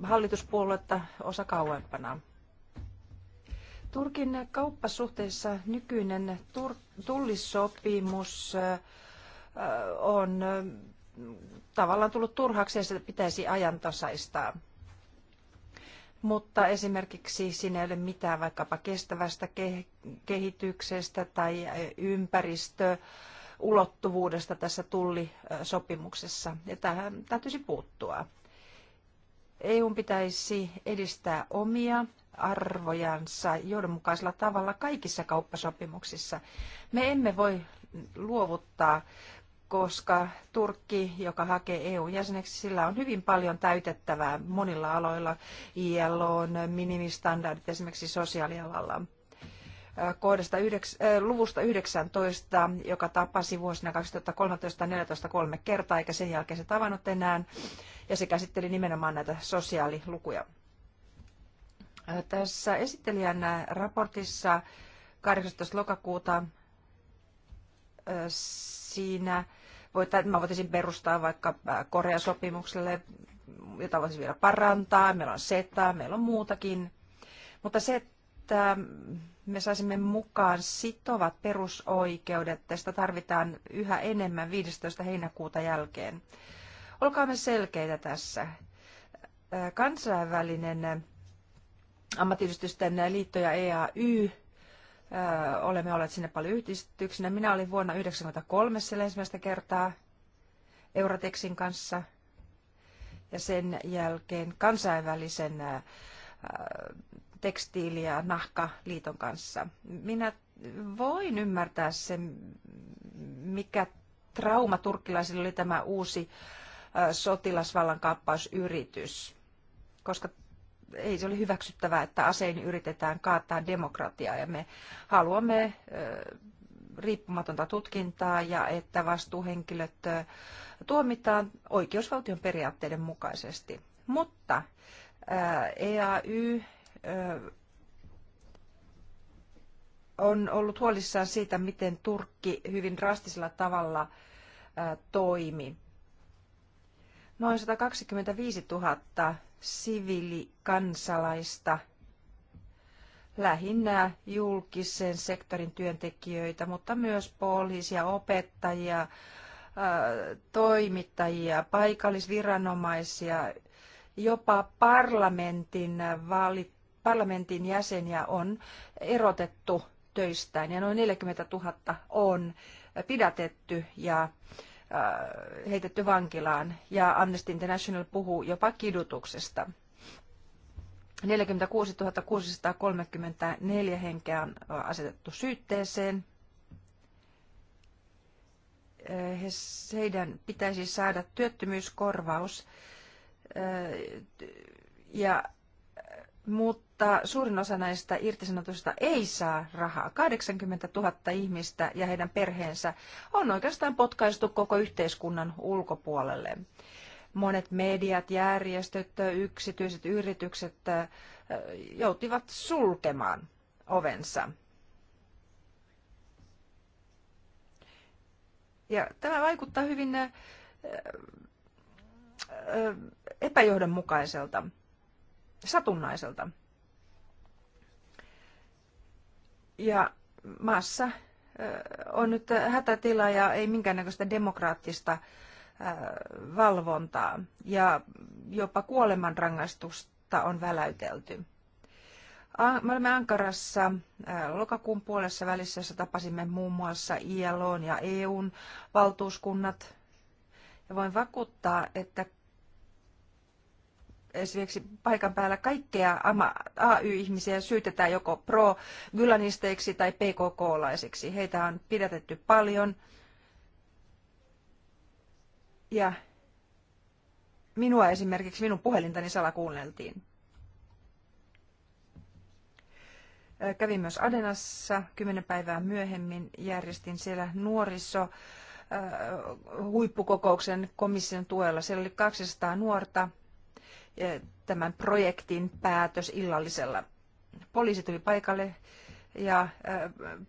hallituspuoluetta, osa kauempana. Turkin kauppasuhteessa nykyinen tur- tullisopimus on tavallaan tullut turhaksi ja sitä pitäisi ajantasaistaa mutta esimerkiksi siinä ei ole mitään vaikkapa kestävästä kehityksestä tai ympäristöulottuvuudesta tässä tullisopimuksessa. Ja tähän täytyisi puuttua. EUn pitäisi edistää omia arvojansa johdonmukaisella tavalla kaikissa kauppasopimuksissa. Me emme voi luovuttaa koska Turkki, joka hakee EU-jäseneksi, sillä on hyvin paljon täytettävää monilla aloilla. ILO on minimistandardit esimerkiksi sosiaalialalla. Kohdasta 9, luvusta 19, joka tapasi vuosina 2013-2014 kolme kertaa, eikä sen jälkeen se tavannut enää, ja se käsitteli nimenomaan näitä sosiaalilukuja. Tässä esittelijän raportissa 18. lokakuuta siinä mä voisin perustaa vaikka äh, Korean sopimukselle, jota voisi vielä parantaa, meillä on SETA, meillä on muutakin. Mutta se, että me saisimme mukaan sitovat perusoikeudet, tästä tarvitaan yhä enemmän 15. heinäkuuta jälkeen. Olkaamme selkeitä tässä. Äh, kansainvälinen äh, ammattiyhdistysten liitto ja EAY olemme olleet sinne paljon yhdistyksinä. Minä olin vuonna 1993 siellä ensimmäistä kertaa Euratexin kanssa ja sen jälkeen kansainvälisen tekstiili- ja nahkaliiton kanssa. Minä voin ymmärtää sen, mikä trauma turkkilaisille oli tämä uusi sotilasvallan kaappausyritys, koska ei se ole hyväksyttävää, että asein yritetään kaataa demokratiaa ja me haluamme riippumatonta tutkintaa ja että vastuuhenkilöt tuomitaan oikeusvaltion periaatteiden mukaisesti. Mutta EAY on ollut huolissaan siitä, miten Turkki hyvin drastisella tavalla toimi. Noin 125 000 siviilikansalaista, lähinnä julkisen sektorin työntekijöitä, mutta myös poliisia, opettajia, äh, toimittajia, paikallisviranomaisia, jopa parlamentin, parlamentin jäseniä on erotettu töistään ja noin 40 000 on pidätetty ja Äh, heitetty vankilaan ja Amnesty International puhuu jopa kidutuksesta. 46 634 henkeä on äh, asetettu syytteeseen. Äh, heidän pitäisi saada työttömyyskorvaus ja mutta suurin osa näistä irtisanotuista ei saa rahaa. 80 000 ihmistä ja heidän perheensä on oikeastaan potkaistu koko yhteiskunnan ulkopuolelle. Monet mediat, järjestöt, yksityiset yritykset joutivat sulkemaan ovensa. Ja tämä vaikuttaa hyvin epäjohdonmukaiselta satunnaiselta. Ja maassa on nyt hätätila ja ei minkäännäköistä demokraattista valvontaa ja jopa kuolemanrangaistusta on väläytelty. Me olemme Ankarassa lokakuun puolessa välissä, jossa tapasimme muun muassa ILOn ja EUn valtuuskunnat. Ja voin vakuuttaa, että esimerkiksi paikan päällä kaikkea AY-ihmisiä syytetään joko pro-gylanisteiksi tai PKK-laisiksi. Heitä on pidätetty paljon. Ja minua esimerkiksi, minun puhelintani salakuunneltiin. Kävin myös Adenassa kymmenen päivää myöhemmin, järjestin siellä nuoriso huippukokouksen komission tuella. Siellä oli 200 nuorta tämän projektin päätös illallisella. Poliisi tuli paikalle ja äh,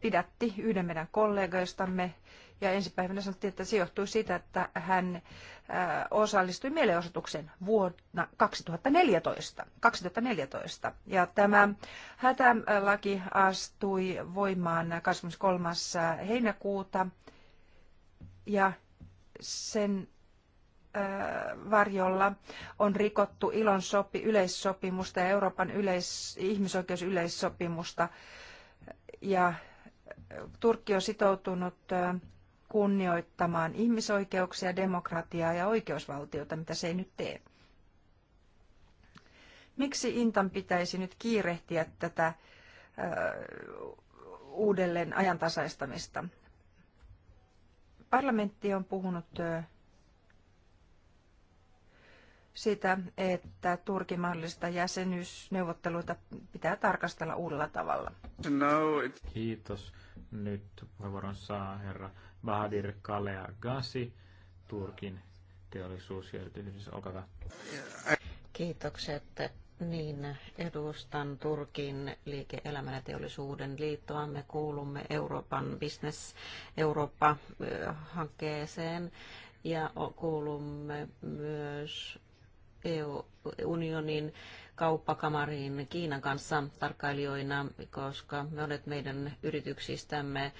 pidätti yhden meidän kollegoistamme. Ja ensipäivänä sanottiin, että se johtui siitä, että hän äh, osallistui mielenosoituksen vuonna 2014. 2014. Ja tämä hätälaki astui voimaan 23. heinäkuuta ja sen varjolla on rikottu ilon sopi, yleissopimusta ja Euroopan yleis, ihmisoikeusyleissopimusta. Ja Turkki on sitoutunut kunnioittamaan ihmisoikeuksia, demokratiaa ja oikeusvaltiota, mitä se ei nyt tee. Miksi Intan pitäisi nyt kiirehtiä tätä uudelleen ajantasaistamista? Parlamentti on puhunut sitä, että Turkin mahdollista jäsenyysneuvotteluita pitää tarkastella uudella tavalla. No, it... Kiitos. Nyt puheenvuoron saa herra Bahadir Kalea Gasi, Turkin teollisuus- ja yritys. Olkaa Kiitokset. Niin, edustan Turkin liike-elämän ja teollisuuden liittoa. Me kuulumme Euroopan Business Eurooppa-hankkeeseen ja kuulumme myös EU-unionin kauppakamariin Kiinan kanssa tarkkailijoina, koska monet meidän yrityksistämme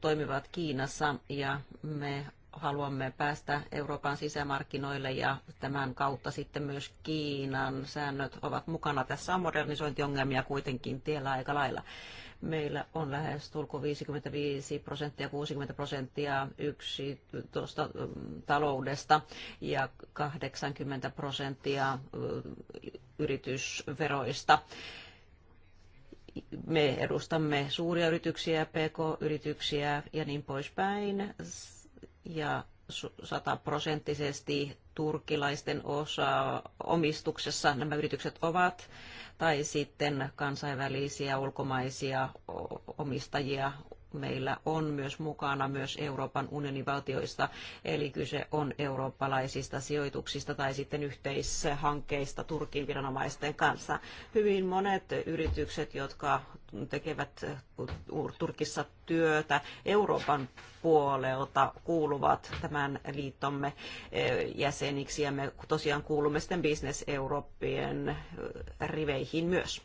toimivat Kiinassa ja me haluamme päästä Euroopan sisämarkkinoille ja tämän kautta sitten myös Kiinan säännöt ovat mukana. Tässä on modernisointiongelmia kuitenkin tiellä aika lailla meillä on lähes tulko 55 prosenttia, 60 prosenttia yksi tuosta taloudesta ja 80 prosenttia yritysveroista me edustamme suuria yrityksiä, pk-yrityksiä ja niin poispäin. Ja sataprosenttisesti turkilaisten osa omistuksessa nämä yritykset ovat, tai sitten kansainvälisiä ulkomaisia omistajia meillä on myös mukana myös Euroopan unionin valtioista, eli kyse on eurooppalaisista sijoituksista tai sitten yhteishankkeista Turkin viranomaisten kanssa. Hyvin monet yritykset, jotka tekevät Turkissa työtä Euroopan puolelta kuuluvat tämän liittomme e, jäseniksi ja me tosiaan kuulumme sitten Business Europien riveihin myös.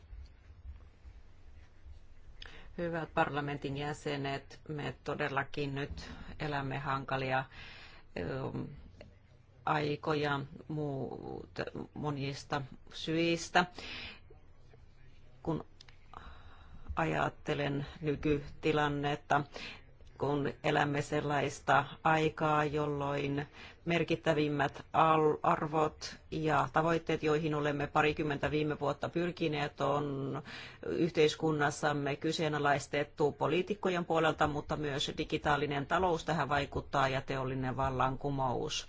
Hyvät parlamentin jäsenet, me todellakin nyt elämme hankalia aikoja monista syistä. Kun ajattelen nykytilannetta, kun elämme sellaista aikaa, jolloin merkittävimmät arvot ja tavoitteet, joihin olemme parikymmentä viime vuotta pyrkineet, on yhteiskunnassamme kyseenalaistettu poliitikkojen puolelta, mutta myös digitaalinen talous tähän vaikuttaa ja teollinen vallankumous.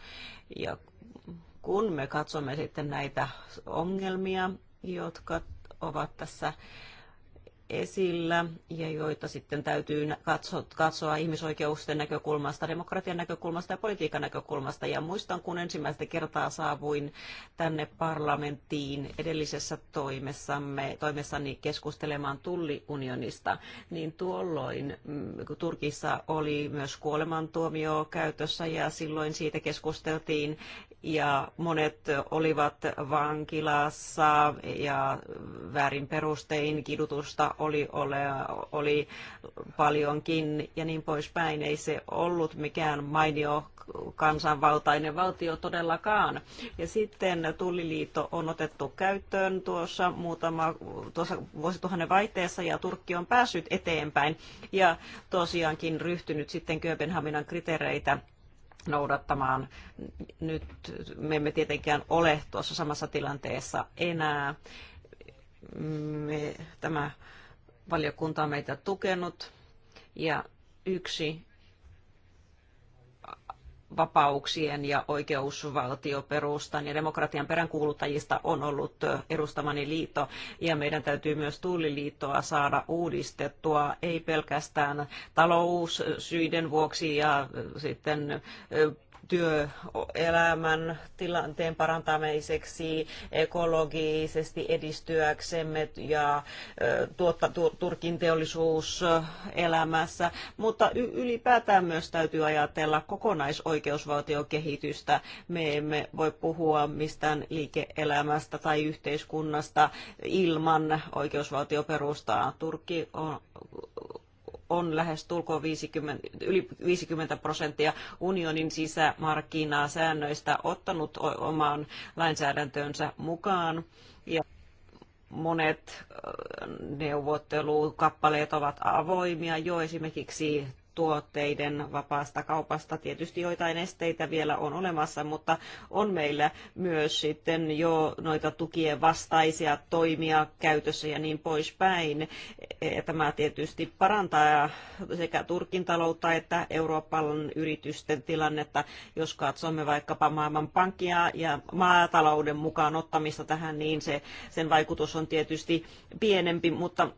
Ja kun me katsomme sitten näitä ongelmia, jotka ovat tässä esillä ja joita sitten täytyy katsoa ihmisoikeusten näkökulmasta, demokratian näkökulmasta ja politiikan näkökulmasta. Ja muistan, kun ensimmäistä kertaa saavuin tänne parlamenttiin edellisessä toimessamme, toimessani keskustelemaan tulliunionista, niin tuolloin mm, kun Turkissa oli myös kuolemantuomio käytössä ja silloin siitä keskusteltiin ja monet olivat vankilassa ja väärin perustein kidutusta oli, ole, oli paljonkin ja niin poispäin. Ei se ollut mikään mainio kansanvaltainen valtio todellakaan. Ja sitten tulliliitto on otettu käyttöön tuossa muutama, tuossa vuosituhannen vaihteessa ja Turkki on päässyt eteenpäin ja tosiaankin ryhtynyt sitten Kööpenhaminan kriteereitä noudattamaan. Nyt me emme tietenkään ole tuossa samassa tilanteessa enää. Me, tämä valiokunta on meitä tukenut ja yksi vapauksien ja oikeusvaltioperustan ja demokratian peräänkuuluttajista on ollut edustamani liitto. Ja meidän täytyy myös tulliliittoa saada uudistettua, ei pelkästään taloussyiden vuoksi ja sitten työelämän tilanteen parantamiseksi, ekologisesti edistyäksemme ja tuotta, Turkin teollisuuselämässä, mutta ylipäätään myös täytyy ajatella kokonaisoikeusvaltiokehitystä. Me emme voi puhua mistään liike-elämästä tai yhteiskunnasta ilman oikeusvaltioperustaa. Turkki on on lähes tulkoon 50, yli 50 prosenttia unionin sisämarkkinaa säännöistä ottanut omaan lainsäädäntöönsä mukaan. Ja monet neuvottelukappaleet ovat avoimia jo esimerkiksi tuotteiden vapaasta kaupasta. Tietysti joitain esteitä vielä on olemassa, mutta on meillä myös sitten jo noita tukien vastaisia toimia käytössä ja niin poispäin. E, tämä tietysti parantaa sekä Turkin taloutta että Euroopan yritysten tilannetta. Jos katsomme vaikkapa pankkia ja maatalouden mukaan ottamista tähän, niin se, sen vaikutus on tietysti pienempi, mutta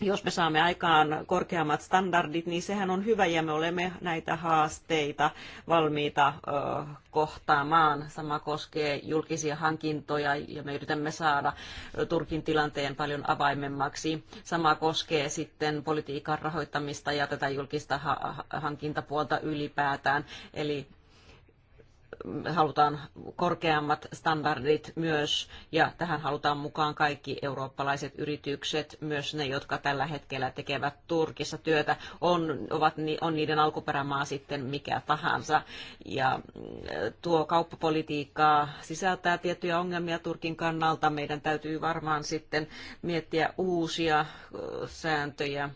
jos me saamme aikaan korkeammat standardit, niin sehän on hyvä ja me olemme näitä haasteita valmiita kohtaamaan. Sama koskee julkisia hankintoja ja me yritämme saada Turkin tilanteen paljon avaimemmaksi. Sama koskee sitten politiikan rahoittamista ja tätä julkista hankintapuolta ylipäätään. Eli halutaan korkeammat standardit myös, ja tähän halutaan mukaan kaikki eurooppalaiset yritykset, myös ne, jotka tällä hetkellä tekevät Turkissa työtä, on, ovat, on niiden alkuperämaa sitten mikä tahansa. Ja mm, tuo kauppapolitiikka sisältää tiettyjä ongelmia Turkin kannalta. Meidän täytyy varmaan sitten miettiä uusia sääntöjä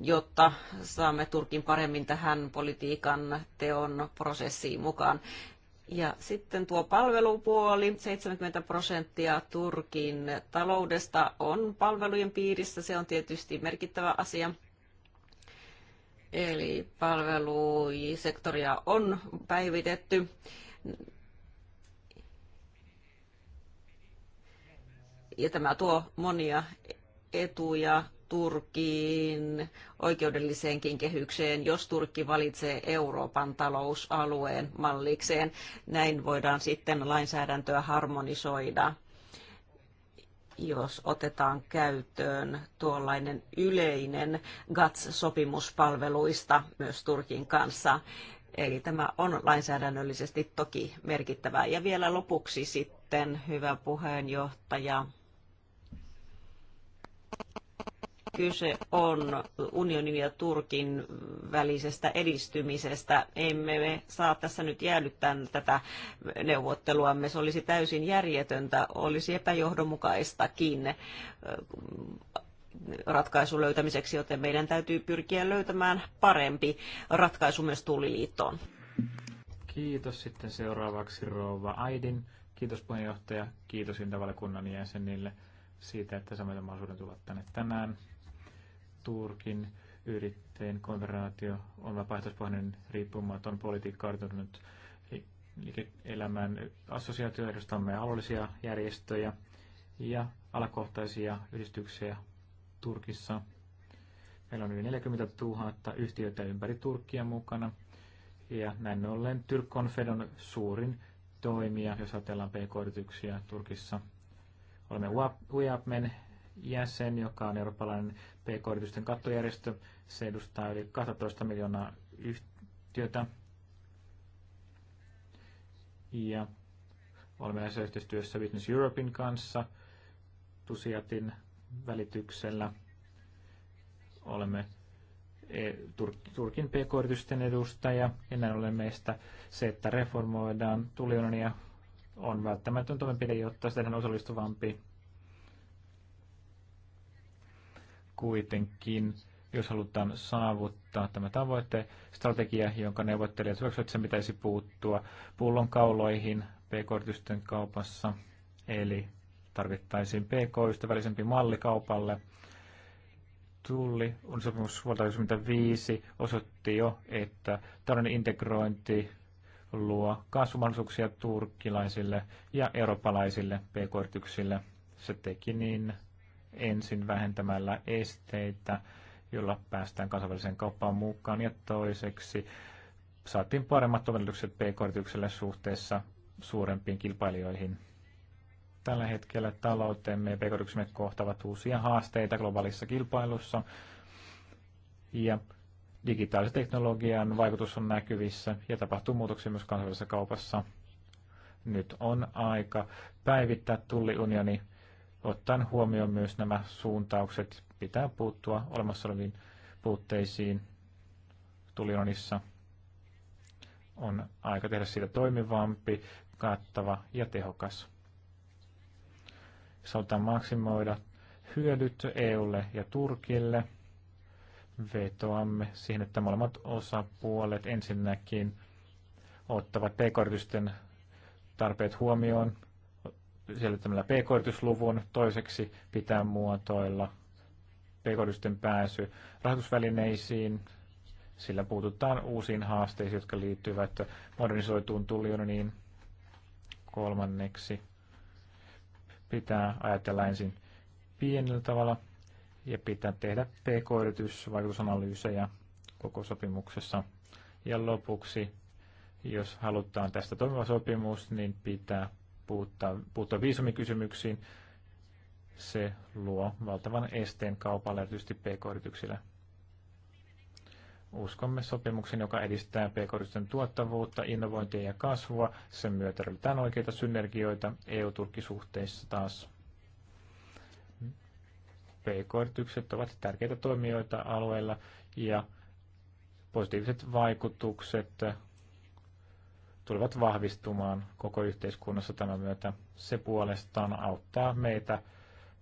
jotta saamme Turkin paremmin tähän politiikan teon prosessiin mukaan. Ja sitten tuo palvelupuoli, 70 prosenttia Turkin taloudesta on palvelujen piirissä, se on tietysti merkittävä asia. Eli palvelusektoria on päivitetty. Ja tämä tuo monia etuja Turkin oikeudelliseenkin kehykseen, jos Turkki valitsee Euroopan talousalueen mallikseen. Näin voidaan sitten lainsäädäntöä harmonisoida jos otetaan käyttöön tuollainen yleinen GATS-sopimuspalveluista myös Turkin kanssa. Eli tämä on lainsäädännöllisesti toki merkittävää. Ja vielä lopuksi sitten, hyvä puheenjohtaja, kyse on unionin ja Turkin välisestä edistymisestä. Emme me saa tässä nyt jäädyttää tätä neuvotteluamme. Se olisi täysin järjetöntä, olisi epäjohdonmukaistakin äh, ratkaisun löytämiseksi, joten meidän täytyy pyrkiä löytämään parempi ratkaisu myös tulliliittoon. Kiitos sitten seuraavaksi Rouva Aidin. Kiitos puheenjohtaja, kiitos Intavalkunnan jäsenille siitä, että saimme mahdollisuuden tulla tänne tänään. Turkin yrittäjien konfederaatio on vapaaehtoispohjainen riippumaton politiikka nyt liike-elämän assosiaatio, alueellisia järjestöjä ja alakohtaisia yhdistyksiä Turkissa. Meillä on yli 40 000 yhtiötä ympäri Turkkia mukana. Ja näin ollen Tyrkkonfed on suurin toimija, jos ajatellaan pk-yrityksiä Turkissa. Olemme UAPMen jäsen, joka on eurooppalainen PK-yritysten kattojärjestö. Se edustaa yli 12 miljoonaa yhtiötä. Ja olemme näissä yhteistyössä Business Europein kanssa Tusiatin välityksellä. Olemme e, Turkin pk-yritysten edustaja ja näin ollen meistä se, että reformoidaan tulionia on välttämätön toimenpide, jotta sitten osallistuvampi kuitenkin, jos halutaan saavuttaa tämä tavoite, strategia, jonka neuvottelijat hyväksyvät, sen pitäisi puuttua pullonkauloihin pk-yritysten kaupassa, eli tarvittaisiin pk-ystävällisempi malli kaupalle. Tulli on sopimus vuodelta 1995 osoitti jo, että tällainen integrointi luo kasvumahdollisuuksia turkkilaisille ja eurooppalaisille pk-yrityksille. Se teki niin ensin vähentämällä esteitä, jolla päästään kansainväliseen kauppaan mukaan, ja toiseksi saatiin paremmat todellisuudet pk-yritykselle suhteessa suurempiin kilpailijoihin. Tällä hetkellä taloutemme ja pk kohtavat uusia haasteita globaalissa kilpailussa, ja digitaalisen teknologian vaikutus on näkyvissä ja tapahtuu muutoksia myös kansainvälisessä kaupassa. Nyt on aika päivittää tulliunioni ottaen huomioon myös nämä suuntaukset, pitää puuttua olemassa oleviin puutteisiin tulionissa. On aika tehdä siitä toimivampi, kattava ja tehokas. Jos halutaan maksimoida hyödyt EUlle ja Turkille, vetoamme siihen, että molemmat osapuolet ensinnäkin ottavat pk tarpeet huomioon selvittämällä pk-yritysluvun, toiseksi pitää muotoilla pk pääsy rahoitusvälineisiin, sillä puututaan uusiin haasteisiin, jotka liittyvät modernisoituun tulioniin. Kolmanneksi pitää ajatella ensin pienellä tavalla ja pitää tehdä pk-yritysvaikutusanalyysejä koko sopimuksessa. Ja lopuksi, jos halutaan tästä toimiva sopimus, niin pitää puuttua, puuttua viisumikysymyksiin. Se luo valtavan esteen kaupalle, erityisesti pk-yrityksille. Uskomme sopimuksen, joka edistää pk tuottavuutta, innovointia ja kasvua. Sen myötä löydetään oikeita synergioita EU-turkisuhteissa taas. PK-yritykset ovat tärkeitä toimijoita alueella ja positiiviset vaikutukset tulevat vahvistumaan koko yhteiskunnassa tämän myötä. Se puolestaan auttaa meitä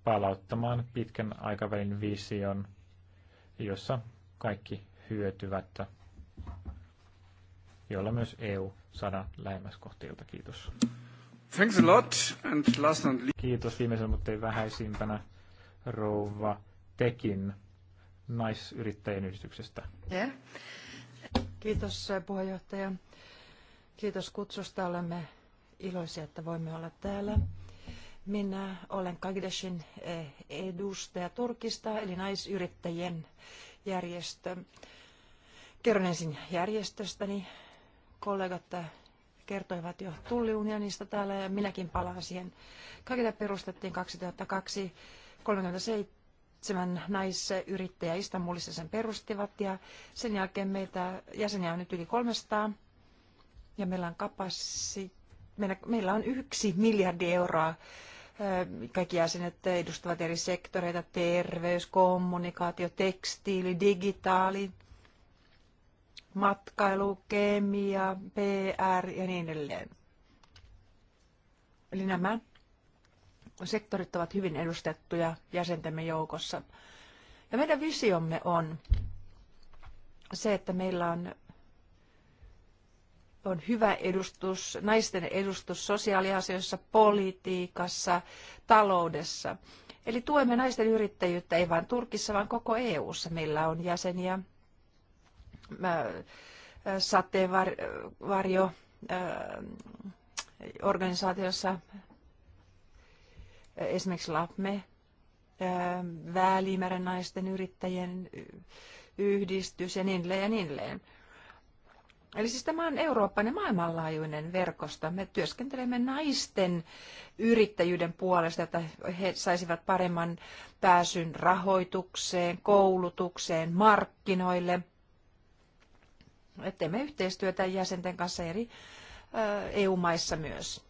palauttamaan pitkän aikavälin vision, jossa kaikki hyötyvät, jolla myös EU saadaan lähemmäs kohtiilta. Kiitos. Thanks a lot and last and least. Kiitos viimeisenä, mutta ei vähäisimpänä rouva Tekin naisyrittäjien yhdistyksestä. Yeah. Kiitos eh, puheenjohtaja. Kiitos kutsusta. Olemme iloisia, että voimme olla täällä. Minä olen Kagdeshin eh, edustaja Turkista, eli naisyrittäjien järjestö. Kerron ensin järjestöstäni. Kollegat eh, kertoivat jo tulliunionista täällä ja minäkin palaan siihen. Kaikille perustettiin 2002 37 naisyrittäjä Istanbulissa sen perustivat ja sen jälkeen meitä jäseniä on nyt yli 300 ja meillä on kapassi, meillä, meillä on yksi miljardi euroa. Kaikki jäsenet edustavat eri sektoreita, terveys, kommunikaatio, tekstiili, digitaali, matkailu, kemia, PR ja niin edelleen. Eli nämä sektorit ovat hyvin edustettuja jäsentemme joukossa. Ja meidän visiomme on se, että meillä on on hyvä edustus, naisten edustus sosiaaliasioissa, politiikassa, taloudessa. Eli tuemme naisten yrittäjyyttä ei vain Turkissa, vaan koko EU:ssa. Meillä on jäseniä äh, sateenvarjo äh, organisaatiossa esimerkiksi LAPME, äh, Vääliimeren naisten yrittäjien yhdistys ja niin edelleen ja niin edelleen. Eli siis tämä on Euroopan ja maailmanlaajuinen verkosto. Me työskentelemme naisten yrittäjyyden puolesta, että he saisivat paremman pääsyn rahoitukseen, koulutukseen, markkinoille. Teemme yhteistyötä jäsenten kanssa eri EU-maissa myös.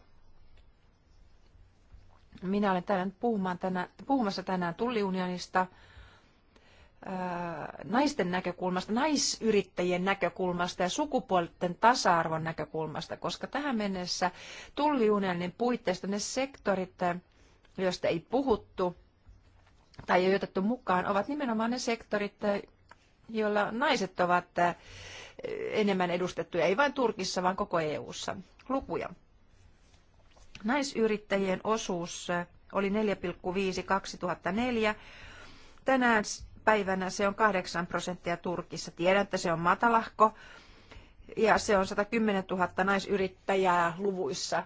Minä olen tänään puhumaan tänään, puhumassa tänään tulliunionista naisten näkökulmasta, naisyrittäjien näkökulmasta ja sukupuolten tasa-arvon näkökulmasta, koska tähän mennessä tulliunionin puitteista ne sektorit, joista ei puhuttu tai ei otettu mukaan, ovat nimenomaan ne sektorit, joilla naiset ovat enemmän edustettuja, ei vain Turkissa, vaan koko EU-ssa. Lukuja. Naisyrittäjien osuus oli 4,5 2004. Tänään päivänä se on 8 prosenttia Turkissa. Tiedän, että se on matalahko ja se on 110 000 naisyrittäjää luvuissa.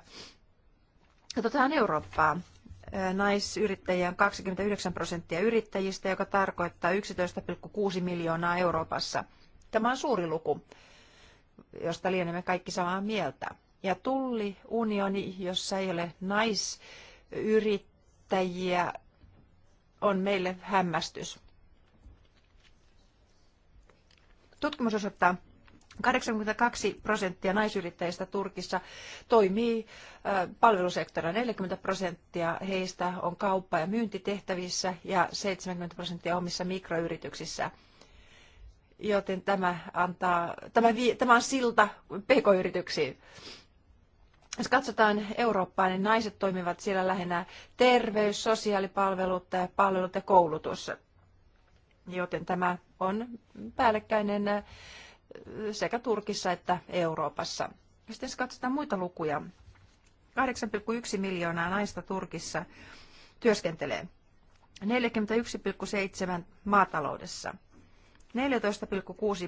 Katsotaan Eurooppaa. Naisyrittäjiä on 29 prosenttia yrittäjistä, joka tarkoittaa 11,6 miljoonaa Euroopassa. Tämä on suuri luku, josta lienemme kaikki samaa mieltä. Ja Tulli Unioni, jossa ei ole naisyrittäjiä, on meille hämmästys. Tutkimus osoittaa, 82 prosenttia naisyrittäjistä Turkissa toimii palvelusektorilla. 40 prosenttia heistä on kauppa- ja myyntitehtävissä ja 70 prosenttia omissa mikroyrityksissä. Joten tämä, antaa, tämä, tämä on silta pk-yrityksiin. Jos katsotaan Eurooppaa, niin naiset toimivat siellä lähinnä terveys, sosiaalipalvelut, palvelut ja koulutus joten tämä on päällekkäinen äh, sekä Turkissa että Euroopassa. Sitten jos katsotaan muita lukuja, 8,1 miljoonaa naista Turkissa työskentelee, 41,7 maataloudessa, 14,6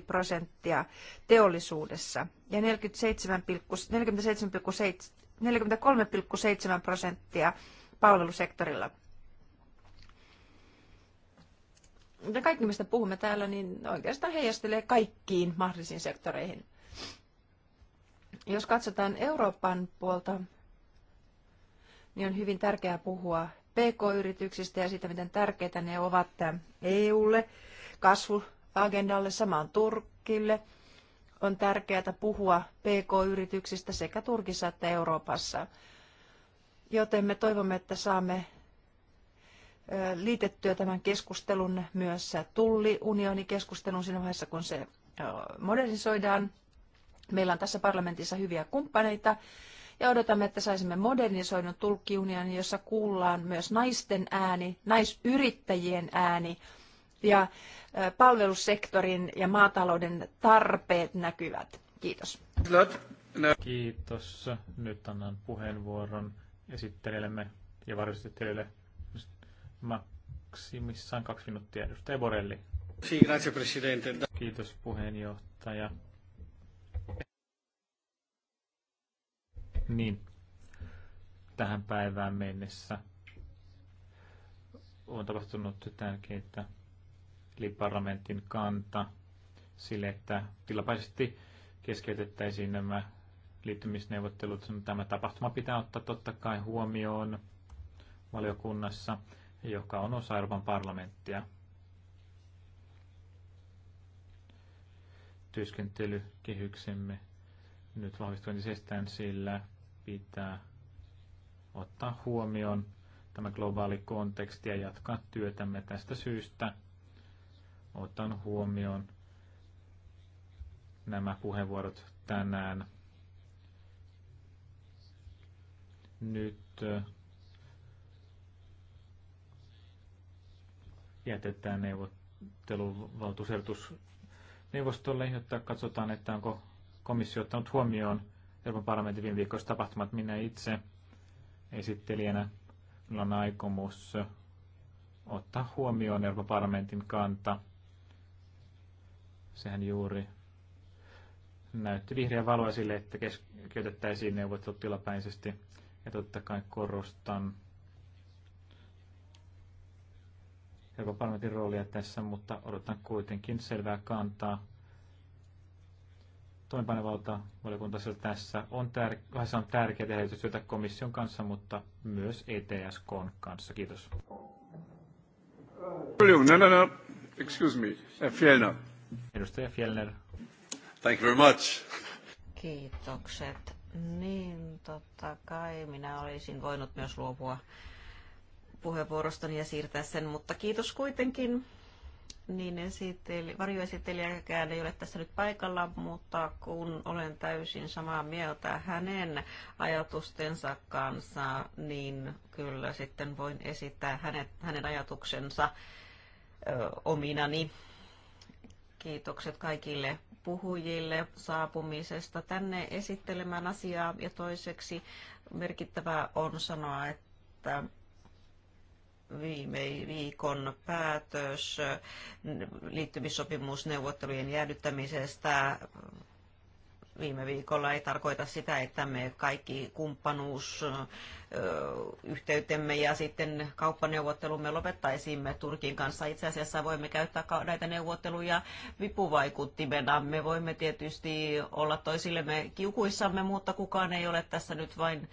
prosenttia teollisuudessa ja 43,7 prosenttia palvelusektorilla. me kaikki, mistä puhumme täällä, niin oikeastaan heijastelee kaikkiin mahdollisiin sektoreihin. Jos katsotaan Euroopan puolta, niin on hyvin tärkeää puhua PK-yrityksistä ja siitä, miten tärkeitä ne ovat EUlle, kasvuagendalle, samaan Turkille. On tärkeää puhua PK-yrityksistä sekä Turkissa että Euroopassa. Joten me toivomme, että saamme liitettyä tämän keskustelun myös tulliunionikeskustelun siinä vaiheessa, kun se modernisoidaan. Meillä on tässä parlamentissa hyviä kumppaneita ja odotamme, että saisimme modernisoidun tulkkiunion, jossa kuullaan myös naisten ääni, naisyrittäjien ääni ja palvelussektorin ja maatalouden tarpeet näkyvät. Kiitos. Kiitos. Nyt annan puheenvuoron esittelijällemme ja teille maksimissaan kaksi minuuttia. Edustaja Borelli. Kiitos puheenjohtaja. Niin, tähän päivään mennessä on tapahtunut tärkeitä, eli parlamentin kanta sille, että tilapäisesti keskeytettäisiin nämä liittymisneuvottelut. Tämä tapahtuma pitää ottaa totta kai huomioon valiokunnassa joka on osa Euroopan parlamenttia. Työskentelykehyksemme nyt vahvistuu entisestään sillä pitää ottaa huomioon tämä globaali konteksti ja jatkaa työtämme tästä syystä. Otan huomioon nämä puheenvuorot tänään. Nyt jätetään neuvotteluvaltuusertus neuvostolle, jotta katsotaan, että onko komissio ottanut huomioon Euroopan parlamentin viime viikossa tapahtumat. Minä itse esittelijänä minulla on aikomus ottaa huomioon Euroopan parlamentin kanta. Sehän juuri näytti vihreän valoa sille, että keskeytettäisiin neuvottelut tilapäisesti. Ja totta kai korostan Euroopan parlamentin roolia tässä, mutta odotan kuitenkin selvää kantaa. Toimenpanevalta valiokunta tässä on, tär- on tärkeää tehdä yhteistyötä komission kanssa, mutta myös ETSKn kanssa. Kiitos. No, no, no. Excuse me. Eh, Fjellner. Edustaja Fjellner. Thank you very much. Kiitokset. Niin, totta kai minä olisin voinut myös luopua puheenvuorostani ja siirtää sen, mutta kiitos kuitenkin. Niin esitteli, varjoesittelijäkään ei ole tässä nyt paikalla, mutta kun olen täysin samaa mieltä hänen ajatustensa kanssa, niin kyllä sitten voin esittää hänet, hänen ajatuksensa ö, ominani. Kiitokset kaikille puhujille saapumisesta tänne esittelemään asiaa ja toiseksi merkittävää on sanoa, että viime viikon päätös liittymissopimusneuvottelujen jäädyttämisestä viime viikolla ei tarkoita sitä, että me kaikki kumppanuusyhteytemme ja sitten kauppaneuvottelumme lopettaisimme Turkin kanssa. Itse asiassa voimme käyttää näitä neuvotteluja vipuvaikuttimena. Me voimme tietysti olla toisillemme kiukuissamme, mutta kukaan ei ole tässä nyt vain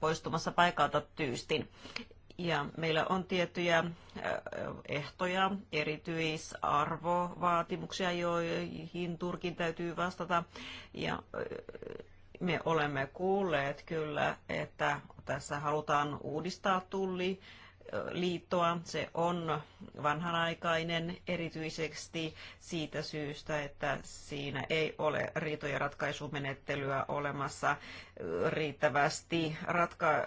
poistumassa paikalta tyystin. Ja meillä on tiettyjä ehtoja, erityisarvovaatimuksia, joihin Turkin täytyy vastata. Ja me olemme kuulleet kyllä, että tässä halutaan uudistaa tulli liittoa. Se on vanhanaikainen erityisesti siitä syystä, että siinä ei ole riitojen ratkaisumenettelyä olemassa riittävästi ratka-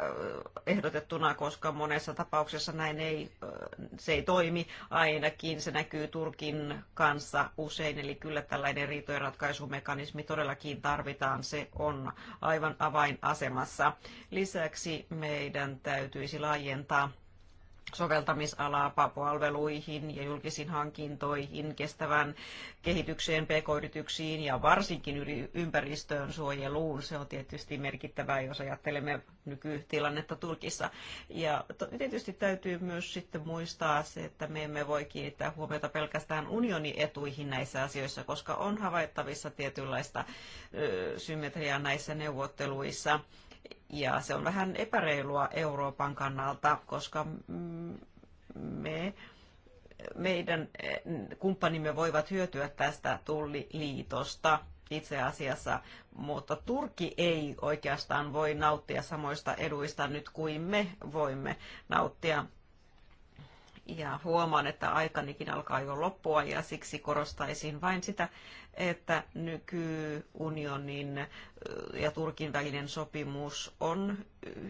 ehdotettuna, koska monessa tapauksessa näin ei, se ei toimi. Ainakin se näkyy Turkin kanssa usein, eli kyllä tällainen riitojen ratkaisumekanismi todellakin tarvitaan. Se on aivan avainasemassa. Lisäksi meidän täytyisi laajentaa soveltamisalaa palveluihin ja julkisiin hankintoihin, kestävän kehitykseen, pk-yrityksiin ja varsinkin ympäristöön suojeluun. Se on tietysti merkittävää, jos ajattelemme nykytilannetta Turkissa. Ja tietysti täytyy myös sitten muistaa se, että me emme voi kiinnittää huomiota pelkästään unionin etuihin näissä asioissa, koska on havaittavissa tietynlaista symmetriaa näissä neuvotteluissa ja se on vähän epäreilua Euroopan kannalta, koska me, meidän eh, kumppanimme voivat hyötyä tästä tulliliitosta itse asiassa, mutta Turkki ei oikeastaan voi nauttia samoista eduista nyt kuin me voimme nauttia ja huomaan, että aikanikin alkaa jo loppua ja siksi korostaisin vain sitä, että nykyunionin ja Turkin välinen sopimus on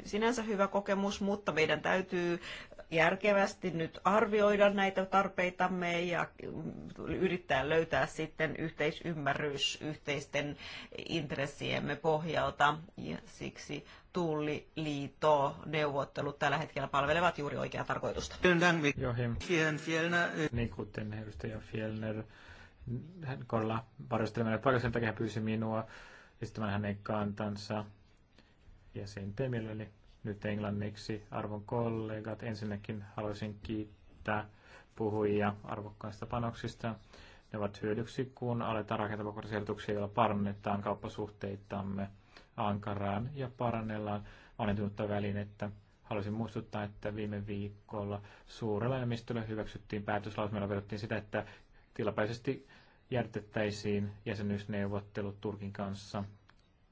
sinänsä hyvä kokemus, mutta meidän täytyy järkevästi nyt arvioida näitä tarpeitamme ja yrittää löytää sitten yhteisymmärrys yhteisten intressiemme pohjalta. Ja siksi tulliliitto neuvottelut tällä hetkellä palvelevat juuri oikeaa tarkoitusta. Niin kuten edustaja Fjellner, hän kolla varjosteleminen paljon sen takia hän pyysi minua esittämään hänen kantansa jäsenten mielelläni nyt englanniksi. Arvon kollegat, ensinnäkin haluaisin kiittää puhujia arvokkaista panoksista. Ne ovat hyödyksi, kun aletaan rakentaa kokonaisehdotuksia, joilla parannetaan kauppasuhteitamme Ankaraan ja parannellaan vanhentunutta välinettä. Haluaisin muistuttaa, että viime viikolla suurella enemmistöllä hyväksyttiin päätöslauselmalla vedottiin sitä, että tilapäisesti järjestettäisiin jäsenyysneuvottelut Turkin kanssa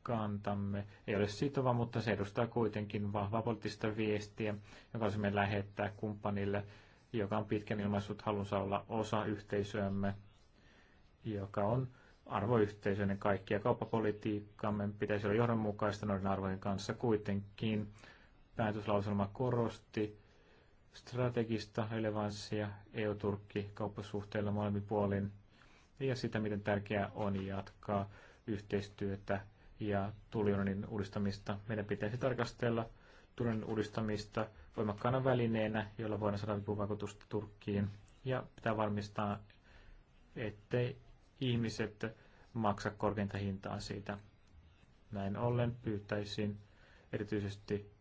kantamme ei ole sitova, mutta se edustaa kuitenkin vahvaa poliittista viestiä, joka voisimme lähettää kumppanille, joka on pitkän ilmaissut halunsa olla osa yhteisöämme, joka on arvoyhteisöinen kaikki ja kauppapolitiikkamme pitäisi olla johdonmukaista noiden arvojen kanssa kuitenkin. Päätöslauselma korosti strategista relevanssia EU-Turkki kauppasuhteilla molemmin puolin ja sitä, miten tärkeää on jatkaa yhteistyötä ja tuliunionin uudistamista. Meidän pitäisi tarkastella tuliunionin uudistamista voimakkaana välineenä, jolla voidaan saada vipuvaikutusta Turkkiin. Ja pitää varmistaa, ettei ihmiset maksa korkeinta hintaa siitä. Näin ollen pyytäisin erityisesti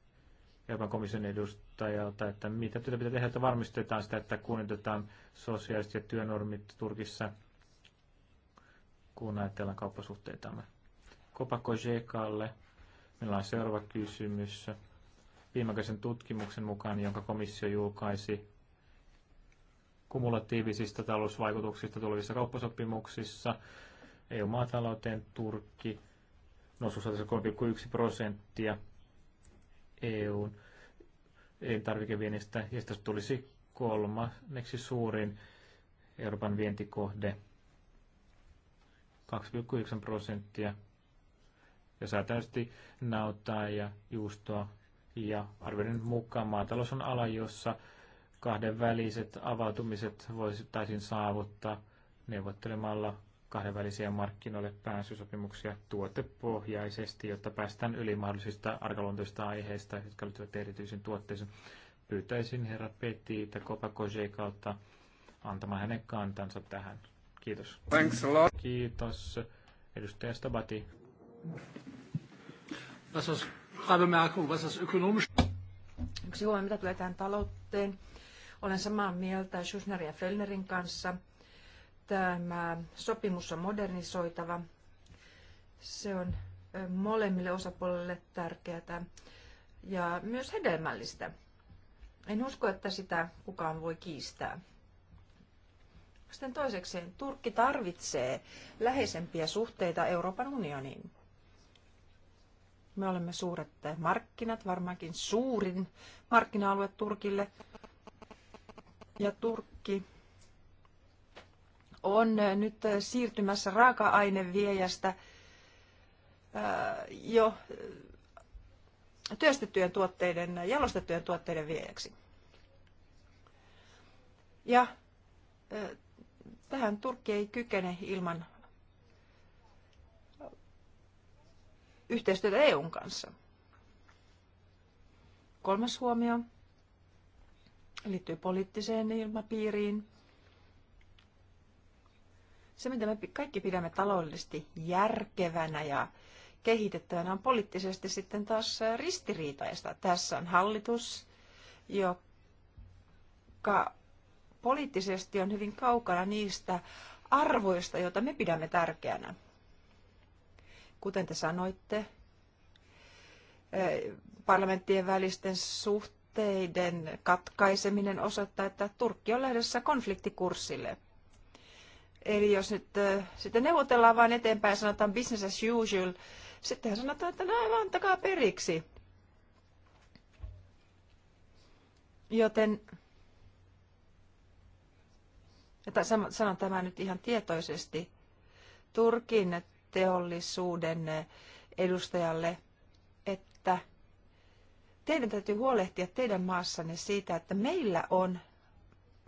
Euroopan komission edustajalta, että mitä työtä pitää tehdä, että varmistetaan sitä, että kunnioitetaan sosiaaliset ja työnormit Turkissa, kun ajatellaan kauppasuhteitamme. Kopako Jekalle. Meillä on seuraava kysymys. Viimekäisen tutkimuksen mukaan, jonka komissio julkaisi kumulatiivisista talousvaikutuksista tulevissa kauppasopimuksissa, EU-maatalouteen Turkki nousu 103,1 prosenttia EUn elintarvikeviennistä, ja tästä tulisi kolmanneksi suurin Euroopan vientikohde 2,9 prosenttia ja saa täysin nautaa ja juustoa. Ja arvioiden mukaan maatalous on ala, jossa kahdenväliset avautumiset voitaisiin saavuttaa neuvottelemalla kahdenvälisiä markkinoille pääsysopimuksia tuotepohjaisesti, jotta päästään yli mahdollisista arkaluontoisista aiheista, jotka liittyvät erityisiin tuotteisiin. Pyytäisin herra Petiitä kautta antamaan hänen kantansa tähän. Kiitos. Thanks a lot. Kiitos. Edustaja Stabati. Yksi huomio, mitä tulee tähän talouteen. Olen samaa mieltä Schussnerin ja Fellnerin kanssa. Tämä sopimus on modernisoitava. Se on molemmille osapuolille tärkeää ja myös hedelmällistä. En usko, että sitä kukaan voi kiistää. Sitten toisekseen, Turkki tarvitsee läheisempiä suhteita Euroopan unioniin. Me olemme suuret markkinat, varmaankin suurin markkina-alue Turkille. Ja Turkki on nyt siirtymässä raaka-aineviejästä äh, jo äh, työstettyjen tuotteiden, jalostettujen tuotteiden viejäksi. Ja äh, tähän Turkki ei kykene ilman yhteistyötä EUn kanssa. Kolmas huomio liittyy poliittiseen ilmapiiriin. Se, mitä me kaikki pidämme taloudellisesti järkevänä ja kehitettävänä, on poliittisesti sitten taas ristiriitaista. Tässä on hallitus, joka poliittisesti on hyvin kaukana niistä arvoista, joita me pidämme tärkeänä. Kuten te sanoitte, eh, parlamenttien välisten suhteiden katkaiseminen osoittaa, että Turkki on lähdössä konfliktikurssille. Eli jos nyt eh, sitten neuvotellaan vain eteenpäin ja sanotaan business as usual, sittenhän sanotaan, että no aivan antakaa periksi. Joten että sanon tämä nyt ihan tietoisesti. Turkin teollisuuden edustajalle, että teidän täytyy huolehtia teidän maassanne siitä, että meillä on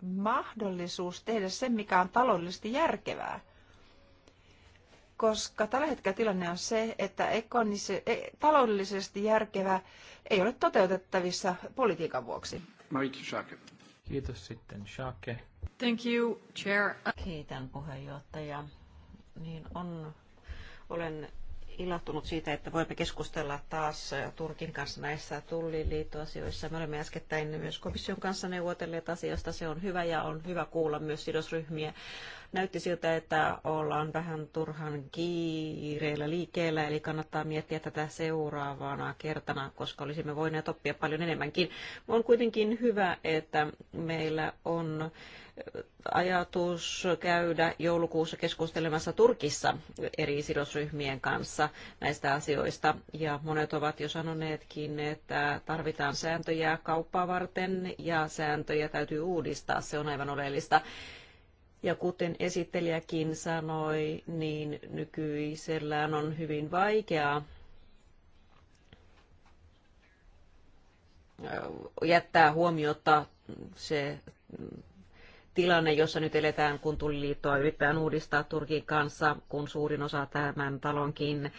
mahdollisuus tehdä se, mikä on taloudellisesti järkevää. Koska tällä hetkellä tilanne on se, että ekonise, taloudellisesti järkevä ei ole toteutettavissa politiikan vuoksi. Kiitos sitten Schake. Thank you, Chair. Kiitän puheenjohtaja. Niin on olen ilahtunut siitä, että voimme keskustella taas Turkin kanssa näissä tulliliittoasioissa. Me olemme äskettäin myös komission kanssa neuvotelleet asiasta. Se on hyvä ja on hyvä kuulla myös sidosryhmiä näytti siltä, että ollaan vähän turhan kiireellä liikkeellä, eli kannattaa miettiä tätä seuraavana kertana, koska olisimme voineet oppia paljon enemmänkin. On kuitenkin hyvä, että meillä on ajatus käydä joulukuussa keskustelemassa Turkissa eri sidosryhmien kanssa näistä asioista. Ja monet ovat jo sanoneetkin, että tarvitaan sääntöjä kauppaa varten ja sääntöjä täytyy uudistaa. Se on aivan oleellista. Ja kuten esittelijäkin sanoi, niin nykyisellään on hyvin vaikeaa äh, jättää huomiota se tilanne, jossa nyt eletään, kun tulliliittoa yritetään uudistaa Turkin kanssa, kun suurin osa tämän talonkin eh,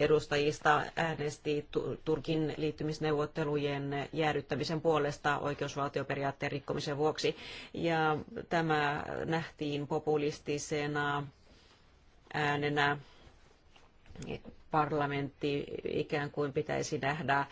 edustajista äänesti Turkin liittymisneuvottelujen jäädyttämisen puolesta oikeusvaltioperiaatteen rikkomisen vuoksi. Ja tämä nähtiin populistisena äänenä parlamentti ikään kuin pitäisi nähdä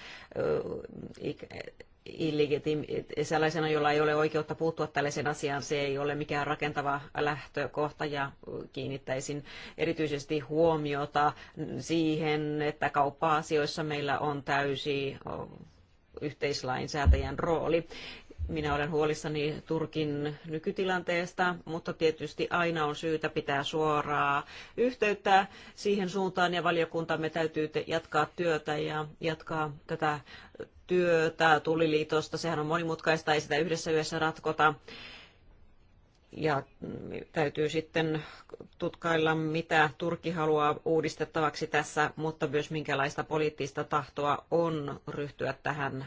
sellaisena, jolla ei ole oikeutta puuttua tällaiseen asiaan. Se ei ole mikään rakentava lähtökohta ja kiinnittäisin erityisesti huomiota siihen, että kauppa-asioissa meillä on täysi yhteislainsäätäjän rooli. Minä olen huolissani Turkin nykytilanteesta, mutta tietysti aina on syytä pitää suoraa yhteyttä siihen suuntaan ja valiokuntamme täytyy jatkaa työtä ja jatkaa tätä työtä tuliliitosta. Sehän on monimutkaista, ei sitä yhdessä yössä ratkota. Ja täytyy sitten tutkailla, mitä Turkki haluaa uudistettavaksi tässä, mutta myös minkälaista poliittista tahtoa on ryhtyä tähän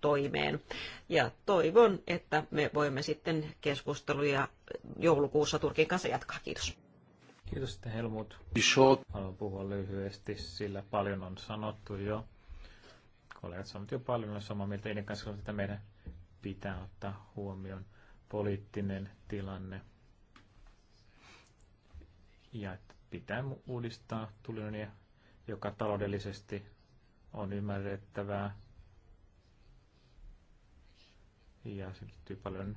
toimeen. Ja toivon, että me voimme sitten keskusteluja joulukuussa Turkin kanssa jatkaa. Kiitos. Kiitos sitten Helmut. Haluan puhua lyhyesti, sillä paljon on sanottu jo kollegat sanovat jo paljon, olen samaa mieltä Ennen kanssa, että meidän pitää ottaa huomioon poliittinen tilanne ja että pitää uudistaa tulinonia, joka taloudellisesti on ymmärrettävää. Ja se liittyy paljon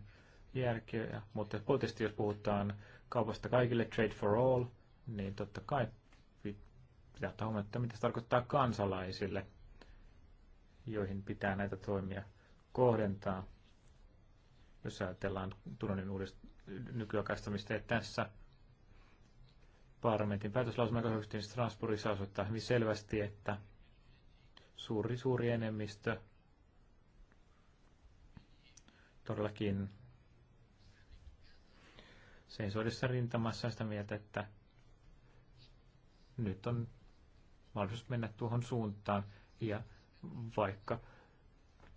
järkeä, mutta poliittisesti jos puhutaan kaupasta kaikille, trade for all, niin totta kai pitää ottaa huomioon, että mitä se tarkoittaa kansalaisille – joihin pitää näitä toimia kohdentaa. Jos ajatellaan Turunin uudist- nykyaikaistamista, että tässä parlamentin päätöslausuma, joka hyväksyttiin Strasbourgissa, osoittaa hyvin selvästi, että suuri, suuri enemmistö todellakin seisoidessa rintamassa sitä mieltä, että nyt on mahdollisuus mennä tuohon suuntaan. Ja vaikka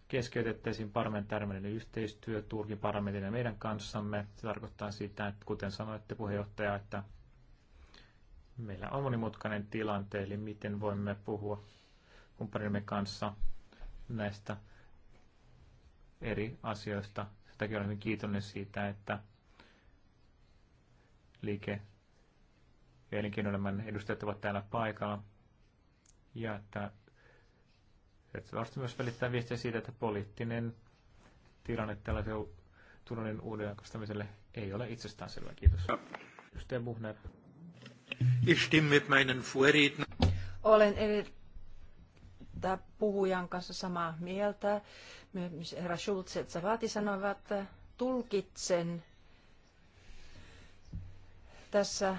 keskeytettäisiin parlamentaarinen yhteistyö Turkin parlamentin ja meidän kanssamme. Se tarkoittaa sitä, että kuten sanoitte puheenjohtaja, että meillä on monimutkainen tilante, eli miten voimme puhua kumppanimme kanssa näistä eri asioista. Sen takia olen hyvin kiitollinen siitä, että liike- ja elinkeinoelämän edustajat ovat täällä paikalla ja että että se varmasti myös välittää viestiä siitä, että poliittinen tilanne tällaisen Turunin uudelleenkastamiselle ei ole itsestäänselvä. Kiitos. Edustaja Buhner. Ich Olen eri puhujan kanssa samaa mieltä. Myös herra Schulz ja vaati sanoivat, että tulkitsen tässä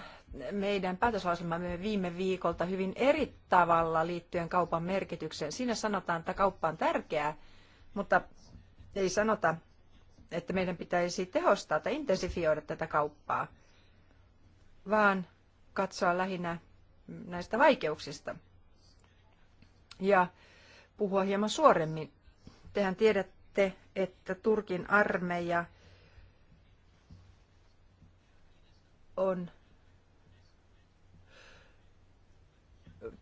meidän päätöslauselmamme viime viikolta hyvin eri tavalla liittyen kaupan merkitykseen. Siinä sanotaan, että kauppa on tärkeää, mutta ei sanota, että meidän pitäisi tehostaa tai intensifioida tätä kauppaa, vaan katsoa lähinnä näistä vaikeuksista ja puhua hieman suoremmin. Tehän tiedätte, että Turkin armeija on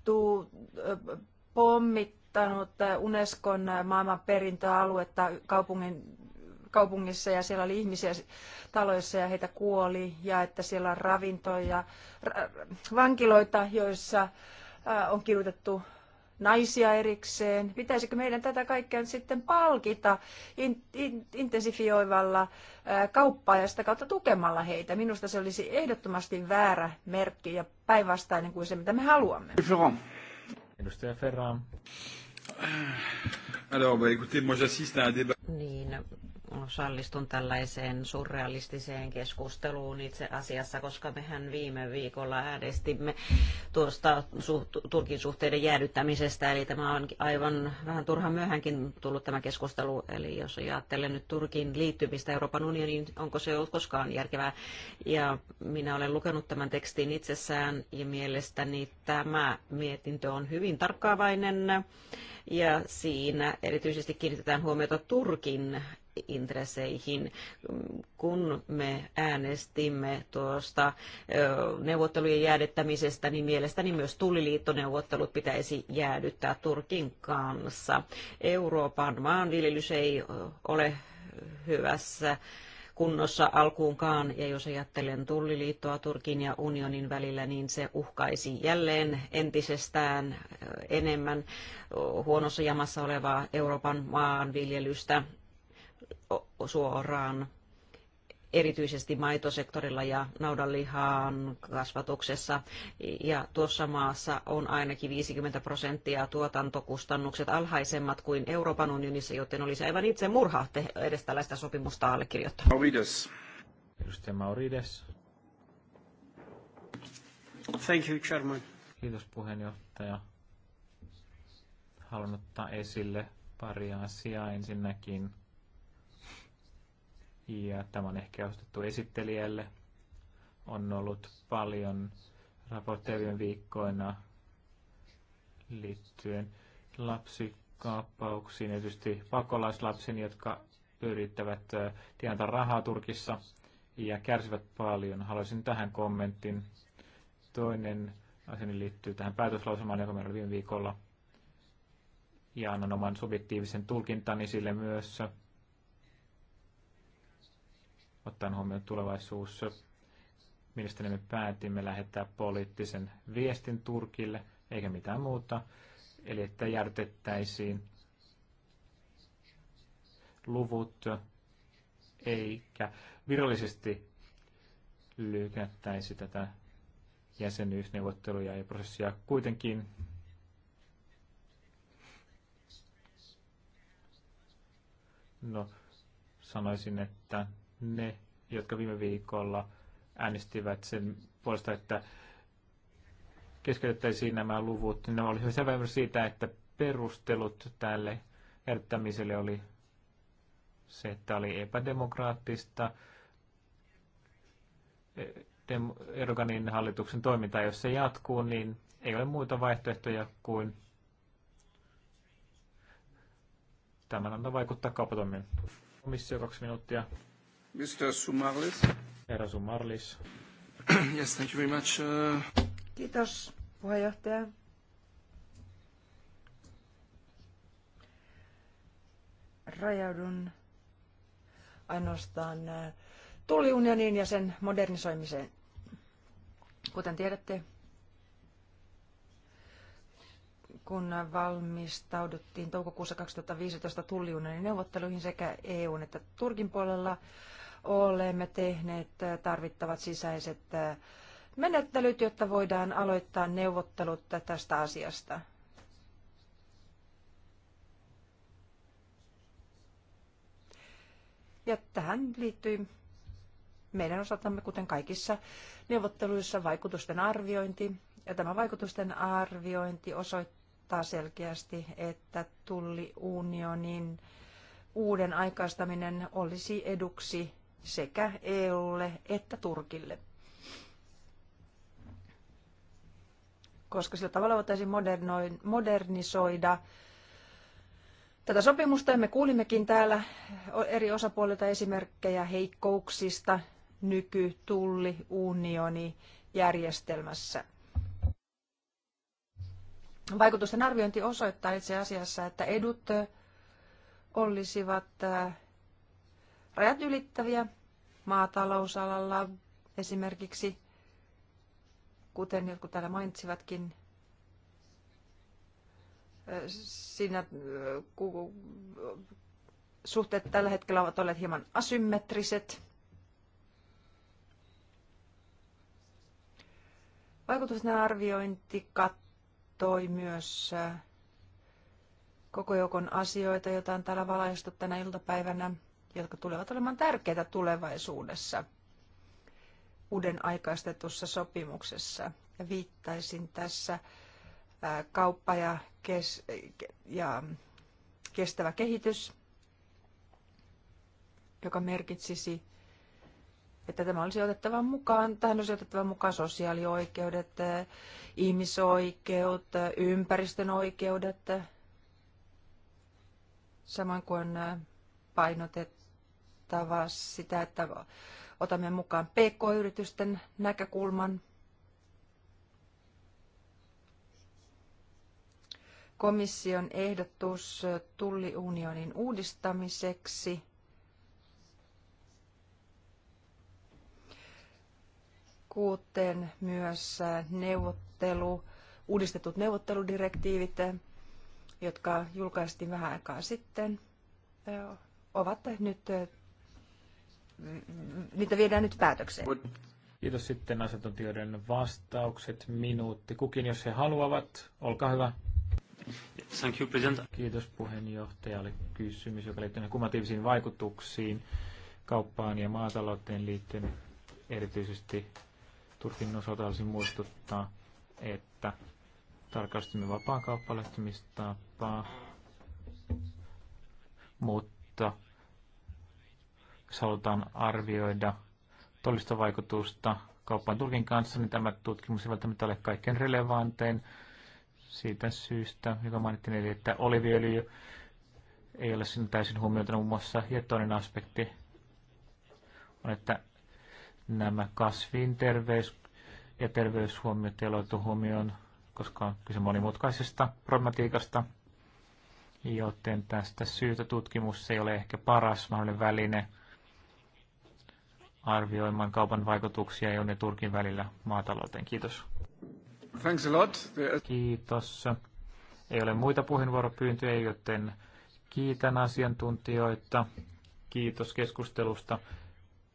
tuu, pommittanut Unescon maailmanperintöaluetta kaupungin, kaupungissa ja siellä oli ihmisiä taloissa ja heitä kuoli ja että siellä on ravintoja, vankiloita, joissa on kidutettu naisia erikseen. Pitäisikö meidän tätä kaikkea sitten palkita in, in, intensifioivalla ää, kauppaa ja sitä kautta tukemalla heitä? Minusta se olisi ehdottomasti väärä merkki ja päinvastainen kuin se, mitä me haluamme. Edustaja Ferran. Alors, bah, écoutez, moi j'assiste à un débat. Niin, osallistun tällaiseen surrealistiseen keskusteluun itse asiassa, koska mehän viime viikolla äänestimme tuosta Turkin suhteiden jäädyttämisestä, eli tämä on aivan vähän turhan myöhänkin tullut tämä keskustelu, eli jos ajattelen nyt Turkin liittymistä Euroopan unioniin, onko se ollut koskaan järkevää, ja minä olen lukenut tämän tekstin itsessään, ja mielestäni tämä mietintö on hyvin tarkkaavainen, ja siinä erityisesti kiinnitetään huomiota Turkin intresseihin. Kun me äänestimme tuosta neuvottelujen jäädyttämisestä, niin mielestäni myös tulliliittoneuvottelut pitäisi jäädyttää Turkin kanssa. Euroopan maanviljelys ei ole hyvässä kunnossa alkuunkaan, ja jos ajattelen tulliliittoa Turkin ja unionin välillä, niin se uhkaisi jälleen entisestään enemmän huonossa jamassa olevaa Euroopan maanviljelystä suoraan erityisesti maitosektorilla ja naudanlihan kasvatuksessa. Ja tuossa maassa on ainakin 50 prosenttia tuotantokustannukset alhaisemmat kuin Euroopan unionissa, joten olisi aivan itse murha edes tällaista sopimusta allekirjoittaa. Maurides. Edustaja Maurides. Thank you, Chairman. Kiitos puheenjohtaja. Haluan ottaa esille pari asiaa ensinnäkin ja tämä on ehkä ostettu esittelijälle. On ollut paljon raportteja viime viikkoina liittyen lapsikaappauksiin, erityisesti pakolaislapsiin, jotka yrittävät tienata rahaa Turkissa ja kärsivät paljon. Haluaisin tähän kommentin. Toinen asia liittyy tähän päätöslausumaan, joka meillä oli viime viikolla. Ja annan oman subjektiivisen tulkintani sille myös ottaen huomioon tulevaisuus. Mielestäni me päätimme lähettää poliittisen viestin Turkille, eikä mitään muuta, eli että järtettäisiin luvut, eikä virallisesti lykättäisi tätä jäsenyysneuvotteluja ja prosessia kuitenkin. No, sanoisin, että ne, jotka viime viikolla äänestivät sen puolesta, että keskeytettäisiin nämä luvut, niin no, ne olivat selvä siitä, että perustelut tälle jättämiselle oli se, että oli epädemokraattista e, Erdoganin hallituksen toiminta, Jos se jatkuu, niin ei ole muita vaihtoehtoja kuin tämän antaa vaikuttaa kaupatoimien. Komissio kaksi minuuttia. Mr. Sumarlis. Herra Sumarlis. <clears throat> Yes, thank you very much. Uh, Kiitos, puheenjohtaja. Rajaudun ainoastaan uh, tulliunioniin ja sen modernisoimiseen. Kuten tiedätte, kun valmistauduttiin toukokuussa 2015 tulliunionin neuvotteluihin sekä EUn että Turkin puolella, olemme tehneet tarvittavat sisäiset menettelyt, jotta voidaan aloittaa neuvottelut tästä asiasta. Ja tähän liittyy meidän osaltamme, kuten kaikissa neuvotteluissa, vaikutusten arviointi. Ja tämä vaikutusten arviointi osoittaa selkeästi, että tulliunionin uuden aikaistaminen olisi eduksi sekä EUlle että Turkille. Koska sillä tavalla voitaisiin modernisoida tätä sopimusta. Ja me kuulimmekin täällä eri osapuolilta esimerkkejä heikkouksista nykytulli unioni järjestelmässä. Vaikutusten arviointi osoittaa itse asiassa, että edut olisivat äh, rajat ylittäviä maatalousalalla esimerkiksi, kuten jotkut täällä mainitsivatkin, siinä suhteet tällä hetkellä ovat olleet hieman asymmetriset. Vaikutusten arviointi kattoi myös koko joukon asioita, joita on täällä valaistu tänä iltapäivänä jotka tulevat olemaan tärkeitä tulevaisuudessa uuden aikaistetussa sopimuksessa. Ja viittaisin tässä kauppa ja, kes- ja kestävä kehitys, joka merkitsisi, että tämä olisi otettava mukaan, tähän olisi otettava mukaan sosiaalioikeudet, ihmisoikeudet, ympäristön oikeudet, samoin kuin painotettu tarkoittaa sitä, että otamme mukaan PK-yritysten näkökulman. Komission ehdotus tulliunionin uudistamiseksi. Kuuteen myös neuvottelu, uudistetut neuvotteludirektiivit, jotka julkaistiin vähän aikaa sitten, ovat nyt niitä viedään nyt päätökseen. Kiitos sitten asiantuntijoiden vastaukset, minuutti kukin, jos he haluavat. Olkaa hyvä. Thank you, President. Kiitos puheenjohtajalle kysymys, joka liittyy kumatiivisiin vaikutuksiin kauppaan ja maatalouteen liittyen. Erityisesti Turkin osalta olisin muistuttaa, että tarkastimme vapaa kauppalehtymistapaa, mutta jos halutaan arvioida todellista vaikutusta kauppaan Turkin kanssa, niin tämä tutkimus ei välttämättä ole kaikkein relevantein siitä syystä, joka mainittiin, eli että oliviöljy ei ole sinne täysin huomioituna muun muassa. Ja toinen aspekti on, että nämä kasvin terveys ja terveyshuomiot ei ole huomioon, koska on kyse monimutkaisesta problematiikasta, joten tästä syytä tutkimus ei ole ehkä paras mahdollinen väline – arvioimaan kaupan vaikutuksia EUn ja Turkin välillä maatalouteen. Kiitos. Thanks a lot. Kiitos. Ei ole muita puheenvuoropyyntöjä, joten kiitän asiantuntijoita. Kiitos keskustelusta.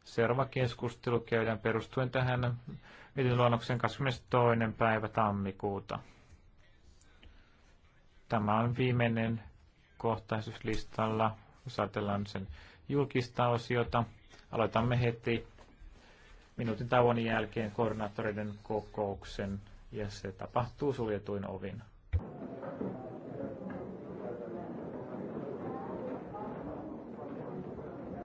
Seuraava keskustelu käydään perustuen tähän mietintöluonnoksen 22. päivä tammikuuta. Tämä on viimeinen kohtaisuuslistalla, jos ajatellaan sen julkista osiota. Aloitamme heti minuutin tauon jälkeen koordinaattoreiden kokouksen ja se tapahtuu suljetuin ovin.